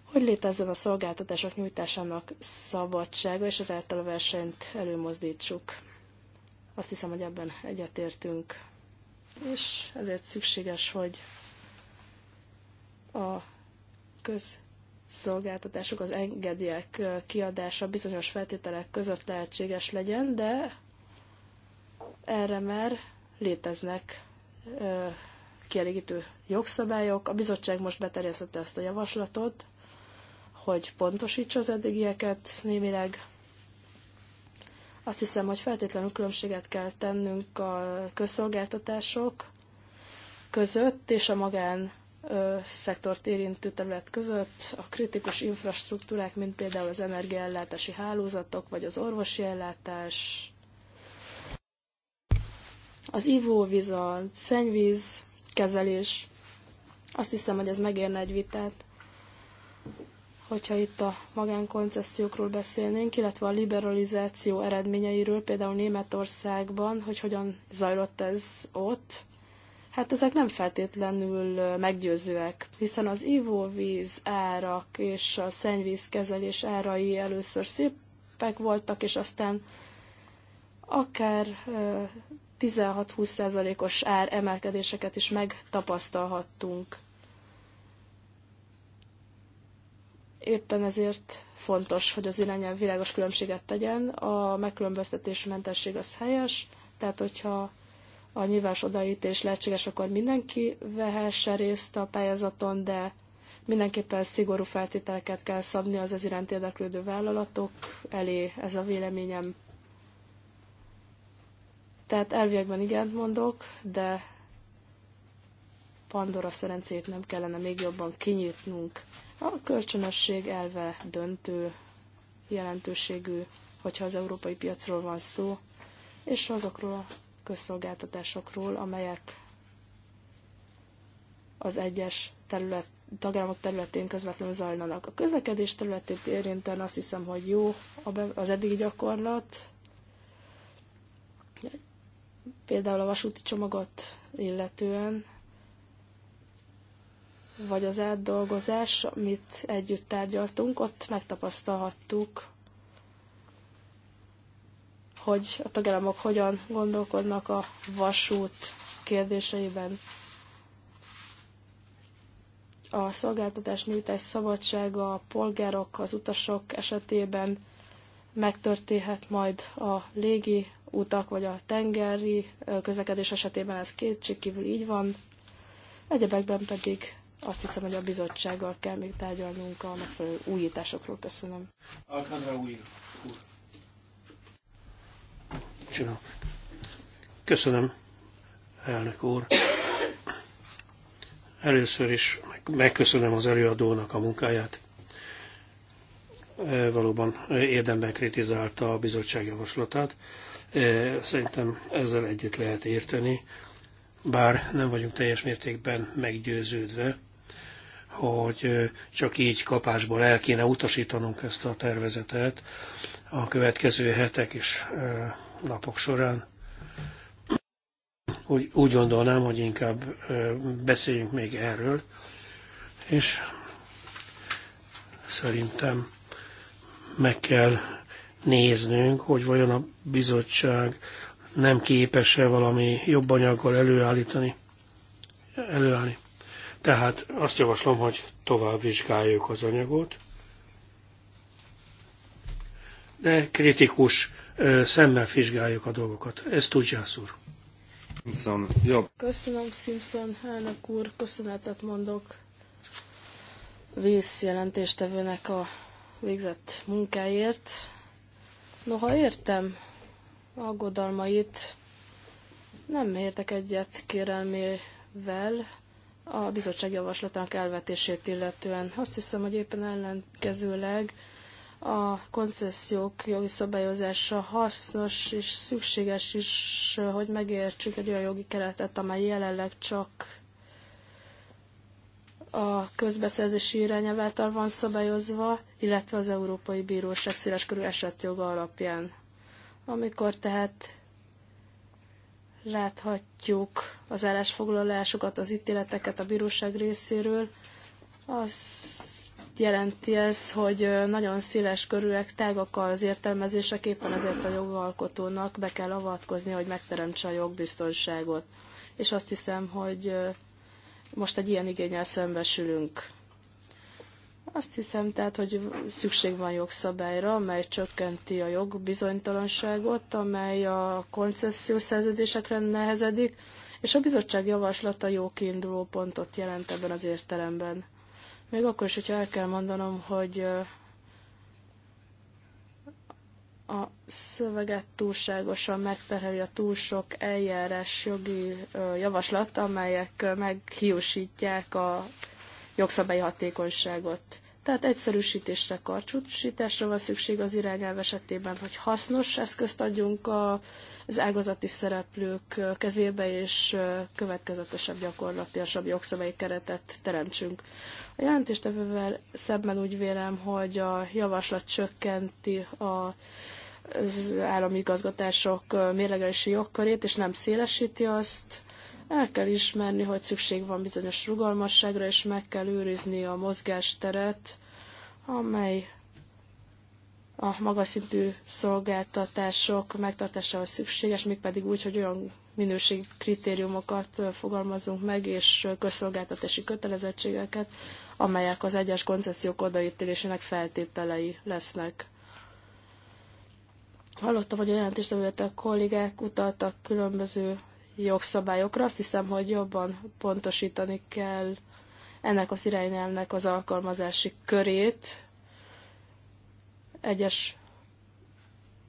hogy létezzen a szolgáltatások nyújtásának szabadsága, és ezáltal a versenyt előmozdítsuk. Azt hiszem, hogy ebben egyetértünk, és ezért szükséges, hogy a közszolgáltatások, az engedélyek kiadása bizonyos feltételek között lehetséges legyen, de erre már léteznek kielégítő jogszabályok. A bizottság most beterjesztette ezt a javaslatot, hogy pontosítsa az eddigieket némileg. Azt hiszem, hogy feltétlenül különbséget kell tennünk a közszolgáltatások között és a magán szektort érintő terület között a kritikus infrastruktúrák, mint például az energiaellátási hálózatok, vagy az orvosi ellátás, az ivóvíz, a szennyvíz kezelés. Azt hiszem, hogy ez megérne egy vitát, hogyha itt a magánkoncesziókról beszélnénk, illetve a liberalizáció eredményeiről, például Németországban, hogy hogyan zajlott ez ott, hát ezek nem feltétlenül meggyőzőek, hiszen az ivóvíz árak és a szennyvízkezelés árai először szépek voltak, és aztán akár 16-20%-os ár emelkedéseket is megtapasztalhattunk. Éppen ezért fontos, hogy az irányelv világos különbséget tegyen. A megkülönböztetés mentesség az helyes, tehát hogyha a nyilvános odaítés lehetséges, akkor mindenki vehesse részt a pályázaton, de mindenképpen szigorú feltételeket kell szabni az ez iránt érdeklődő vállalatok elé, ez a véleményem. Tehát elviekben igent mondok, de Pandora szerencét nem kellene még jobban kinyitnunk. A kölcsönösség elve döntő jelentőségű, hogyha az európai piacról van szó, és azokról a közszolgáltatásokról, amelyek az egyes terület, tagállamok területén közvetlenül zajlanak. A közlekedés területét érinten azt hiszem, hogy jó az eddigi gyakorlat. Például a vasúti csomagot illetően, vagy az átdolgozás, amit együtt tárgyaltunk, ott megtapasztalhattuk, hogy a tagállamok hogyan gondolkodnak a vasút kérdéseiben. A szolgáltatás nyújtás szabadsága a polgárok, az utasok esetében megtörténhet majd a légi utak vagy a tengeri közlekedés esetében ez kétségkívül így van. Egyebekben pedig azt hiszem, hogy a bizottsággal kell még tárgyalnunk a megfelelő újításokról. Köszönöm. Alkandra úr csinál. Köszönöm, elnök úr. Először is megköszönöm az előadónak a munkáját. E, valóban érdemben kritizálta a bizottság javaslatát. E, szerintem ezzel egyet lehet érteni, bár nem vagyunk teljes mértékben meggyőződve, hogy e, csak így kapásból el kéne utasítanunk ezt a tervezetet a következő hetek és napok során. Úgy, úgy gondolnám, hogy inkább beszéljünk még erről, és szerintem meg kell néznünk, hogy vajon a bizottság nem képes-e valami jobb anyaggal előállítani, előállni. Tehát azt javaslom, hogy tovább vizsgáljuk az anyagot, de kritikus szemmel vizsgáljuk a dolgokat. Ez Tudjász úr. Simpson. Jó. Köszönöm, Simpson elnök úr. Köszönetet mondok vészjelentéstevőnek a végzett munkáért. Noha értem aggodalmait, nem értek egyet kérelmével a bizottság javaslatának elvetését illetően. Azt hiszem, hogy éppen ellenkezőleg a koncesziók jogi szabályozása hasznos és szükséges is, hogy megértsük egy olyan jogi keretet, amely jelenleg csak a közbeszerzési irányelv által van szabályozva, illetve az Európai Bíróság széleskörű esetjoga alapján. Amikor tehát láthatjuk az állásfoglalásokat, az ítéleteket a bíróság részéről, az jelenti ez, hogy nagyon széles körűek, tágak az értelmezések, éppen ezért a jogalkotónak be kell avatkozni, hogy megteremtse a jogbiztonságot. És azt hiszem, hogy most egy ilyen igényel szembesülünk. Azt hiszem tehát, hogy szükség van jogszabályra, amely csökkenti a jogbizonytalanságot, amely a koncesziós szerződésekre nehezedik, és a bizottság javaslata jó kiinduló pontot jelent ebben az értelemben. Még akkor is, hogyha el kell mondanom, hogy a szöveget túlságosan megterheli a túl sok eljárás jogi javaslat, amelyek meghiúsítják a jogszabályi hatékonyságot. Tehát egyszerűsítésre, karcsúsításra van szükség az irányelv esetében, hogy hasznos eszközt adjunk az ágazati szereplők kezébe, és következetesebb, gyakorlatilasabb jogszabályi keretet teremtsünk. A jelentéstevővel szemben úgy vélem, hogy a javaslat csökkenti a az állami igazgatások mérlegelési jogkörét, és nem szélesíti azt, el kell ismerni, hogy szükség van bizonyos rugalmasságra, és meg kell őrizni a mozgásteret, amely a magas szintű szolgáltatások megtartásához szükséges, mégpedig úgy, hogy olyan minőségi kritériumokat fogalmazunk meg, és közszolgáltatási kötelezettségeket, amelyek az egyes koncesziók odaítélésének feltételei lesznek. Hallottam, hogy a a kollégák utaltak különböző jogszabályokra. Azt hiszem, hogy jobban pontosítani kell ennek az irányelvnek az alkalmazási körét. Egyes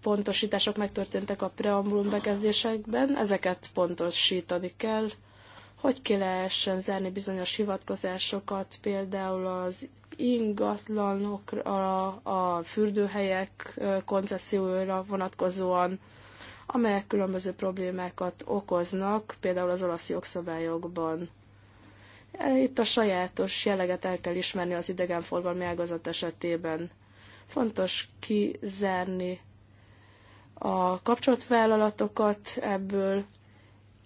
pontosítások megtörténtek a preambulum bekezdésekben, ezeket pontosítani kell, hogy ki lehessen zárni bizonyos hivatkozásokat, például az ingatlanokra, a fürdőhelyek koncesszióra vonatkozóan, amelyek különböző problémákat okoznak, például az olasz jogszabályokban. E, itt a sajátos jelleget el kell ismerni az idegenforgalmi ágazat esetében. Fontos kizárni a kapcsolatvállalatokat ebből,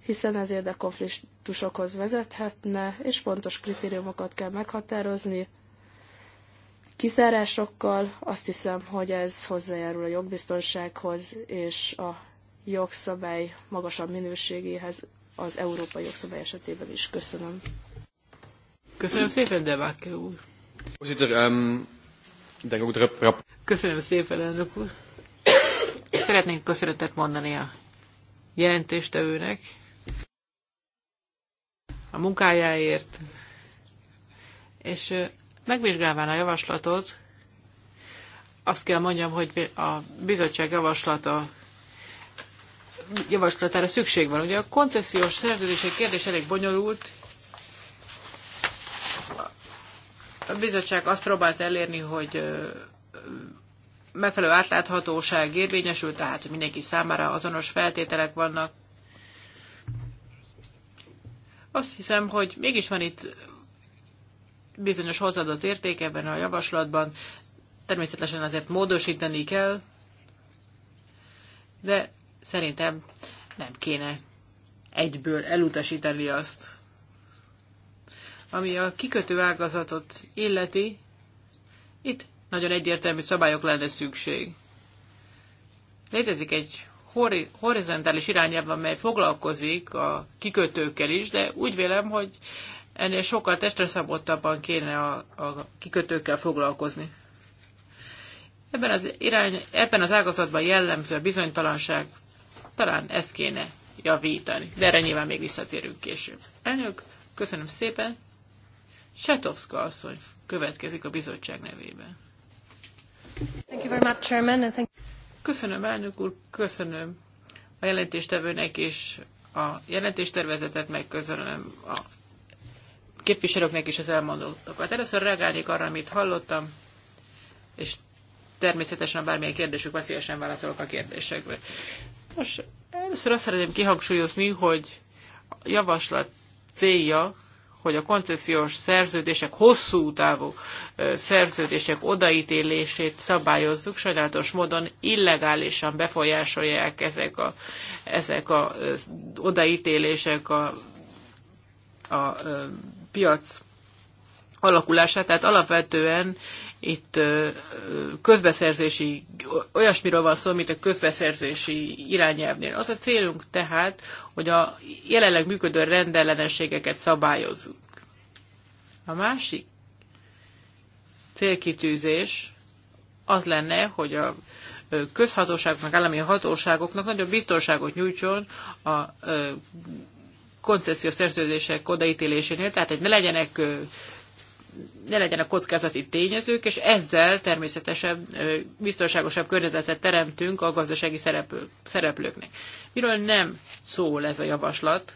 hiszen ez érdekkonfliktusokhoz vezethetne, és fontos kritériumokat kell meghatározni. Kiszárásokkal azt hiszem, hogy ez hozzájárul a jogbiztonsághoz és a jogszabály magasabb minőségéhez az európai jogszabály esetében is. Köszönöm. Köszönöm szépen, Demáke úr. Ehm, Köszönöm szépen, elnök úr. Szeretnénk köszönetet mondani a jelentéstevőnek a munkájáért, és megvizsgálván a javaslatot, azt kell mondjam, hogy a bizottság javaslata javaslatára szükség van. Ugye a koncesziós szerződések kérdés elég bonyolult. A bizottság azt próbált elérni, hogy megfelelő átláthatóság érvényesül, tehát hogy mindenki számára azonos feltételek vannak. Azt hiszem, hogy mégis van itt bizonyos hozzáadott érték ebben a javaslatban. Természetesen azért módosítani kell, de Szerintem nem kéne egyből elutasítani azt. Ami a kikötő ágazatot illeti, itt nagyon egyértelmű szabályok lenne szükség. Létezik egy hori- horizontális irányelv, amely foglalkozik a kikötőkkel is, de úgy vélem, hogy ennél sokkal testre szabottabban kéne a, a kikötőkkel foglalkozni. Ebben az, irány, ebben az ágazatban jellemző a bizonytalanság, talán ezt kéne javítani, de erre nyilván még visszatérünk később. Elnök, köszönöm szépen. Setovska asszony következik a bizottság nevében. Thank you very much, Chairman, and thank köszönöm, elnök úr, köszönöm a jelentéstevőnek és a jelentéstervezetet, megköszönöm a képviselőknek is az elmondottakat. Először reagálnék arra, amit hallottam, és természetesen, bármilyen kérdésük van, szívesen válaszolok a kérdésekre. Nos, először azt szeretném kihangsúlyozni, hogy a javaslat célja, hogy a koncesziós szerződések, hosszú távú szerződések odaítélését szabályozzuk, sajnálatos módon illegálisan befolyásolják ezek a, ezek a odaítélések a, a, a piac alakulását, tehát alapvetően itt közbeszerzési, olyasmiről van szó, mint a közbeszerzési irányelvnél. Az a célunk tehát, hogy a jelenleg működő rendellenességeket szabályozzuk. A másik célkitűzés az lenne, hogy a közhatóságoknak, állami hatóságoknak nagyobb biztonságot nyújtson a koncesziós szerződések odaítélésénél, tehát hogy ne legyenek ne legyenek kockázati tényezők, és ezzel természetesen biztonságosabb környezetet teremtünk a gazdasági szereplőknek. Miről nem szól ez a javaslat,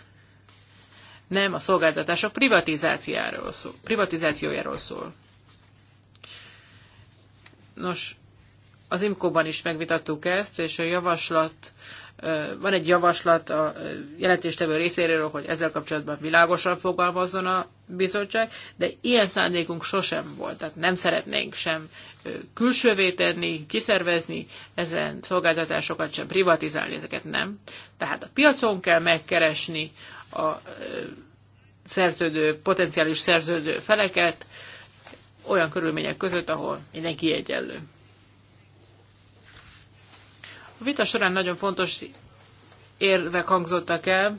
nem a szolgáltatások privatizációjáról szól. Privatizációjáról szól. Nos, az imkóban ban is megvitattuk ezt, és a javaslat van egy javaslat a jelentéstevő részéről, hogy ezzel kapcsolatban világosan fogalmazzon a bizottság, de ilyen szándékunk sosem volt, tehát nem szeretnénk sem külsővé tenni, kiszervezni, ezen szolgáltatásokat sem privatizálni, ezeket nem. Tehát a piacon kell megkeresni a szerződő, potenciális szerződő feleket, olyan körülmények között, ahol mindenki egyenlő. A vita során nagyon fontos érvek hangzottak el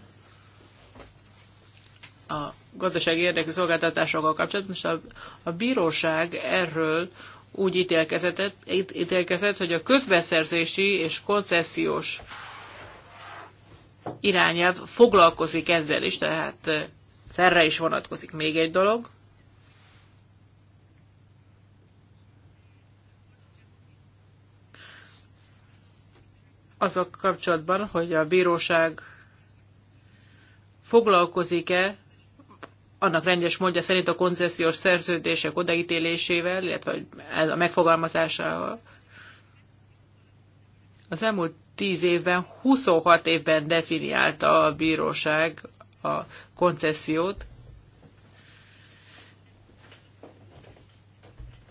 a gazdasági érdekű szolgáltatásokkal kapcsolatban, és a, a bíróság erről úgy ítélkezett, ítélkezett, hogy a közbeszerzési és koncesziós irányelv foglalkozik ezzel is, tehát erre eh, is vonatkozik még egy dolog. azok kapcsolatban, hogy a bíróság foglalkozik-e annak rendes módja szerint a koncesziós szerződések odaítélésével, illetve a megfogalmazásával. Az elmúlt tíz évben, 26 évben definiálta a bíróság a koncesziót.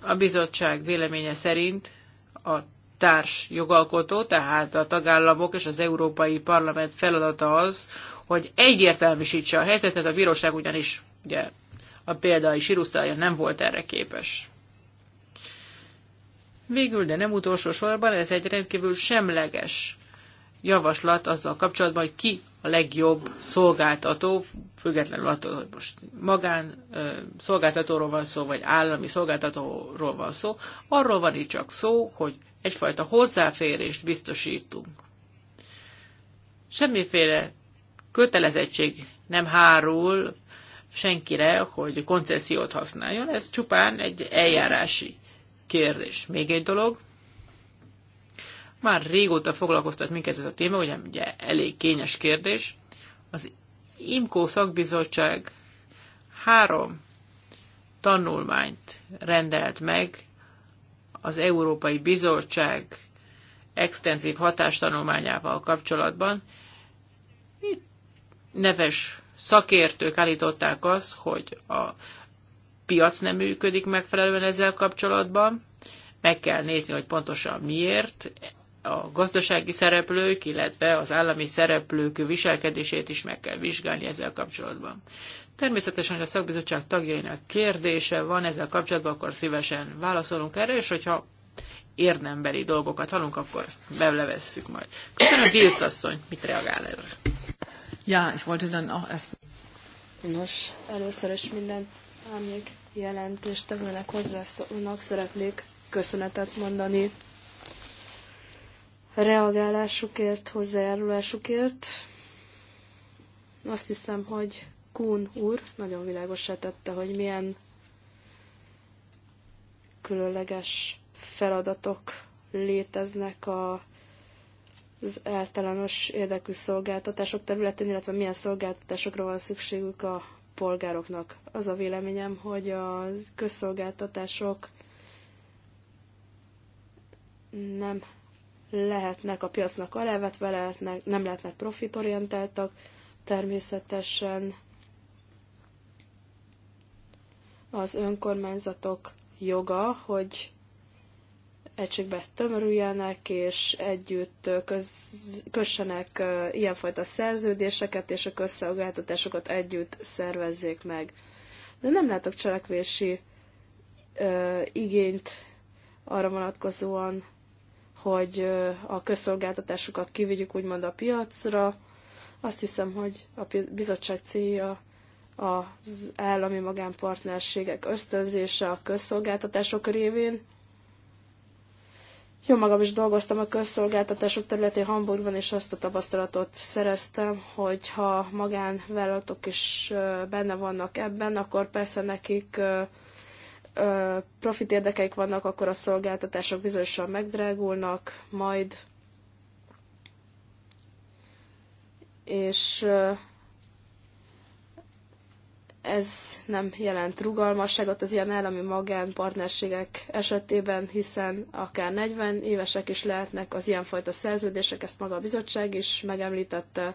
A bizottság véleménye szerint a társ jogalkotó, tehát a tagállamok és az Európai Parlament feladata az, hogy egyértelműsítse a helyzetet, a bíróság ugyanis ugye, a példai sirusztálja nem volt erre képes. Végül, de nem utolsó sorban, ez egy rendkívül semleges javaslat azzal kapcsolatban, hogy ki a legjobb szolgáltató, függetlenül attól, hogy most magán ö, szolgáltatóról van szó, vagy állami szolgáltatóról van szó. Arról van itt csak szó, hogy egyfajta hozzáférést biztosítunk. Semmiféle kötelezettség nem hárul senkire, hogy koncesziót használjon, ez csupán egy eljárási kérdés. Még egy dolog, már régóta foglalkoztat minket ez a téma, ugye, ugye elég kényes kérdés. Az IMKO szakbizottság három tanulmányt rendelt meg az Európai Bizottság extenzív hatástanulmányával kapcsolatban. Itt neves szakértők állították azt, hogy a piac nem működik megfelelően ezzel kapcsolatban, meg kell nézni, hogy pontosan miért a gazdasági szereplők, illetve az állami szereplők viselkedését is meg kell vizsgálni ezzel kapcsolatban. Természetesen, hogy a szakbizottság tagjainak kérdése van ezzel kapcsolatban, akkor szívesen válaszolunk erre, és hogyha érdembeli dolgokat hallunk, akkor bevlevesszük majd. Köszönöm, Gilsz asszony, mit reagál erre? Ja, ich wollte dann auch erst... Nos, először is minden jelentést, jelentéstevőnek hozzászólnak szeretnék köszönetet mondani reagálásukért, hozzájárulásukért. Azt hiszem, hogy Kún úr nagyon világosá tette, hogy milyen különleges feladatok léteznek a az általános érdekű szolgáltatások területén, illetve milyen szolgáltatásokra van szükségük a polgároknak. Az a véleményem, hogy a közszolgáltatások nem lehetnek a piacnak alávetve, lehetnek, nem lehetnek profitorientáltak, természetesen az önkormányzatok joga, hogy egységbe tömörüljenek, és együtt köz, kössenek ilyenfajta szerződéseket, és a közszolgáltatásokat együtt szervezzék meg. De nem látok cselekvési ö, igényt arra vonatkozóan, hogy a közszolgáltatásokat kivigyük úgymond a piacra. Azt hiszem, hogy a bizottság célja az állami magánpartnerségek ösztönzése a közszolgáltatások révén. Jó magam is dolgoztam a közszolgáltatások területén Hamburgban, és azt a tapasztalatot szereztem, hogy ha magánvállalatok is benne vannak ebben, akkor persze nekik profit érdekeik vannak, akkor a szolgáltatások bizonyosan megdrágulnak, majd és ez nem jelent rugalmasságot az ilyen állami magánpartnerségek esetében, hiszen akár 40 évesek is lehetnek az ilyenfajta szerződések, ezt maga a bizottság is megemlítette.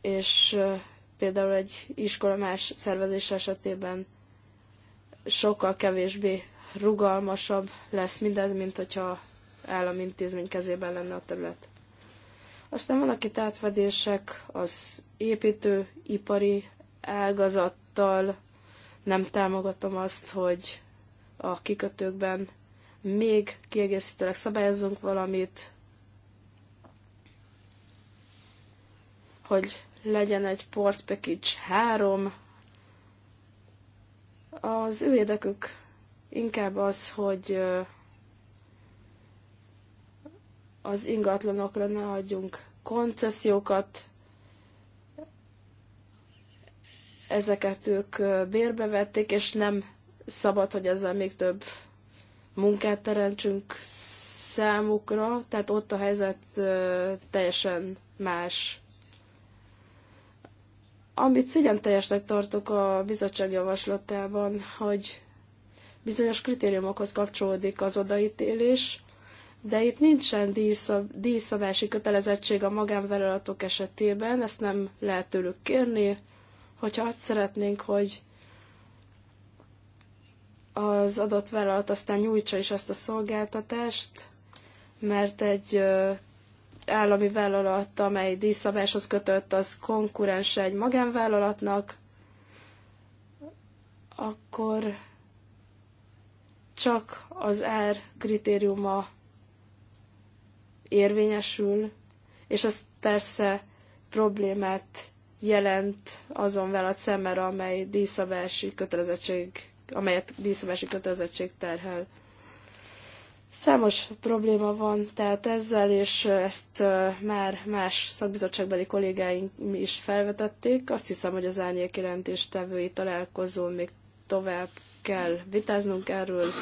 És például egy iskola más szervezés esetében sokkal kevésbé rugalmasabb lesz mindez, mint hogyha állami intézmény kezében lenne a terület. Aztán vannak itt átfedések az építőipari ágazattal. Nem támogatom azt, hogy a kikötőkben még kiegészítőleg szabályozzunk valamit, hogy legyen egy Port Package 3. Az ő érdekük inkább az, hogy az ingatlanokra ne adjunk koncesziókat, ezeket ők bérbe vették, és nem szabad, hogy ezzel még több munkát teremtsünk számukra, tehát ott a helyzet teljesen más. Amit szégyen teljesnek tartok a bizottság javaslatában, hogy bizonyos kritériumokhoz kapcsolódik az odaítélés, de itt nincsen díjszab, díjszabási kötelezettség a magánvállalatok esetében, ezt nem lehet tőlük kérni, hogyha azt szeretnénk, hogy az adott vállalat aztán nyújtsa is ezt a szolgáltatást, mert egy állami vállalat, amely díjszabáshoz kötött, az konkurens egy magánvállalatnak, akkor csak az ár kritériuma érvényesül, és ez persze problémát jelent azon vállalat szemmel, amely díszabási kötelezettség, amelyet díszabási kötelezettség terhel. Számos probléma van tehát ezzel, és ezt már más szakbizottságbeli kollégáink is felvetették. Azt hiszem, hogy az árnyék jelentéstevői találkozón még tovább kell vitáznunk erről,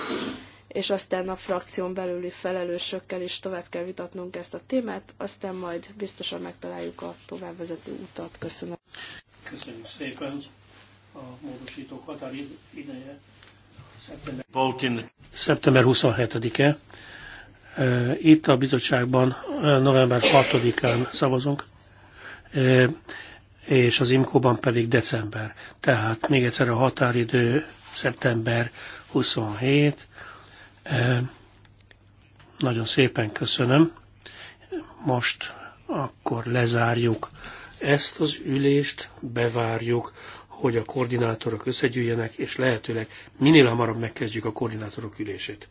és aztán a frakción belüli felelősökkel is tovább kell vitatnunk ezt a témát, aztán majd biztosan megtaláljuk a továbbvezető utat. Köszönöm. Köszönjük szépen a módosítók határideje Szeptember 27-e. Itt a bizottságban november 6-án szavazunk, és az IMKO-ban pedig december. Tehát még egyszer a határidő szeptember 27. Nagyon szépen köszönöm. Most akkor lezárjuk ezt az ülést, bevárjuk hogy a koordinátorok összegyűjjenek, és lehetőleg minél hamarabb megkezdjük a koordinátorok ülését.